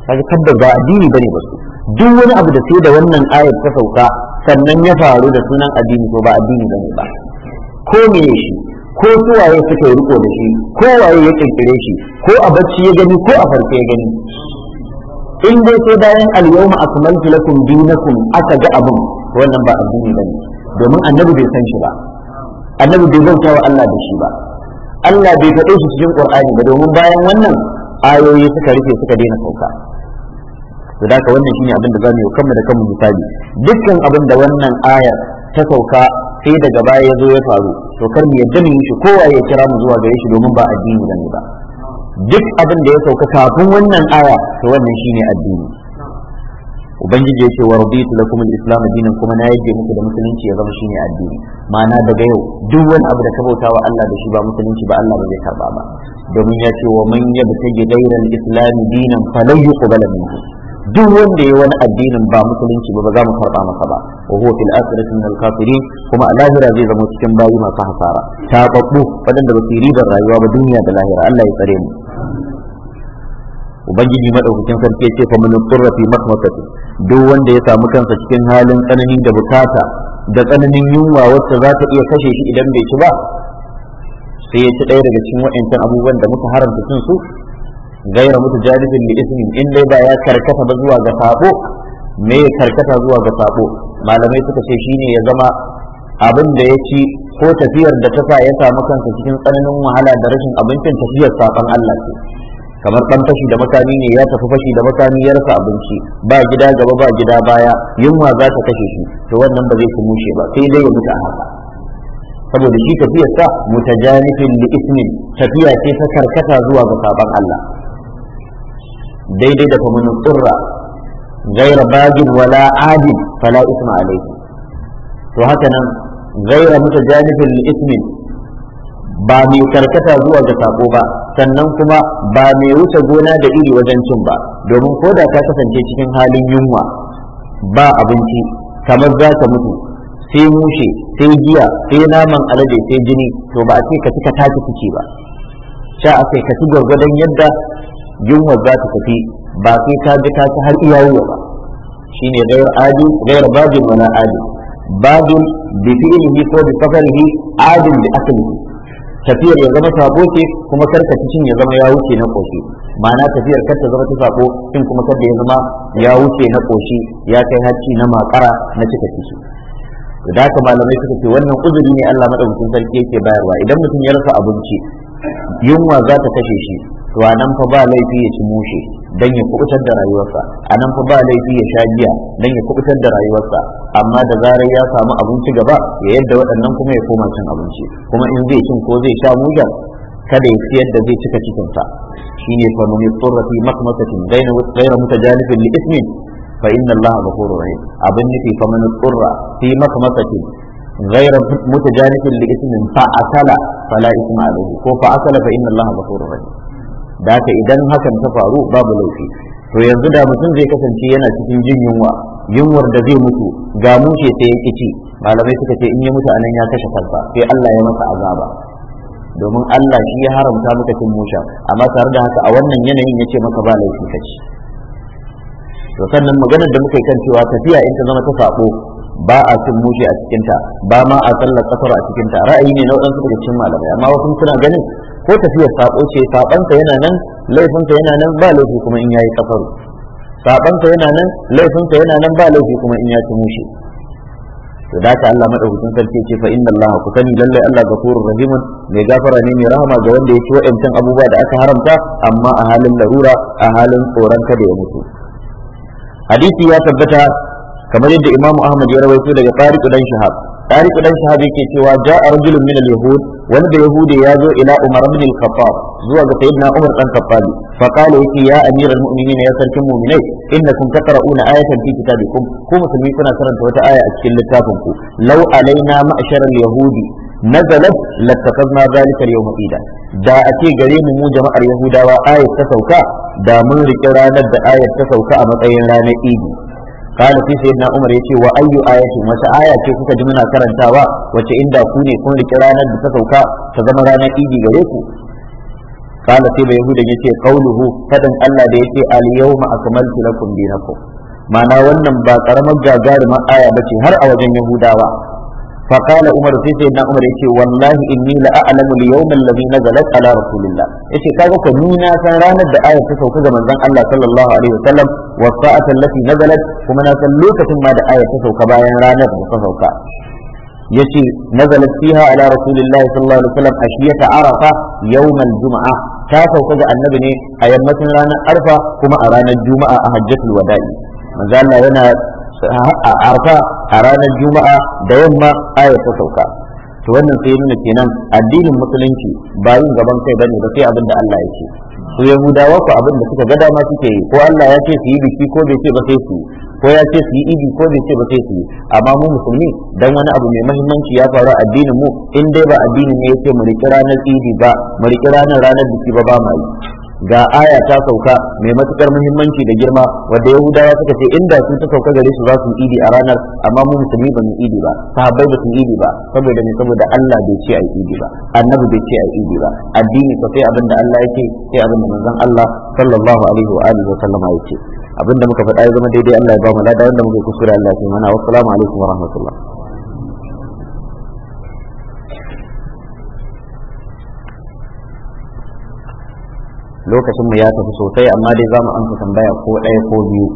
kaga tabbas ba addini bane ba su duk wani abu da sai da wannan ayat ta sauka sannan ya faru da sunan addini ko ba addini bane ba ko me shi ko suwaye suke riko da shi ko waye ya kirkire shi ko a bacci ya gani ko a farko ya gani in dai sai bayan al-yawma akmaltu lakum dinakum aka ga abun wannan ba addini bane domin annabi bai san shi ba annabi bai bauta wa Allah da shi ba Allah bai faɗe shi cikin Qur'ani ba domin bayan wannan ayoyi suka rufe suka daina sauka to da wannan shine abin da zamu yi kanmu da kanmu misali dukkan abin da wannan ayar ta sauka sai daga baya ya zo ya faru to kar mu yadda mu yi shi kowa ya kira mu zuwa gare shi domin ba addini bane ba duk abin da ya sauka kafin wannan aya to wannan shine addini ubangiji ya ce wa raditu lakum dinan kuma na yadda muku da musulunci ya zama shine addini ma'ana daga yau duk wani abu da ka bauta wa Allah da shi ba musulunci ba Allah ba zai karba ba domin ya ce wa man yabtaji ghayra al-islam dinan falan yuqbala minhu duk wanda ya wani addinin ba musulunci ba za mu karba masa ba wa huwa fil akhirati min al kafirin kuma a lahira zai zama cikin bayi masu hasara ta babbu wadanda ba su ribar rayuwa ba duniya da lahira Allah ya tsare mu ubangiji madaukakin sarki ce fa mun qurra fi makmasati duk wanda ya samu kansa cikin halin tsanani da bukata da tsananin yunwa wacce za ta iya kashe shi idan bai ci ba sai ya ci ɗaya daga cikin wa'ancan abubuwan da muka haramta cin su gaira mutu jadibin li in dai ba ya karkata ba zuwa ga me ya karkata zuwa ga sabo malamai suka ce shine ya zama abin da ya ci ko tafiyar da ta sa ya samu kansa cikin tsananin wahala da rashin abincin tafiyar saban Allah ce kamar ɗan fashi da makami ne ya tafi fashi da makami ya rasa abinci ba gida gaba ba gida baya yunwa za ta kashe shi to wannan ba zai ci mushe ba sai dai ya mutu a haka saboda shi tafiyar sa mutajanifin li ismin tafiya ce ta karkata zuwa ga saban Allah daidai da famin tsurra gaira bagin wala adin fala isma alaihi to haka nan gaira mutu janibin ismin ba mai karkata zuwa ga sako ba sannan kuma ba mai wuce gona da iri wajen cin ba domin ko da ka kasance cikin halin yunwa ba abinci kamar za ka mutu sai mushe sai giya sai naman alade sai jini to ba a ce ka cika tashi ciki ba sha a kai ka ci gwargwadon yadda yunwa za ta tafi ba sai ta ji ta ci har iyayen ba Shi ne gayar ajin gairar babin wala ajin babin bi ko bi safarihi da bi yi. tafiyar ya zama sabo ke kuma kar ka ya zama ya wuce na koshi ma'ana tafiyar kar zama ta sabo in kuma kar ya zama ya wuce na koshi ya kai hacci na makara na cika cikin da haka malamai suka ce wannan uzuri ne Allah madaukakin sarki yake bayarwa idan mutum ya rasa abinci yunwa za ta kashe shi to a nan fa ba laifi ya ci mushe dan ya kubutar da rayuwarsa a nan fa ba laifi ya sha giya dan ya kubutar da rayuwarsa amma da zarar ya samu abinci gaba ya yadda waɗannan kuma ya koma cin abinci kuma in zai cin ko zai sha mujan kada ya siyar da zai cika cikinsa shine fa mun yusra fi maqmasatin ghayra ghayra mutajalifin li ismin fa inna allaha ghafurur rahim abin nufi fa mun yusra fi maqmasatin ghayra mutajalifin li ismin fa akala fala isma alayhi ko fa akala fa inna allaha ghafurur rahim da haka idan hakan ta faru babu laifi to yanzu da mutum zai kasance yana cikin jin yunwa yunwar da zai mutu ga mushe sai ya kici malamai suka ce in ya mutu anan ya kashe kansa sai Allah ya masa azaba domin Allah shi ya haramta maka cin musha amma tare da haka a wannan yanayin ya ce maka ba laifi kace to sannan maganar da muka yi kan cewa tafiya in ta zama ta sako ba a cin mushe a cikinta ba ma a sallar kafar a cikinta ra'ayi ne na waɗansu daga cikin malamai amma wasu suna ganin ko tafiyar sako ce sabansa yana nan laifinsa yana nan ba laifi kuma in yayi kafaru sabansa yana nan laifinsa yana nan ba laifi kuma in ya ci mushi to da ka Allah madaukakin sarki ce fa inna Allah ku sani lalle Allah gafurur rahimun mai gafara ne mai rahama ga wanda ya ci wa'ancan abubuwa da aka haramta amma a halin larura a halin tsoron kada ya mutu hadisi ya tabbata kamar yadda imamu ahmad ya rawaito daga tariq dan shahab tariq dan shahab yake cewa ja'a rajulun min al-yahud wani yahudi ya zo ila umar ibn al-khattab zuwa ga sayyidina umar dan khattabi fa qala yake ya amiral mu'minin ya sarkin mu'minai innakum taqra'una ayatan fi kitabikum ku musulmi kuna karanta wata aya a cikin littafin ku lau-alai na al-yahudi nazalat lattaqazna zalika al-yawma ida da ake gare mu mu jama'ar yahudawa ayat ta sauka da mun riƙe ranar da ayat ta sauka a matsayin ranar idi قال na'umar سيدنا عمر يتي واي ايه وتا ايه ce kuka ji muna karantawa wace inda ku ne kun riki ranar da ta sauka ka zama ranar idi gare ku قال في اليهود يتي قوله فدن الله da yake al yawm akmaltu lakum dinakum ma'ana wannan ba karamar gagarumar aya bace har a wajen yahudawa فقال عمر في سيدنا عمر يقول والله إني لأعلم اليوم الذي نزلت على رسول الله يقول كاغو كنينا سرانا دعاية تسو كذا من ذن الله صلى الله عليه وسلم والساعة التي نزلت ومن أسلوك ثم دعاية تسو كباين رانا تسو يقول نزلت فيها على رسول الله صلى الله عليه وسلم أشية عرفة يوم الجمعة تاسو كذا النبي أيامتنا رانا أرفا كما أرانا الجمعة أهجت الودائي manzo Allah yana a arfa a ranar juma'a da yamma ayar ta sauka to wannan sai nuna kenan addinin musulunci ba yin gaban kai bane ba sai abin da Allah ya ce su yahudawa ko abin da suka ga dama suke yi ko Allah ya ce su yi biki ko bai ce ba sai su ko ya ce su yi idi ko bai ce ba sai su yi amma mu musulmi dan wani abu mai muhimmanci ya faru addinin mu in dai ba addinin ne yake mu riki ranar idi ba mu riki ranar ranar biki ba ba mu yi ga aya ta sauka mai matukar muhimmanci da girma wanda yahudawa suka ce inda sun ta sauka gare su za su idi a ranar amma mu musulmi ba mu idi ba sahabbai ba su idi ba saboda ne saboda Allah bai ce ai idi ba annabi bai ce ai idi ba addini fa sai abin da Allah yake sai abin da manzon Allah sallallahu alaihi wa alihi wa sallama yake abin da muka faɗa ya zama daidai Allah ya ba mu lada wanda muka kusura Allah ya mana wassalamu alaikum wa rahmatullahi lokacin mu ya tafi sosai amma dai za mu amsa tambaya ko ɗaya ko biyu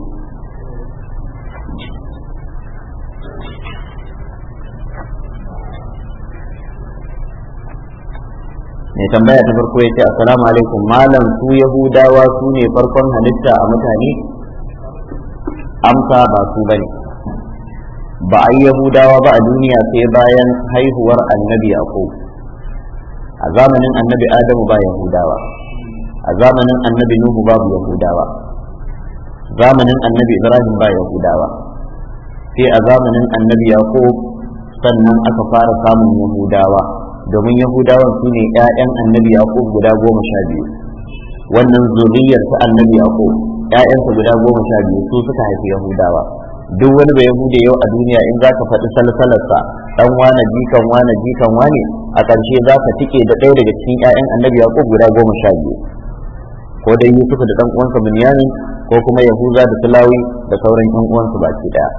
mai tambaya ta farko ya ce assalamu alaikum malam su yahudawa su ne farkon halitta a mutane amsa ba su bane ba a yi yahudawa ba a duniya sai bayan haihuwar annabi a ko. a zamanin annabi adamu ba yahudawa a zamanin annabi nuhu babu yahudawa zamanin annabi ibrahim ba yahudawa sai a zamanin annabi yaqub sannan aka fara samun yahudawa domin yahudawan su ne 'ya'yan annabi yaqub guda goma sha biyu wannan zuriyar ta annabi yaqub 'ya'yansa guda goma sha biyu su suka haifi yahudawa duk wani bai yahude yau a duniya in za ka faɗi salsalarsa ɗan wane jikan wane jikan wane a ƙarshe za ka tike da ɗaya daga cikin 'ya'yan annabi yaqub guda goma sha biyu ko dai Yusuf da dan uwansa Binyamin ko kuma Yahuza da Filawi da sauran yan uwansu baki daya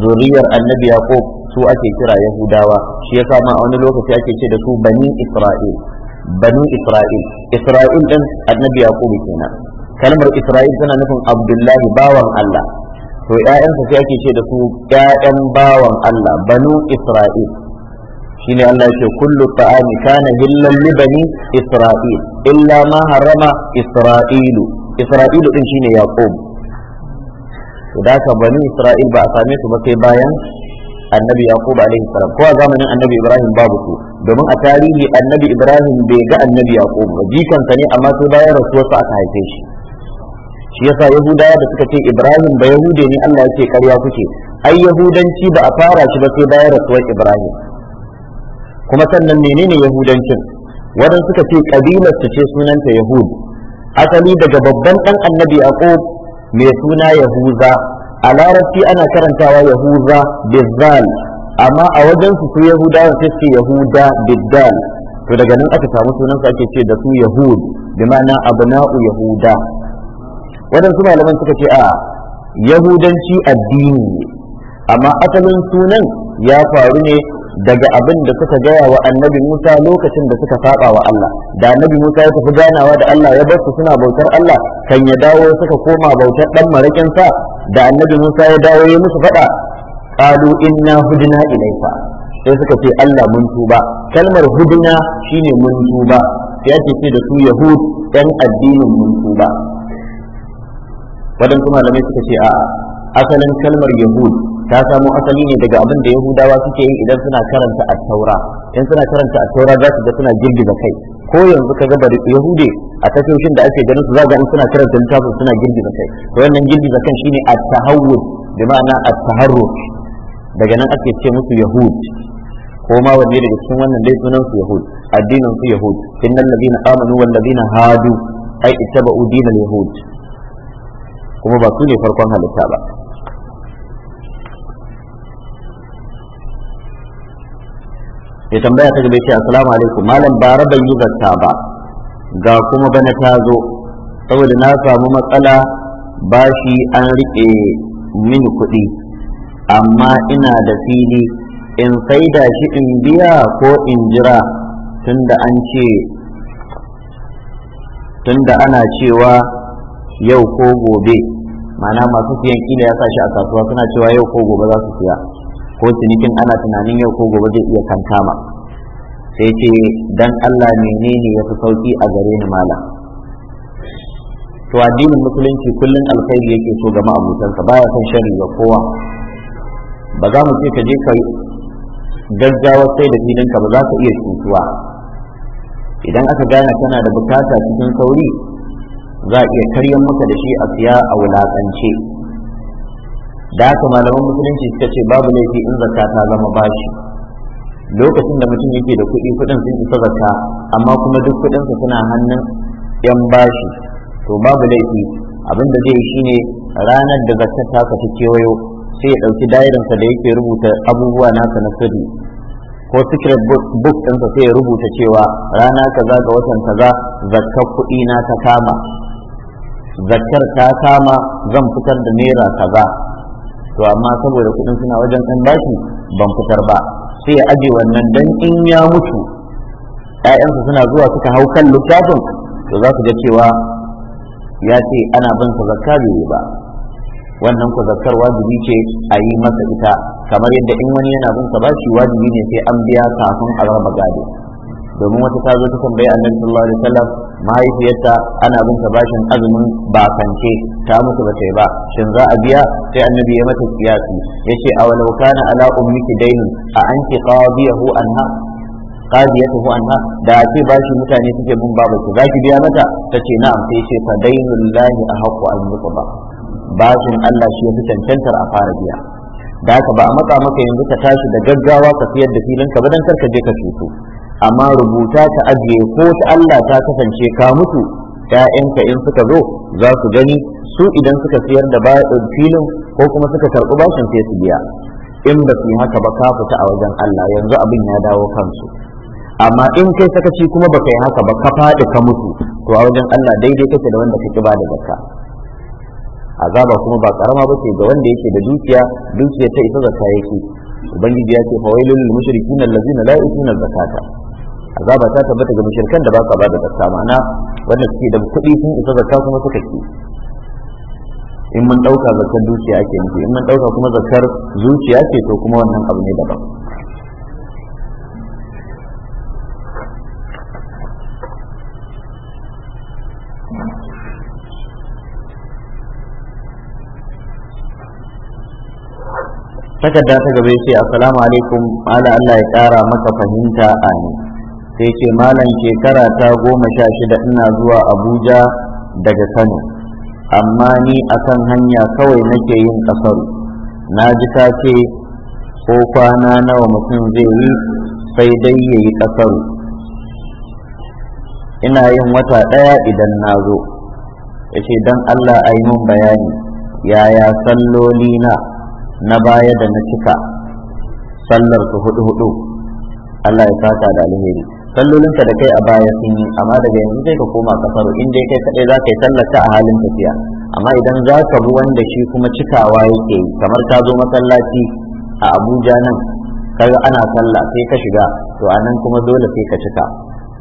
zuriyar annabi Yaqub su ake kira Yahudawa shi yasa ma a wani lokaci ake ce da su bani Isra'il bani Isra'il Isra'il din annabi Yaqub kenan kalmar Isra'il tana nufin Abdullahi bawan Allah to ƴaƴansa sai ake ce da su ƴaƴan bawan Allah Bani Isra'il shine Allah yake kullu ta'ami kana hillal li bani isra'il illa ma harama isra'ilu isra'ilu din shine yaqub to da ka bani isra'il ba a same su ba sai bayan annabi yaqub alaihi salam ko a zamanin annabi ibrahim babu su domin a tarihi annabi ibrahim bai ga annabi yaqub ba jikansa ne amma sai bayan sa aka haife shi shi yasa yahudawa da suka ce ibrahim ba yahude ne Allah yake karya kuke ai yahudanci ba a fara shi ba sai bayan rasuwar ibrahim kuma sannan menene yahudancin wadan suka ce kabilar su ce sunanta yahud asali daga babban dan annabi aqo mai suna yahuza a larabci ana karantawa yahuza bizal amma a wajen su Yahuda sai ce yahuda biddal to daga nan aka samu sunan su ake ce da su yahud bi ma'ana abna'u yahuda wadansu malaman suka ce a yahudanci addini amma asalin sunan ya faru ne daga abin da suka gaya wa annabi Musa lokacin da suka saba wa Allah da annabi Musa ya tafi ganawa da Allah ya bar su suna bautar Allah kan ya dawo suka koma bautar dan marakin sa da annabi Musa ya dawo ya musu fada qalu inna hudina ilayka sai suka ce Allah mun tuba kalmar hudina shine mun tuba ya ce da su yahud dan addinin mun tuba wadansu malamai suka ce a'a asalin kalmar yahud ta samo asali ne daga abin da yahudawa suke yi idan suna karanta a taura in suna karanta a taura za su ga suna girgiza kai ko yanzu ka gaba yahude a tashoshin da ake ganin su za ga in suna karanta littafin suna girgiza kai to wannan girgiza kan shine at-tahawwud bi ma'ana at-taharruk daga nan ake ce musu yahud ko ma wanne daga cikin wannan dai sunan su yahud addinin su yahud innal ladina amanu wal ladina hadu ay ittaba'u dinal yahud kuma ba su ne farkon halitta ba ya tambaya ta gaba ce assalamu alaikum malam bara bai yi zata ba ga kuma bana ta zo saboda na samu matsala bashi an riƙe mini kuɗi amma ina da fili in saida shi in biya ko in jira tunda an ce tunda ana cewa yau ko gobe ma'ana masu siyan kila ya sa shi a kasuwa suna cewa yau ko gobe za su siya ko cinikin ana tunanin yau ko gobe zai iya kankama sai ce dan Allah menene ya fi sauki a gare ni malam to addinin musulunci kullun alkhairi yake so ga ma'abutansa baya son sharri ga kowa ba za mu ce ka je ka gaggawa sai da filinka ba za ka iya cutuwa idan aka gane kana da bukata cikin sauri za a iya karyan maka da shi a siya a wulakance da haka malaman musulunci suka ce babu laifi in zakka ta zama bashi lokacin da mutum yake da kuɗi kuɗin sun isa zakka amma kuma duk kuɗinsa suna hannun yan bashi to babu laifi abin da zai yi shine ranar da zakkar ta ta kewayo sai ya ɗauki dairinsa da yake rubuta abubuwa nasa na sirri ko secret book ɗinsa sai ya rubuta cewa rana kaza ga watan kaza zakkar kuɗi na ta kama zakkar ta kama zan fitar da naira kaza to amma saboda kuɗin suna wajen ɗan bashi ban fitar ba sai ya aje wannan dan in ya mutu ƴaƴansa suna zuwa suka hau kan littafin to za su ga cewa ya ce ana bin sa zakka ba wannan ku zakkar wajibi ce a yi masa ita kamar yadda in wani yana bin sa bashi wajibi ne sai an biya kafin a raba gado domin wata ta zo ta tambayi annabi sallallahu alaihi wasallam mahaifiyarta ana bin ta bashin azumin bakance ta mutu ba ta ba shin za a biya sai annabi ya mata kiyasi wani awalau kana ala ummiki daini a an anki qadiyahu anha qadiyatuhu anha da ce bashi mutane suke bin babu ki zaki biya mata Ta tace na'am sai ce fa dainul lahi ahqqu an yuqda bashin Allah shi yafi cancantar a fara biya da haka ba a matsa maka yanzu ka tashi da gaggawa ka siyar da filin ka dan karka je ka cuto amma rubuta ta ajiye ko ta Allah ta kasance ka mutu ‘ya'yanka in suka zo za su gani su idan suka siyar da eh, filin ko kuma suka karɓi bashin sai su biya in ba su yi haka ba ka fita a wajen Allah yanzu abin ya dawo kansu amma in kai sakaci kuma baka yi haka ba ka faɗi ka mutu to a wajen Allah daidai kake da wanda kake ba da zakka azaba kuma ba karama ce ga wanda yake da dukiya dukiya ta isa zakka yake ubangiji ya ce wailul mushrikin allazina la yu'tuna zakata azaba ta tabbata ga mushrikan da ba sa ba da zakka ma'ana wanda suke da kuɗi sun isa zakka kuma suka ki in mun ɗauka zakkar dukiya ake nufi in mun ɗauka kuma zakkar zuciya ce to kuma wannan abu ne daban takarda ta gaba ya ce assalamu alaikum ala Allah ya kara maka fahimta amin sai ce malam shekara ta goma sha shida ina zuwa abuja daga kano amma ni a kan hanya kawai nake yin kasaru na ji ta ce ko kwana nawa mutum zai yi sai dai ya yi kasaru ina yin wata ɗaya idan na zo ya ce don allah a yi min bayani yaya salloli na na baya da na cika sallar su hudu hudu allah ya saka da alheri sallolinka da kai a baya sun yi amma daga yanzu sai ka koma kafaru in dai kai kaɗai za ka yi sallata a halin tafiya amma idan za ka bi wanda shi kuma cikawa yake yi kamar ta zo masallaci a abuja nan kaga ana sallah sai ka shiga to a nan kuma dole sai ka cika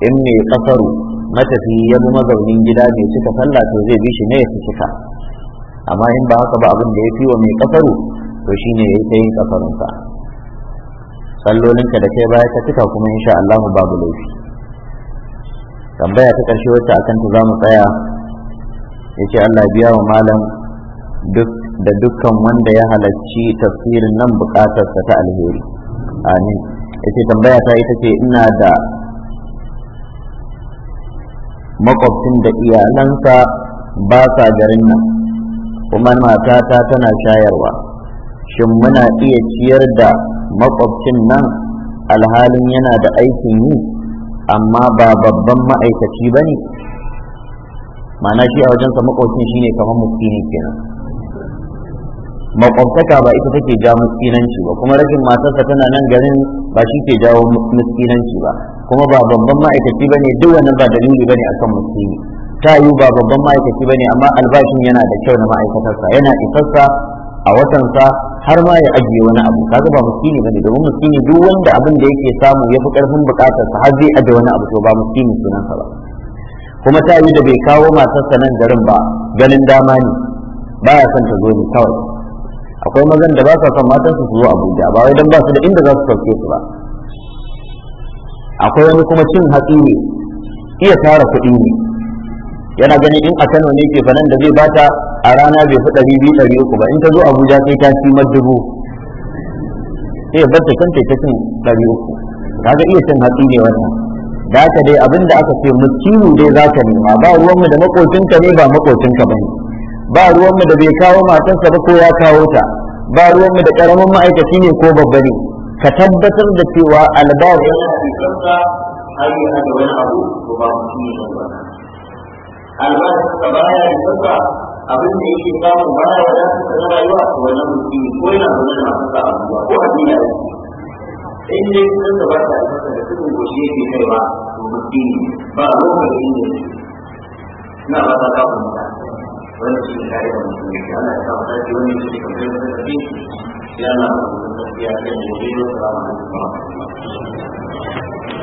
in mai kafaru matafi ya bi mazaunin gida mai cika sallah to zai bi shi ne ya cika amma in ba haka ba abin da ya fi wa mai kafaru to shine ya yi ta yin kafarunsa sallolinka da kai baya ka cika kuma insha Allah babu laifi tambaya ta karshe wacce akan ta zamu tsaya yace Allah biya wa malam duk da dukkan wanda ya halarci tafsirin nan bukatarsa ta alheri amin yace tambaya ta ita ce ina da makwabcin da iyalansa ba sa garin nan kuma matata tana shayarwa shin muna iya ciyar da makwabcin nan alhalin yana da aikin yi amma ba babban ma'aikaci ba ne ma'ana shi a wajensa makwabcin shine kamar muskini kenan makwabtaka ba ita take ja miskinanci ba kuma rashin matarsa tana nan garin ba shi ke jawo miskinanci ba kuma ba babban ma'aikaci bane duk wannan ba dalili ba bane akan miskini ta yi ba babban ma'aikaci bane amma albashin yana da kyau na ma'aikatarsa yana isarsa a watan sa har ma ya ajiye wani abu kaga ba muskini bane domin muskini duk wanda abin da yake samu yafi karfin bukatar sa har zai ajiye wani abu to ba muskini sunan sa ba kuma ta yi da bai kawo matarsa nan garin ba ganin dama ne baya son ta zo ne kawai akwai mazan da ba sa son matarsa su zo Abuja ba wai dan ba su da inda za su sauke su ba akwai wani kuma cin hatsi ne iya tara kuɗi ne yana ganin in a Kano ne ke fanan da zai bata a rana bai fi ɗari biyu ɗari uku ba in ta zo Abuja sai ta ci dubu sai eh, bar ta kanta ta cin ɗari uku kaga iya cin hatsi ne wannan da haka dai abin da aka ce miskinu dai za ka nema ba ruwanmu da makocinka ne ba makocinka ba ne ba ruwanmu da bai kawo matansa ba ko ya kawo ta ba ruwanmu da ƙaramin ma'aikaci ne ko babba ne ka tabbatar da cewa albawa yana da wani abu ko ba mutum ne ba albashi ka baya da sassa abin da yake samu baya da rayuwa to wannan mutum ko yana zaune wani masu sa'a abubuwa ko addini a ciki in dai sun da ba ta da cikin goshi yake kai ba to mutum ba a lokacin inda yake na ba ta kawo mutane wani shi ne kare da mutum yake ana ya kawo wani shi ne kamar yadda ta fi sai ana kawo tafi ya kai da yake yau salamu alaikum